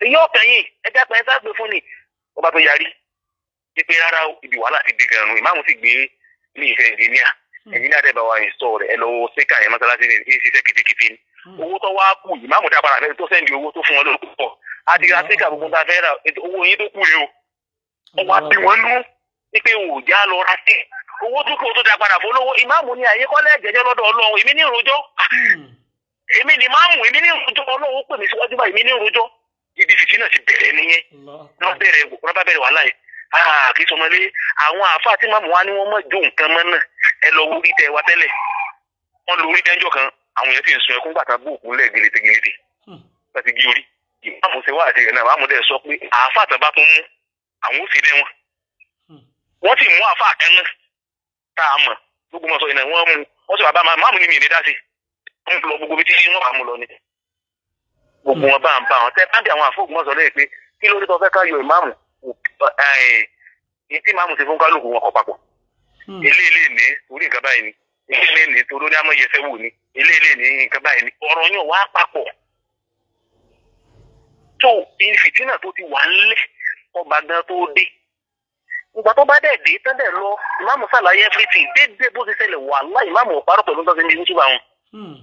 yín yóò pẹ̀yìn ẹgbẹ́ pẹ̀yìn sáà gbé fún ni ó bá tó yarí pípé rárá ibi wàhálà ti dé gan-an ìmáàmù sì gbé ní ìfẹ́ ẹnjìníà ẹnjìníà hmm. wa install ẹ lọ́wọ́ síkà ẹ̀ mọ́sálásí ní ìṣiṣẹ́ àti àfíríkà gbogbo tá a fẹ́ rà owó yín tó kù rè o ọwọ́ àbí wọn nú wípé wò já lọ ra sí owó tó kù tó da padà fún olówó ìmáàmù ni àyè kọ́lẹ̀ jẹ́jẹ́ lọ́dọ̀ ọlọ́run èmi ní ìròjọ́ hmm. èmi ni máàmù èmi ní ìròjọ́ ọlọ́run pè mí síwájú báyìí èmi ní ìròjọ́ ibi fìtí náà ti bẹ̀rẹ̀ nìyẹn wọ́n bẹ̀rẹ̀ wọ́n bá bẹ̀rẹ̀ wàhálà yìí ah, kí sọmọ lé àwọn àáfàá tí màmú wa ni wọ́n mọ̀ jó nǹkan mọ́ náà ẹ lọ wúrí tẹ wa tẹ́lẹ̀ wọ́n lọ tẹ́jọ́ kan àwọn yẹn ti ń sun ẹkún gbàtà bóòkù lẹ̀ hmm. láti gé orí ìmáàmù ṣe wáàdì rẹ̀ náà ìmáàmù dẹ̀ sọ pé àáfà tán bá tún mú àwọn ó sì dé wọn. Hmm. wọ́n sì mú àáfà kan náà tá a mọ̀ gbogbo mọ̀ sọ ìnáwó wọn mú wọ́n sì wá bá máa máàmù ní mi ní dásì wọ́n lọ gbogbo bí tí wọ́n bá mú lọ ni. gbogbo hmm. wọn bá ń bá wọn tẹ bá bí àwọn àfọ̀gùn mọ̀ sọ lẹ́yìn pé kí ló dé tó fẹ́ ká yọ ìmáàmù ní tí ìmáàmù ti fún kálukú wọn kọ papọ̀. Hmm. eléyìí lè ní orí nǹkan báyìí ní tó fìtínà tó ti wà ńlẹ̀ ọba gan tó dé ìgbà tó bá dẹ̀ dé tán dẹ̀ lọ ìmáàmù sàlàyé everything déédéé bó ti ṣẹlẹ̀ wà láì ìmáàmù ọ̀párọ̀ pẹ̀lú tó ṣe ní youtube àwọn hmm.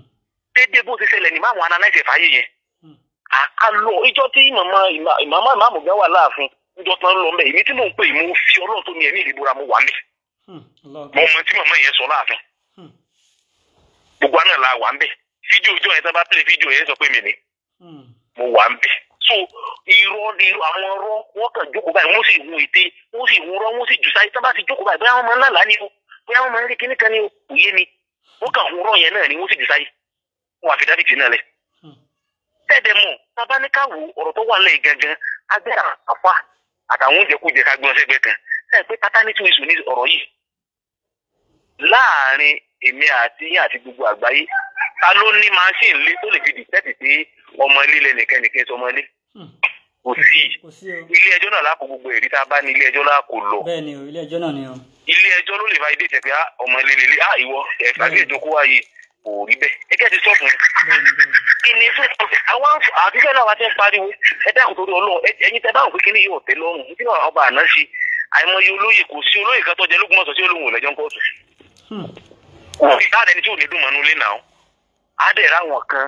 déédéé bó ti ṣẹlẹ̀ ní ìmáàmù analyze fàáyé yẹn hmm. àkàlọ́ ìjọ tí màmá ìmáàmù gan wà láàfin ìjọ tán lọ fi ọlọ́run tó ní ẹ̀mí mo wà so irọ́ ni àwọn ọ̀rọ̀ wọ́n kàn jókòó báyìí wọ́n sì hu ète wọ́n sì hu rọ́ wọ́n sì jù sáyé tán bá ti jókòó báyìí bóyá wọ́n máa ń lálàá ni o bóyá wọ́n máa ń rí kíní kan ni o kò yé mi wọ́n kàn hu rọ́ yẹn náà ni wọ́n sì jù sáyé wọ́n àfi dábìtì náà lẹ̀. Hmm. tẹ́ẹ̀dẹ̀ mọ̀ bàbá ní ká wo ọ̀rọ̀ tó wà lẹ̀ gangan agbẹ́ àfa àtàwọn oúnjẹ kújẹ ká gbọ́n sẹ́gbẹ́ kan ọmọ ilé lẹ nìkan nìkan sọmọ ilé hmm. kò sí ilé ẹjọ́ náà lápò gbogbo èrí tá a bá ní ilé ẹjọ́ náà lọ. o ilé ẹjọ́ o. ilé ẹjọ́ ló lè fa ìdíje pé ọmọ ilé lè lé à ah, ìwọ ẹ̀ka bí ètò kó wáyé kò rí bẹ́ẹ̀ ẹ kẹ́ ti sọ fún un. ìní fún àwọn àtijọ́ náà wá ti ń pariwo ẹ dákun torí ọlọ́run ẹ̀yin tẹ́ bá òkú kíní yóò tẹ́ lọ́rùn kí náà ọba àná ṣe àìmọye olóyè kò sí olóyè kan tó jẹ lógún mọ́sọ̀ sí olóhùn ìlẹ́jọ́ ń kóòtù. òfin hmm. káàdì ẹni tí ò ní dùn mọ́nú lé náà á ráwọn kan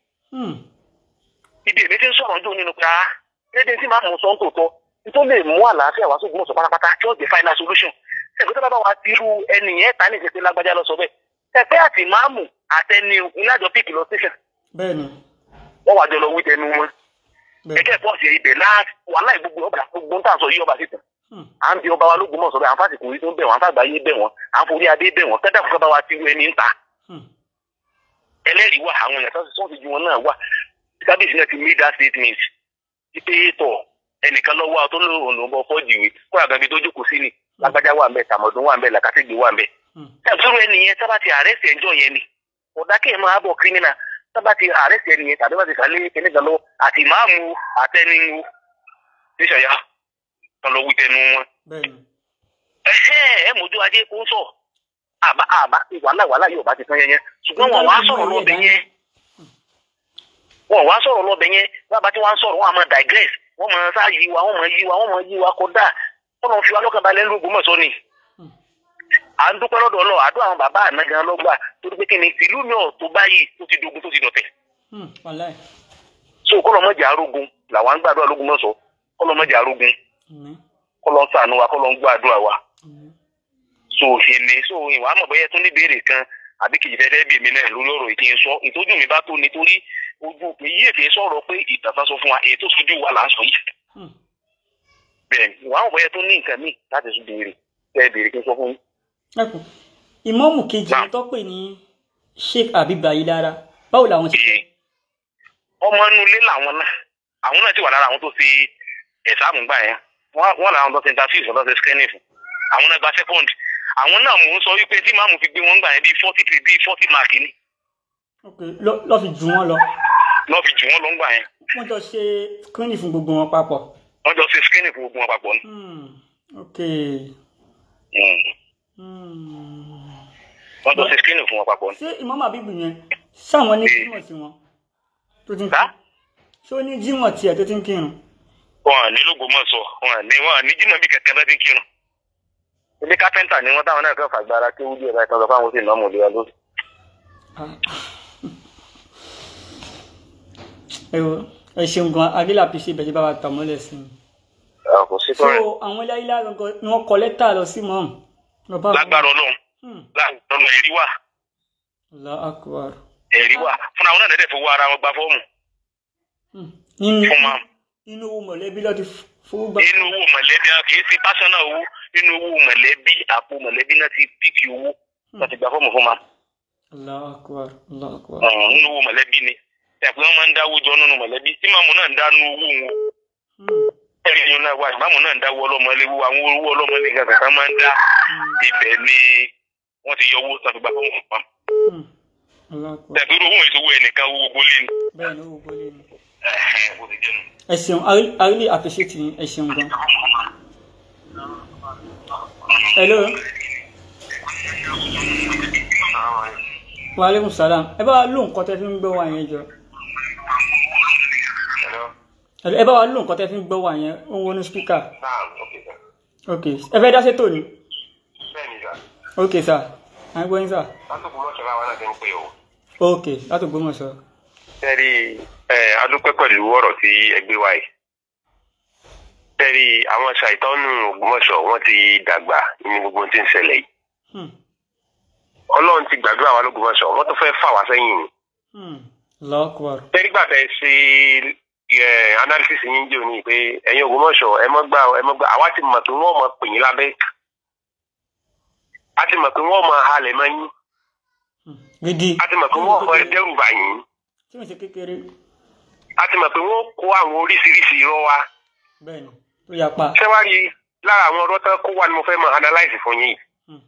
Hmm. ibi èmi ti ń sọ̀rọ̀ ọdún nínú pé a ẹ̀ẹ́dẹ̀ tí màá mú sọ ń tòótọ́ nítorí lè mú àlàáfíà wá sóògùn ọ̀sán pátápátá just the final solution ẹ̀gbẹ́ tó bá bá wa dirú ẹnìyẹn ta ní ìṣẹ̀ṣẹ̀ lágbájá lọ sọ bẹ́ẹ̀ ẹ̀pẹ́ àti máàmù àtẹni ńlájọ píìkì lọ síṣàn wọ́n wàá jọ lọ wí tẹnu wọn ẹgẹ́ pọ́ọ̀sì ibẹ̀ láti wàhálà ìgbógun ọba gbogbo sọ yí ọba ẹlẹ́rìí wà àwọn èèyàn sáà sọ́ọ̀sì ju wọn náà wà kábíyèsí náà ti made that statement pípé tọ̀ ẹnìkan lọ́wọ́ àwọn tó ń lò ó lò ó wí kó àgbà tó jókòó sí ni hmm. lágbájá wà wà wà sábà hmm. ti àrẹ́sì ẹjọ́ yẹn ni máa bọ̀ sábà ti àrẹ́sì tàbí tẹnu wọn. ajé sọ àbá àbá wàhálà wàhálà yóò bá ti tán yẹn yẹn ṣùgbọ́n wọn wá sọ̀rọ̀ lọ́bẹ̀ yẹn wọn wá sọ̀rọ̀ lọ́bẹ̀ yẹn bàbá tí wọ́n á sọ̀rọ̀ wọn á digress wọ́n máa sá yí wa wọ́n máa yí wa wọ́n máa yí wa kódà wọ́n lọ fi wa lọ́kàn balẹ̀ lóògùn mọ̀sọ́ ni. à ń dúpẹ́ lọ́dọ̀ ọlọ́ àdó àwọn bàbá àná gan lọ́gbà torí pé kíni ìlú mi ò tó báyìí tó ti dogun tó ti dọ̀tẹ̀. Hmm, so kọ́ lọ́mọdé arógun làwọn gbàdúrà lógun mọ̀sọ́ kọ́ lọ́mọdé arógun kọ́ wa. so èmi so ìwà àmọ̀ bóyá tó ní béèrè kan àbí kejì fẹ́fẹ́ bí èmi náà lórí ọ̀rọ̀ ìkíni sọ ìtọ́jú mi bá tó nítorí ojú pé yíyé kì sọ̀rọ̀ pé ìtàfà sọ fún wa èyí tó sojú wa là ń sọ yìí. Hmm. bẹ́ẹ̀ni ìwà àmọ̀ bóyá tó ní nǹkan míì láti sún béèrè fẹ́ béèrè kí kejì ní Sheikh báwo làwọn ti ọmọ inú ilé làwọn náà àwọn náà ti wà lára àwọn tó fi ẹ̀sà yẹn wọ́n làwọn tó ti ń ta fíìsì àwọn náà mò ń sọ wípé tí màmú fi gbé wọn gbà yẹn bíi forty three bíi forty mark ni. lọ fi jù wọn lọ. lọ fi jù wọn lọ ń gbà yẹn. wọ́n jọ ṣe screening fún gbogbo wọn papọ̀. wọ́n jọ ṣe screening fún gbogbo wọn papọ̀ ni. Hmm, ok. Hmm. Hmm. wọ́n jọ ṣe screening fún wọn papọ̀ ni. ṣé ìmọ̀mọ̀ àbíbù yẹn ṣáwọn ní jímọ̀ sí wọn tó ti ń kírun ṣé ó ní jímọ̀ tiẹ̀ tó ti ń kírun. wọn à ní lógo mọ̀ sọ wọn à ní jímọ̀ bí kankan ilé kápẹ́ńtà ni wọ́n táwọn náà kẹ́ fàgbára kí wúdí ẹ̀rọ ẹ̀ka lọ fáwọn sì nà mọ̀ lóyún lórí. ẹ ṣeun gan adéla pc ìbẹ̀jẹ̀ bá wa tà mọ́lẹ̀ sí i. kò sí tọrẹ. so àwọn ilé ayélujára ni wọ́n kọ lẹ́tà lọ sí mọ́. lágbára Ọlọ́run hmm. láàrin ẹ̀rí wà. ẹ̀rí wà fúnra wọn náà dẹ̀ fi wá ara wọn gba fọ́ọ̀mù. inú hmm. owó mọ̀lẹ́bí lọ́ọ́ ti fowó gbà. inú owó mọ̀lẹ́bí kì í ṣe pásánà owó nínú owó mọ̀lẹ́bí àpò mọ̀lẹ́bí náà ti píkì owó hmm. láti gba fọ́ọ̀mù fún ma. Allahu Akbar, Allahu Akbar. Hmm, nínú owó mọ̀lẹ́bí ni ẹ̀pẹ́ wọn máa ń dáwó jọ nínú mọ̀lẹ́bí tí màmú náà ń dá nínú owó wọn. Hmm. ẹ̀rí ni wọn wá ìmáàmù náà ń dáwó ọlọ́mọlé wo àwọn owó ọlọ́mọlé kankan kan máa ń dá ibẹ̀ ni wọ́n ti yọ owó láti gba fọ́ọ̀mù fún ma. ẹ̀pẹ́ owó ìṣòwò ẹnìkan owó gbólé ni. bẹ́ẹ̀ ni owó gbólé ni ẹ ṣeun i really appreciate yín ẹ ṣeun gan hello. wa aleykum salaam ẹ bá wa ló nǹkan tẹ́ fi ń gbọ́ wa yẹn jọ. ẹ bá wa ló nǹkan tẹ́ fi ń gbọ́ wa yẹn ó ń wọnú spíkà. ok ẹ fẹ́ dá sétò ni. ok sir à ń gbọ́ yín sir. látòkù mọ̀ṣọ́ làwọn náà ti ń pè o. ok látòkù mọ̀ṣọ́. sẹ́ẹ̀rì adúpẹ́ pẹ̀lú ọ̀rọ̀ tí ẹgbẹ́ wa yìí. tẹ́rí àwọn ṣàìtọ́nù Ògbómọ̀ṣọ́ wọ́n ti dàgbà ní gbogbo tí ń ṣẹlẹ̀ yìí. Hmm. Ọlọ́run ti gbàdúrà wa lÓgbómọ̀ṣọ́ wọ́n tó fẹ́ fà wá sẹ́yìn ni. tẹ́rí gbàtà ẹ ṣe analysis yín jẹ́ òní pé ẹ̀yin Ògbómọ̀ṣọ́ ẹ mọ́ gbà ẹ mọ́ gbà àwa ti mọ̀ pé wọ́n a ti mọ̀ pé wọ́n mọ̀ halẹ̀ mọ́ yín hmm. a ti mọ̀ pé wọ́n fọ ẹdẹ́rù a ti mọ̀ pé wọ́n ṣé wàá rí lára àwọn ọ̀rọ̀ tán kó wà ní mo fẹ́ máa analyse fún yín hmm.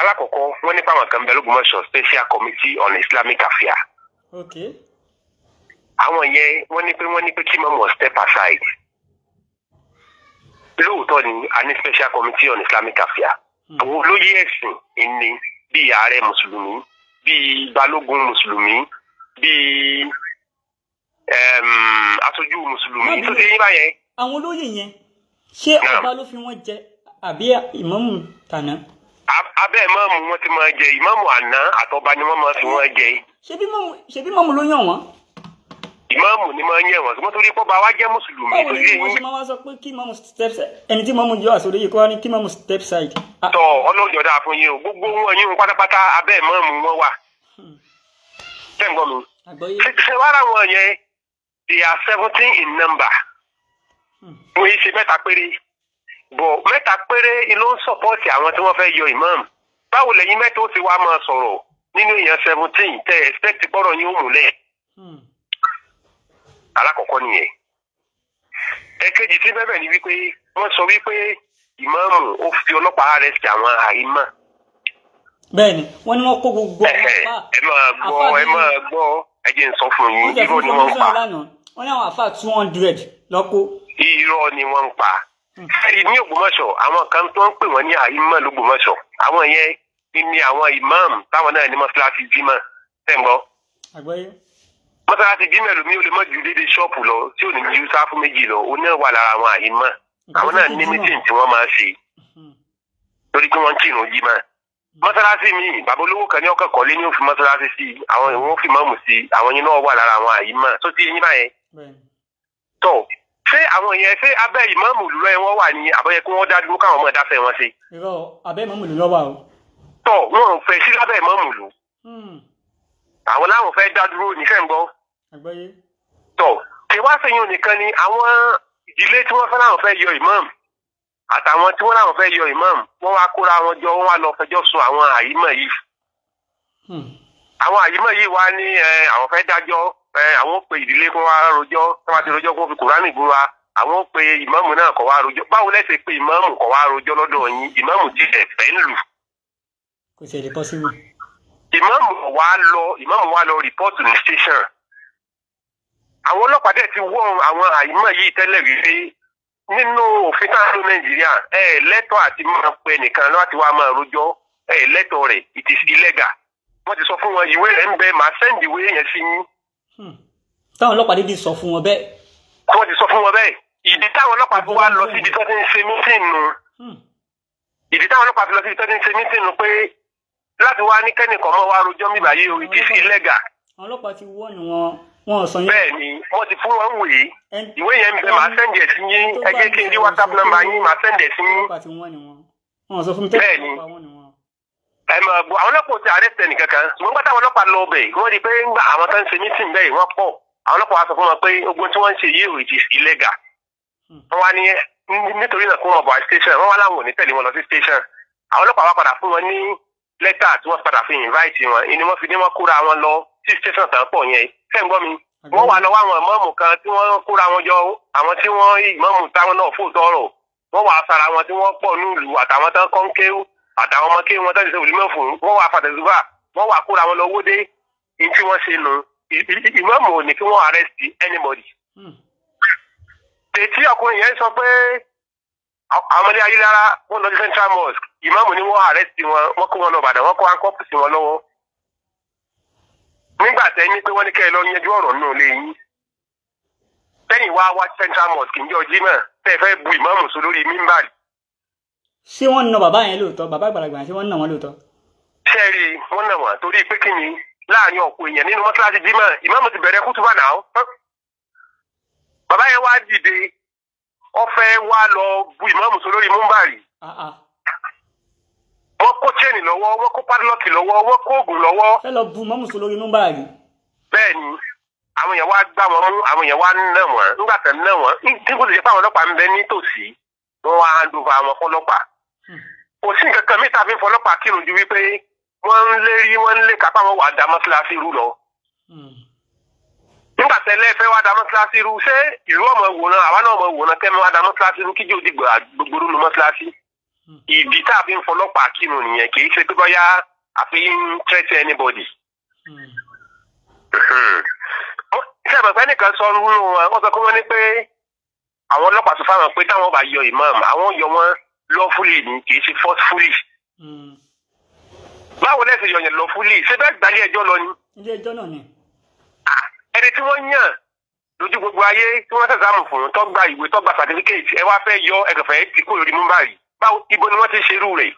alákọ̀ọ́kọ́ wọ́n nípa àwọn kan bẹ lógúnmọ̀ṣọ́ special committee on islamic affairs àwọn yẹn wọ́n ní pé wọ́n ní pé kí mọ̀mọ́ step aside lóòótọ́ ni a ní special committee on islamic affairs hmm. àwọn olóyè ẹ̀sìn ìní bíi ààrẹ mùsùlùmí bíi balógun mùsùlùmí bíi aṣojú mùsùlùmí tó ṣe yín báyẹn àwọn olóyè yẹn ṣé ọba ló fi wọ́n jẹ àbí ìmáàmù tàná. abẹ́ ìmáàmù wọn ti máa jẹ ìmáàmù àná àtọba ni wọ́n máa fi wọ́n jẹ. ṣebí ìmáàmù ló yàn wọ́n. ìmáàmù ni máa ń yẹ wọn ṣùgbọ́n torí pọ́ba wa jẹ́ mùsùlùmí. báwo ni wọ́n ṣe máa wá sọ pé kí ìmáàmù step side ẹni tí ìmáàmù yọ àsọdẹ yìí kó wá ní kí ìmáàmù step side. tọ ọlọ́jọ́ dáa fún yín o gbogbo wọn yín pátápátá abẹ́ ìmáàmù wọn wà. tẹ́ hmm. ń gbọ́ mi. ṣé wàá ra yẹn they are seventeen in number mo yí ṣe mẹ́ta péré bọ̀ mẹ́ta péré ló ń sọ̀pọ̀tì àwọn tí wọ́n fẹ́ yọ ìmáàmù báwo lẹ́yìn mẹ́ta ó ti wá máa sọ̀rọ̀ nínú èèyàn seventeen tẹ expect gbọ́dọ̀ yín ó múlẹ̀ hmm. alákọ̀ọ́kọ́ nìyẹn ẹ̀kejì tí bẹ́ẹ̀ bẹ́ẹ̀ ni wípé wọ́n sọ wípé ìmáàmù ó fi ọlọ́pàá rẹ̀ sí àwọn àìmọ̀ bẹ́ẹ̀ni wọ́n ní wọ́n kó gbogbo àfa ẹ máa gbọ́ ẹ máa gbọ́ ẹ jẹ́ n sọ fún yín irọ́ ni wọ́n pa wọ́n ní irọ́ ni wọ́n ń pa ẹ̀rí ní Ògbómọ̀ṣọ́ àwọn kan tó ń pè wọ́n ní àìmọ̀ lógbómọ̀ṣọ́ àwọn yẹn ni àwọn imam táwọn náà ní mọ́ṣáláṣí jímọ̀ tẹ̀gbọ́. mọ́ṣáláṣí jímọ̀ lómi ò lè mọ́ ju dédé ṣọ́ọ̀pù lọ tí ò ní ju sáfù méjì lọ ó náà wà lára àwọn àìmọ̀ àwọn náà ní mítìn tí wọ́n máa ṣe lórí kí wọ́n kírun jímọ̀. mọ́ṣáláṣí mi bàbá olówó kan ní ọkọ̀ kọ́lé ní òfin mọ́ṣáláṣí sí àwọn ìwọ̀n òfin mọ́mù sí àwọn yẹn náà wà lára àwọn àìmọ̀ tó ti yín báyẹn. tọ́ ṣé àwọn yẹn ṣé abẹ́ ìmáàmù lùlọ yẹn wọ́n wà ní àbọ̀yẹ kí wọ́n dá dúró káwọn ọmọ dáfẹ́ wọn ṣe. irọ́ abẹ́ ìmáàmù lùlọ wà o. tọ wọn ò fẹ́ sí lábẹ́ ìmáàmù lù. Hmm. àwọn láwọn fẹ́ dá dúró níṣẹ́ ń tọ kí wá sẹ́yìn ni àwọn ìdílé tí wọ́n fẹ́ láwọn fẹ́ yọ ìmáàmù àtàwọn tí wọ́n láwọn fẹ́ yọ ìmáàmù wọ́n wá kóra wọn jọ wọ́n wá lọ fẹjọ́ sùn àwọn àyímọ̀ yìí. Hmm. àwọn àyímọ̀ yìí wá ní àwọn fẹ́ dájọ́ àwọn pe ìdílé kó wá rojọ́ tó bá ti rojọ́ kó fi kùránì búra àwọn pe náà kó wá rojọ́ báwo lẹ́sẹ̀ pé ìmáàmù kó wá lọ́dọ̀ yín ti lù. kò wa lọ ìmáàmù wa lọ ní station. àwọn ọlọ́pàá dẹ̀ ti àwọn àìmọ̀ yìí tẹ́lẹ̀ wípé nínú òfin nàìjíríà àti máa pe nìkan láti wá máa rojọ́ rẹ̀ wọ́n ti sọ fún wọn Hmm. táwọn ọlọ́pàá dídí sọ fún wọn bẹ́ẹ̀. wọ́n ti sọ fún wọn bẹ́ẹ̀ ìdí táwọn ọlọ́pàá fi wá lọ síbi tó ti ń ṣe mítìn nù hmm. ìdí táwọn ọlọ́pàá fi lọ síbi tó ti ń ṣe mítìn nù pé láti wá ní kẹ́nìkan mọ́ wá rojọ́ mi báyìí o ìdí sí ilẹ́gà. àwọn ọlọ́pàá ti wọ́n ni wọn wọn ò sọ yẹn. bẹ́ẹ̀ ni wọ́n ti fún wọn wèé ìwé yẹn bẹ máa sẹ́ǹdì ẹ̀ sí yín ẹ jẹ́ kí n rí whatsapp ẹ mọ̀ gbọ́ àwọn ọlọ́pàá ò ti àrẹ́sì ẹnì kankan ṣùgbọ́n gbọ́dọ̀ àwọn ọlọ́pàá lọ bẹ̀ wọ́n rí i pé ńgbà àwọn tó ń ṣe mítìn bẹ́ẹ̀ wọ́n pọ̀ àwọn ọlọ́pàá sọ fún wọn pé ogun tí wọ́n ń ṣe yìí ò ti ìlẹ́gà hmm. wọ́n wá ní nítorí náà kó wọn bọ̀ station wọ́n wá láwọn ò ní tẹ̀lé wọn lọ sí station àwọn ọlọ́pàá wá padà fún wọn ní lẹ́tà tí wọ́n padà fi invite wọn ni wọ́n fi ní wọ́n kóra wọn lọ sí station tàn pọ̀ yẹn fẹ́ gbọ́ mi wọ́n wà lọ́wọ́ àwọn ìmọ̀ọ́mù kan tí wọ́n kóra wọn jọ àwọn tí wọ́n ìmọ̀ọ́mù táwọn náà fò tọrọ wọ́n wà sára wọn tí wọ́n pọ̀ nílùú àtàwọn tán kọ́ńkéwù àtàwọn ọmọ kí wọn tẹ́lẹ̀ sẹ́wọ̀n mọ́ fún wọn wà fàtẹ̀síwà wọn wà kóra wọn lọ wóde ní tí wọ́n ṣe nù ìmọ̀ọ́mù ò kí wọ́n arrest anybody. Hmm. tètè ọkùnrin yẹn sọ pé àwọn ilé ayélujára wọn lọ sí central mosque ìmọ̀ọ́mù ni wọ́n arrest wọn wọ́n kó wọn lọ Ìbàdàn wọ́n kó ankọ́pù sí wọn lọ́wọ́. nígbà tẹ́ ní pé wọ́n ní kẹ́ ẹ lọ yanjú ọ̀rọ̀ náà lé yín tẹ́yìn wá wá central mosque ǹjọ́ jimá tẹ́ fẹ́ bu ṣé wọ́n na bàbá yẹn lóòótọ́ bàbá àgbàlagbà yẹn ṣé wọ́n na wọ́n lóòótọ́. sẹ́ẹ̀rì wọ́n nà wọ́n torí pé kí ni láàrin ọ̀pọ̀ èèyàn nínú mọ́ṣáláṣí bímọ ìmáàmù ti bẹ̀rẹ̀ kútúbà náà bàbá yẹn wá dìde ó fẹ́ wá lọ bu ìmáàmù sọ lórí múmbàrì ah, ah. wọ́n kó chain lọ́wọ́ wọ́n kó padlock lọ́wọ́ wọ́n kó oògùn lọ́wọ́. fẹ́ lọ bu ìmáàmù sọ lórí múmbàrì. bẹ́ẹ̀ni àwọn èèyàn wá gbá wọn mú àwọn èèyàn wá nà wọn nígbà tẹ nà wọn nígbà tó ti jẹ pé àwọn ọlọ́pàá ń bẹ nítòsí wọn wá hand over àwọn ọlọ́pàá kò sí nǹkan kan mẹ́ta fi ń fọlọ́pàá kírun ju wípé wọ́n ń lérí wọ́n ń lè kápá wọn wà á da mọ́ṣáláṣí rú lọ. Hmm. nígbà tẹ́lẹ̀ fẹ́ wá da mọ́ṣáláṣí rú ṣé ìlú ọmọ ìwòran àwa náà ọmọ ìwòran kẹ́ mọ́ wá da mọ́ṣáláṣí rú kíjì òdì gbogbo nu mọ́ṣáláṣí. Hmm. ìdí tá a fi ń fọlọ́pàá kírun nìyẹn kì í ṣe pé bọ́yá àfi ń tẹ́tí anybody. Hmm. ṣé àgbàgbẹ́ nìkan sọ nínú wọn wọ́n sọ pé wọ́n ní pé àwọn ọlọ́pàá sọ fáwọn pé táwọn bá yọ ìmáàmù àwọn yọ wọn lọ́fúlì ni kì í ṣe fọ́sfúlì. Hmm. báwo lẹ́sìn yọ̀yàn lọ́fúlì ṣé bẹ́ẹ̀ gbalẹ̀ ẹjọ́ lọ ni. ilé ẹjọ́ náà ni. ẹni tí wọ́n yàn lójú gbogbo ayé tí wọ́n ṣàzámù fún tó gba ìwé tó gba sàtífíkẹ́ẹ̀tì ẹ wá fẹ́ yọ ẹ̀kẹ̀fẹ̀ ti kúrò lórí múmbà yìí báwo ibo ni wọ́n ti ṣerú rẹ̀.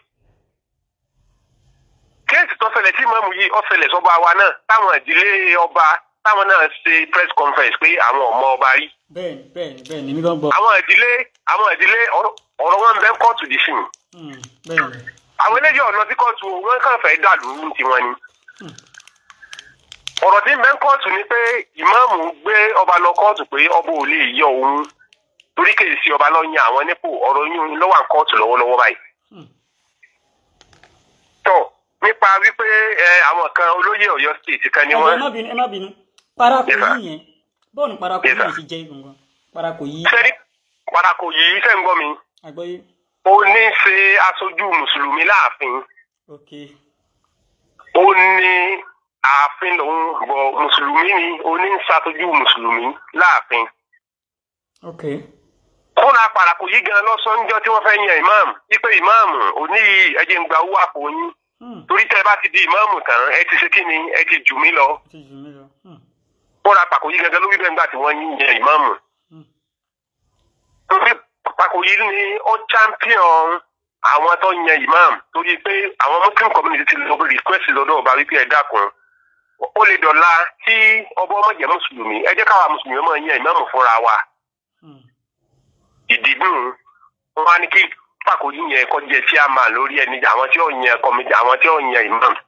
kéèsì tó ṣẹlẹ̀ tí mọ́mù yìí ó ṣẹlẹ̀ sọ́ba wa náà táwọn ìdílé ọba táwọn náà ṣe press conference pé àwọn ọmọ ọba rí. bẹ́ẹ̀ni bẹ́ẹ̀ni bẹ́ẹ̀ni mi gbọ́. àwọn ìdílé àwọn ìdílé ọ̀rọ̀ wọn bẹ kóòtù di fún mi. Hmm, àwọn eléyìí ọ̀nà sí kóòtù wọn kàn fẹ́ dà lóru tiwọn ni. Hmm. ọ̀rọ̀ tí bẹ kóòtù ni pé ìmáàmù gbé ọba lọ kóòtù pé ọba ò lè yọ òun torí kèé sí ọba lọ yan àwọn nípò ọ̀rọ̀ yín lọ́wọ́ kóòtù lọ́wọ́lọ́wọ́ báyìí. Hmm. tọ́ nípa wípé àwọn kan olóyè Ọ̀yọ́ state kan ni wọ́n. ẹ má bínú ẹ má bínú parako yìí yẹn bọ́ọ̀ ni parako yìí yẹn ti jẹ́ gangan parako yìí. sẹ́ni parako yìí sẹ́ ń gbọ́ mi. àgbọ̀yé. ó ní ṣe aṣojú mùsùlùmí láàfin. ok. ó ní ààfin lòun bọ̀ mùsùlùmí ni ó ní ṣàtọ́jú mùsùlùmí láàfin. ok. kúnra parako yìí gan lọ́sọ̀njọ́ tí wọ́n fẹ́ yan imam ipe imam òní ẹ̀jẹ̀ ń gba owó àpò yín hmm. torí tẹ́ ẹ bá ti di imam tán ẹ ti ṣe kí ni ẹ ẹ ti jù mí lọ. Hmm bọ́ra pàkóyí gẹ́gẹ́ ló wí bẹ́ẹ̀ nígbà tí wọ́n yín yẹn ìmáàmù. Hmm. torí pàkóyí ni ó champion àwọn tó yan ìmáàmù torí pé àwọn muslim community ti lọ request lọ́dọ̀ ọba wípé ẹ dákun ó lè dọ̀la tí ọba ọmọ jẹ́ mùsùlùmí ẹ jẹ́ káwa mùsùlùmí ọmọ yan ìmáàmù fúnra wa. Hmm. ìdìgbùn wọn á ní kí pàkóyí yẹn kọ́ jẹ chairman lórí ẹni àwọn tí ó yan committee àwọn tí ó yan ìmáàmù.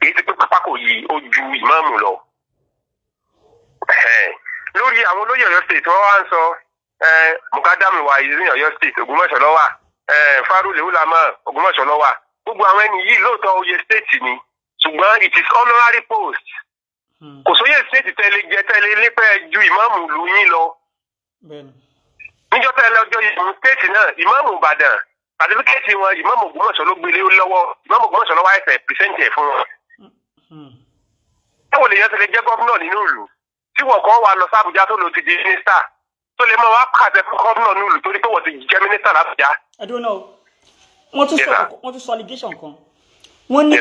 èyí ti pé pápákọ̀ ó ju ìmáàmù lọ lórí àwọn olóyè Ọ̀yọ́ state wọn wá ń sọ mukadamu wa ìrìn Ọ̀yọ́ state Ògbómọ̀ṣọ́ ló wà farule ulama Ògbómọ̀ṣọ́ ló wà gbogbo àwọn ẹni yìí lóòótọ́ oyè state ni ṣùgbọ́n it is honorary post hmm. kò sóyè state tẹ́lẹ̀ jẹ tẹ́lẹ̀ lépẹ́ ju ìmáàmù ìlú yín lọ níjọ́ tẹ́lẹ̀ ọjọ́ ìlú state náà ìmáàmù Ìbàdàn sàtífíkẹ́ẹ̀tì wọn ìmáàmù Ògbómọ̀ṣọ́ ló gbélé lọ́wọ́ ìmáàmù Ògbómọ̀ṣọ́ lọ́wọ́ àìsàn pìrìsẹ́ǹtì ẹ̀ fún wọn. Hmm. Hmm. báwo lèèyàn ti lè jẹ́ gọ́fúnà nínú ìlú tí wọ́n kọ́ wà lọ sí Àbújá tó lò ti di mínísítà tó lè mọ wá pàṣẹ fún gómìnà ní ìlú torí pé wọ́n ti jẹ́ mínísítà l'Àbújá. I don't know wọ́n tún sọ wọ́n tún sọ allegation kan wọ́n ní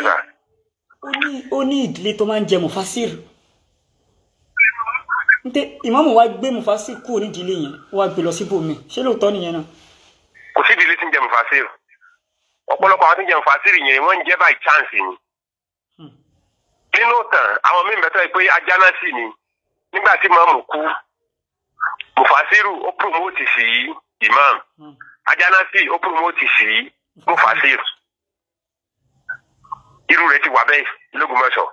ó ní ó ní ìdílé tó máa ń jẹ Mufasir nte ìmáàmù wa gbé Mufasir kúrò nídìílé yẹn wa gbé lọ síbòmí ṣé lóòótọ́ nìyẹn náà. kò sí ìdílé tí ń jẹ Mufasir ọ̀pọ̀lọpọ̀ àwọn tí ń jẹ Mufasir yẹn wọ́n ń jẹ́ by chance ni hmm. nínú tàn àwọn míì mẹ́tọ́ yìí pé ajá náà sì ni nígbà tí màmù kú mufasiru ó promote sí imam hmm. ajanasi ó promote sí mufasiru irú ti wà bẹ́ẹ̀ lógúnmọ̀ṣọ́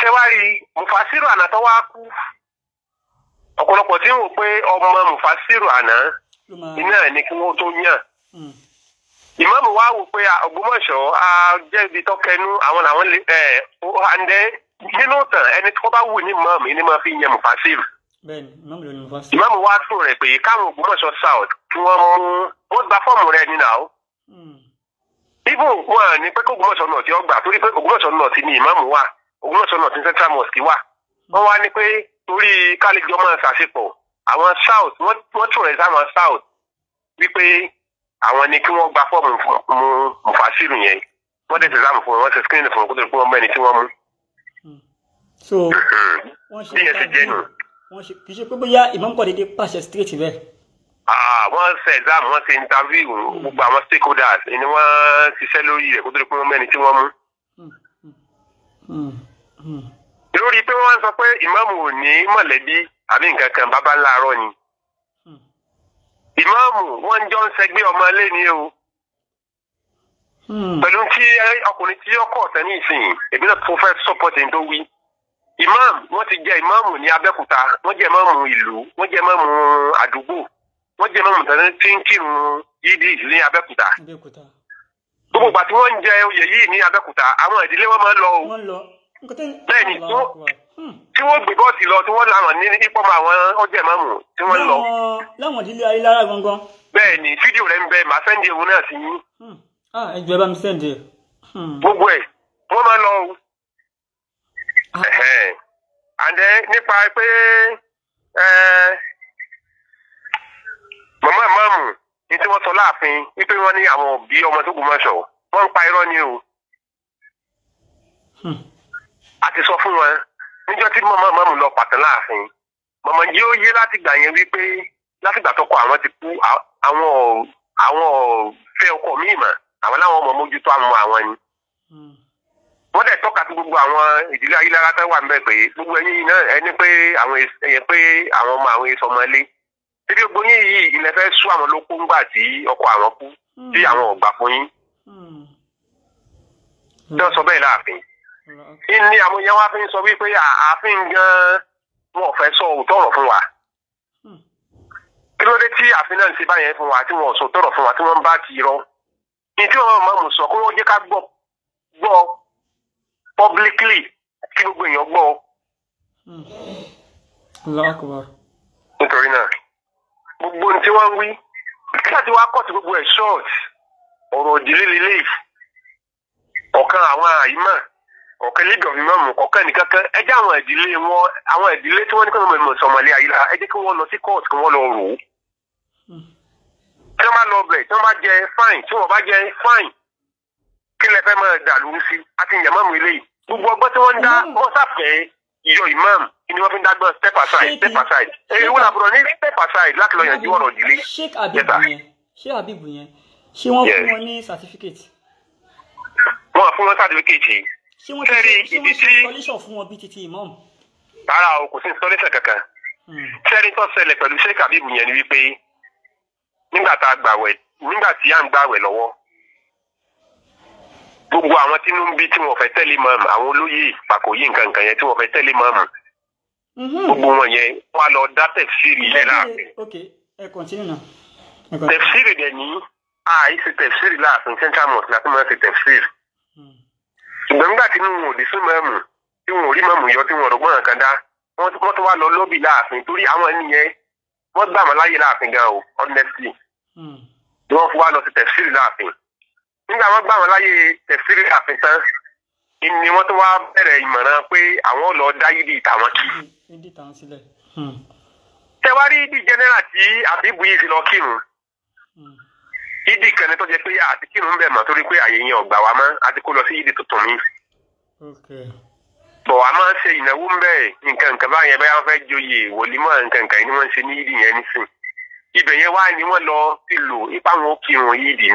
ṣé wàá rí mufasiru ànátọ́ wá kú ọ̀pọ̀lọpọ̀ tí ń pé ọmọ mufasiru àná iná ni kí wọ́n tó yàn hmm. wa wò pé àwọn nínú tàn ẹni tó bá wù ní mọ́ọ̀mù ni máa fi yan mufasir ìmáàmù wa tún rẹ̀ pé káwọn Ògbómọ̀ṣọ́ south kí wọ́n mú wọ́n gba fọ́ọ̀mù rẹ̀ nínú àwọn ibo wọn ni hmm. pé k'Ògbómọ̀ṣọ́ náà ti ọgbà torí pé Ògbómọ̀ṣọ́ náà ti ní ìmáàmù wa Ògbómọ̀ṣọ́ náà ti central mosque wa wọ́n wá ní pé torí kálíjọ máa ṣàṣepọ̀ àwọn south wọ́n tún rẹ̀ sáwọn south wípé àwọn ni kí wọ́n gba fọ́ọ̀mù mufasiru yẹn wọ́n dẹ̀ ti sáàmù fún wọn wọ́n ti screen fún wọn kó tó di pé wọ́n mẹ́ni tí wọ́n mú so [LAUGHS] hmm. wọ́n ṣe kì í ṣe pé bóyá ìmọ̀ǹkọ̀ dédé pàṣẹ straight bẹ́ẹ̀. Ah, wọ́n ṣe exam wọ́n ṣe interview hmm. gbogbo àwọn stakeholders ni wọ́n ṣiṣẹ́ lórí rẹ̀ kó tó di pé wọ́n mẹ́ni tí wọ́n mú. Hmm, lórí pé wọ́n sọ pé ìmáàmù ò ní mọ̀lẹ́bí àbí nǹkan kan bàbá láàárọ̀ ni. ìmáàmù wọ́n jọ ń ṣẹgbẹ́ ọmọ ilé ni o. pẹ̀lú tí ọkùnrin tí yọkọ̀ ọ̀sẹ̀ ní ìsìn èmi náà tó fẹ́ sọ́pọ̀tì tó wí imam wọ́n ti jẹ́ imam ní Abẹ́òkúta wọ́n jẹ́ imamu ìlú wọ́n jẹ́ imamu àdúgbò wọ́n jẹ́ imamu tẹ̀lé tí ń kírun yídì ní Abẹ́òkúta gbogbo ìgbà tí wọ́n ń jẹ oyè yìí ní Abẹ́òkúta àwọn ìdílé wọn máa ń lọ o bẹ́ẹ̀ ni hmm. tí wọ́n gbé bọ́ọ̀sì lọ tí wọ́n làwọn ní ipọ́mọ àwọn ọjà ìmáàmù tí wọ́n lọ. láwọn ìdílé ayélujára gangan. bẹ́ẹ̀ ni fídíò rẹ̀ ń bẹ màá sẹ́ndì ewu náà sí yín. Hmm. Ah, ẹ jọ̀ọ́ ẹ bá mi sẹ́ndì. Hmm. gbogbo ẹ̀ wọ́n máa lọ o. Ah. and then nípa pé màmá ìmáàmù ní tí wọ́n sọ láàfin wípé wọ́n ní àwọn òbí ọmọ tó kù mọ́ṣọ̀ wọ́n ń pa irọ́ ni o àti hmm. sọ fún wọn níjọ́ tí màmá ìmáàmù lọ pàtàn láàfin màmá yìí ó yé láti gbà yẹn wípé láti látìgbà tọkọ àwọn ti kú àwọn àwọn fẹ́ ọkọ míì mà àwọn làwọn ọmọ mójútó àwọn àwọn ni. Hmm. wọ́n dẹ̀ tọ́ka sí gbogbo àwọn ìdílé ayélujára tó wà ń bẹ̀ pé gbogbo ẹ̀yin náà ẹni pé àwọn ẹ̀yẹ pé àwọn ọmọ àwọn èso ọmọ ilé ṣébí gbogbo yín yìí ilẹ̀ fẹ́ sú àwọn ló ńgbà tí ọkọ àwọn kú tí àwọn ọ̀gbà fún yín tí wọ́n sọ bẹ́ẹ̀ láàfin ní àwọn yẹn wá fi ń sọ wípé ààfin gan-an wọn ò fẹ́ sọ òótọ́ ọ̀rọ̀ fún wa kí ló dé tí ààfin náà ti bá yẹn fún wa tí wọ́n sọ publicly kí gbogbo èèyàn gbọ́ ọ. Hmm. nítorí náà gbogbo ohun tí wọ́n ń wí láti wá kọ́ọ̀tù gbogbo ẹ̀ short ọ̀rọ̀ òdìlé lélẹ̀ ọ̀kan àwọn ọ̀kan ọ̀kan àwọn ìdílé wọn àwọn ìdílé tí wọ́n ní lọ sí kí wọ́n lọ rò ó. Hmm. tí wọ́n bá lọ bẹ̀ tí wọ́n bá jẹ tí wọ́n bá jẹ kí lẹ fẹ́ máa dà lóru sí àti ìyàmọ́mù eléyìí gbogbo ọgbọ́n tí wọ́n ń dá wọ́n sàfẹ́ yọ imam ni wọ́n fi ń dágbọ́n step aside step aside èyí wọn àbúrò ní step aside láti lọ yanjú ọ̀rọ̀ ìdílé. sheik abibu yẹn sheik abibu yẹn ṣé wọ́n fún wọn ní certificate. wọ́n fún wọn certificate yìí. ṣé wọ́n ti ṣe installation fún wọn bíi titi imam. rárá o kò sí installation kankan. sẹ́ni hmm. tó ṣẹlẹ̀ pẹ̀lú sheik abibu yẹn ni wípé nígbà tá a gbàwẹ̀ nígbà tí à ń gbàwẹ̀ lọ́wọ́ gbogbo àwọn tínú ń bí tí wọ́n fẹ́ tẹ̀lé mọ́ọ̀mù àwọn olóyè pàkó yìí nǹkan nǹkan yẹn tí wọ́n fẹ́ tẹ̀lé mọ́ọ̀mù mm-hmm. gbogbo wọn yẹn wà lọ dá tẹ̀síìrì yẹn láàfin. tẹ̀síìrì dẹ̀ ní àìsí tẹ̀síìrì láàfin central mosque láti máa ń ṣe tẹ̀síìrì. Hmm. ṣùgbọ́n nígbà tí wọn ò dé sí mọ́ọ̀mù tí wọn ò rí mọ́ọ̀mù yọ tí wọn rògbọ́n nǹkan dá wọ́n tún wá lọ lọ́bì láàfin torí àwọn ènìyàn wọ́n gbà wọ́n láàfin gan o honestly. Hmm. wọ́n fún lọ sí tẹ̀síìrì láàfin nígbà wọn gbà wọn láyé tẹfsiri àfihàn ni wọn tó wá bẹ̀rẹ̀ ìmọ̀ràn pé àwọn lọ dá yídì tàwọn kí. tẹwárí hmm. di general tí abibu yìí ti lọ kírun hmm. yídì kan ní tó jẹ pé àti kírun bẹ̀ mọ́ torí pé àyè yẹn ọ̀gbà wa mọ́ àti kó lọ sí yídì tuntun mi. bọ̀ a máa ń ṣe ìnáwó ń bẹ̀ nǹkan nǹkan báyẹn bẹ́ẹ̀ wọ́n fẹ́ joyè wòlímọ̀ nǹkan nǹkan ni wọ́n ń ṣe ní yídì yẹn nísìn ibẹ̀ yẹn wá ni wọ́n lọ sí lò ipá wọn kírun yídì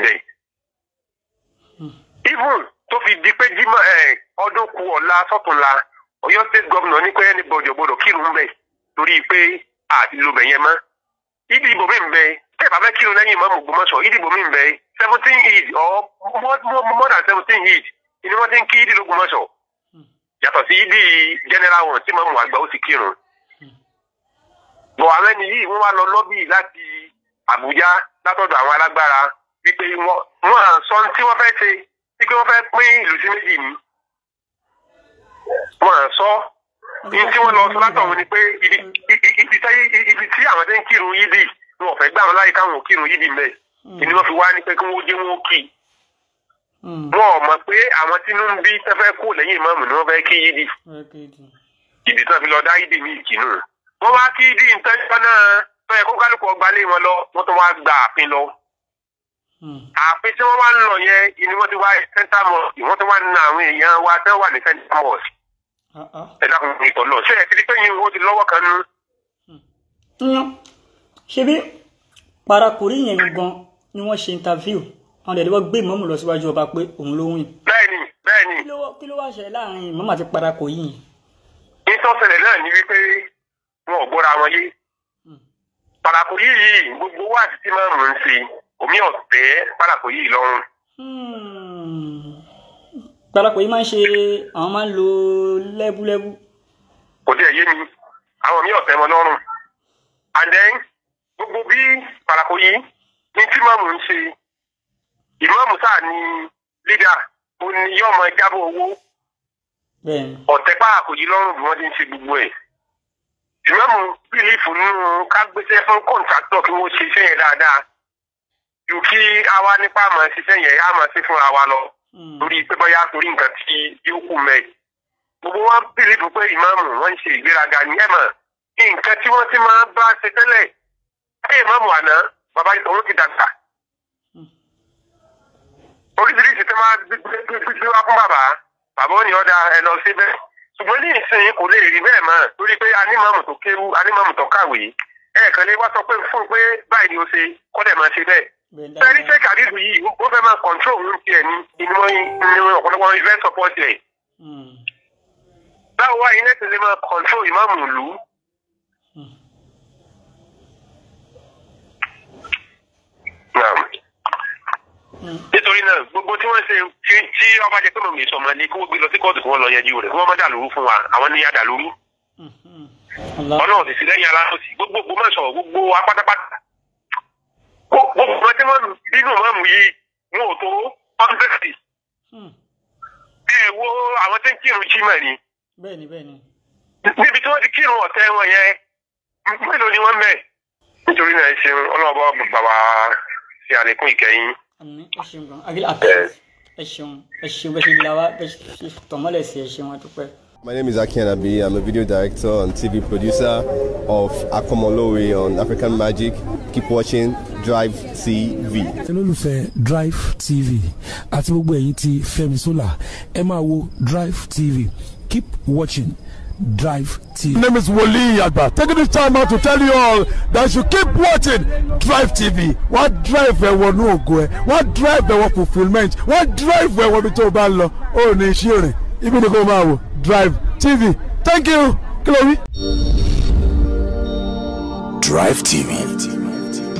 even to fi di pé jímọ̀ ọdún kù ọ̀la sọ́tùnla Ọ̀yọ́ state governor ní pé anybody gbọ́dọ̀ kírun bẹ torí pé àtìlò bẹ yẹn mọ ibi ìbò mi bẹ tẹ bàbá kírun lẹ́yìn ìbò mi bẹ seventeen or more than seventeen ni ti ń kí yàtọ̀ general ti kírun àwọn ẹni yìí pé wọ́n fẹ́ pín ìlú sí méjì ni wọ́n à ń sọ ní tí wọ́n lọ sọ látọ̀hún ni pé ibi tí àwọn tẹ́ ń kírun yídì ni wọ́n fẹ́ gbà wọn láyé káwọn kírun yídì mẹ́ hmm. ìní wọ́n fi wá ní pé kí wọ́n dé wọn kì í hmm. wọn ò mọ̀ pé àwọn tí inú ń bí tẹ́fẹ́ kú lẹ́yìn ìmọ̀ọ́mù ni wọ́n fẹ́ kí yídì ìdí tán fi lọ dá yídì ní ìkínú wọ́n wá kí yídì ń tẹ́jọ́ náà tó yẹ kó kálukú ọgbà lé wọn lọ wọ́n tó wá gba àfin lọ àpé tí wọ́n wá ń lọ yẹn ni wọ́n ti wá central mosque wọ́n ti wá ń na àwọn èèyàn wa tẹ́ wà ní central mosque ah, ah. ẹ̀dá kan ní ìtọ̀ náà ṣé ẹ̀ ti di pé yín owó ti lọ́wọ́ kan nú. Hmm. ṣebí parakùrí yẹn gan ni wọ́n ṣe interview àwọn ẹ̀dẹ̀ wọ́n gbé ìmọ̀mù lọ síwájú ọba pé òun ló wìn. bẹ́ẹ̀ni bẹ́ẹ̀ni. kí ló wá ṣẹlẹ̀ láàrin ìmọ̀mù àti parakò yìí. ní sọ́sẹ̀lẹ̀ náà ni wípé wọn ò gbọ́ra wọn yé hmm. parakò yìí gbogbo wáàsí tí máa mú un sí i omi ọ̀tẹ́ pàlàkó yìí lọ́rùn. Hmm. pàlàkó yìí máa ń ṣe àwọn máa ń lo lẹ́búlẹ́bú. kò tí ì yé mi àwọn mi ọ̀tẹ́ mọ lọ́rùn and then gbogbo bí pàlàkó yìí ní tí màmú ń ṣe ìmáàmù sáà ni lídà ó ní yóò máa jábọ̀ owó ọ̀tẹ́ pàlàkó yìí lọ́rùn bí wọ́n ti ń ṣe gbogbo ẹ̀ ìmáàmù bìlífù nínú ká gbéṣẹ́ fún kọ̀ǹtàtọ̀ kí wọ́n ṣe iṣẹ́ yẹn dáadáa ju kí àwa nípa àmọ́ ṣiṣẹ́ yẹn á máa ṣe fúnra wa lọ hmm. torí pé bóyá torí nǹkan tí yóò kù mẹ́ẹ̀. gbogbo wọn bìlìbù pé ìmáàmù wọn ń ṣe ìgbéraga ní ẹ̀mọ̀ nǹkan tí wọ́n ti máa bá ṣe tẹ́lẹ̀ ṣé ìmáàmù àná bàbá ìtọ́wọ́ ti dàgbà. Hmm. oríṣiríṣi tó máa gbé wá fún bàbá bàbá ò ní ọ̀dà ẹ lọ sí bẹ́ẹ̀ ṣùgbọ́n ní ìsìn kò lè rí bẹ́ẹ̀ mọ́ torí pé anímọ̀mù tó kéwu anímọ̀mù tó kàwé ẹ̀ẹ̀kan lè wá sọ pé fún pé báyìí ni ó ṣe kọ́dẹ̀ máa ṣe bẹ́ẹ̀ sẹ́ni ṣe kàdídù yìí ó fẹ́ máa control room tiẹ̀ ní inú ọ̀pọ̀lọpọ̀ ìfẹ́ support ẹ̀. Hmm. báwo wá iná ti lè máa control ìmáàmù ìlú. Hmm. Hmm. nítorí náà gbogbo tí wọ́n ṣe tí tí ọba jẹ́ pé mọ̀mí ìsọ̀mọ́ ni kí wọ́n gbé lọ sí kóòtù kí wọ́n lọ yanjú rẹ̀ kí wọ́n má dàlúrú fún wa àwọn ní adàlúrú. ọlọ́run sì sí lẹ́yìn aláǹtì gbogbo gbogbo mọ̀ sọ̀rọ̀ gbogbo apátápátá gbogbo nǹkan tí mọ̀mù nínú mọ̀mù yìí wọn ò tó ọ́ndẹ́sì. Hmm. ẹ wo àwọn tí ń kírun chima ni. bẹ́ẹ̀ni bẹ́ẹ̀ni. níbi tí wọ́n ti kírun ọ̀tẹ́ wọn yẹn mélòó ni wọ́n mẹ́. nítorí náà ṣe ọlọ́ọ̀bọ bàbá ṣe àlékún ìkẹyìn. ẹ ṣeun ẹ ṣeun bẹ́ẹ̀ ṣe My name is Aki Anabi. I'm a video director and TV producer of Akomolowe on African Magic. Keep watching drive tv. olólùfẹ́ drive tv àti gbogbo ẹ̀yin ti Fẹ́mi Sola ẹ máa wo drive tv keep watching drive tv. my name is Wole Agba taking this time out to tell you all that you keep watching drive tv wọ́n drive ẹ̀wọ̀ ní ògo ẹ̀ wọ́n drive ẹ̀wọ̀ fulfilment wọ́n drive ẹ̀wọ̀ bí tó o bá lọ ó ní iṣẹ́ rìn ibi ni kò máa wò drive tv thank you kí ló wí. drive tv.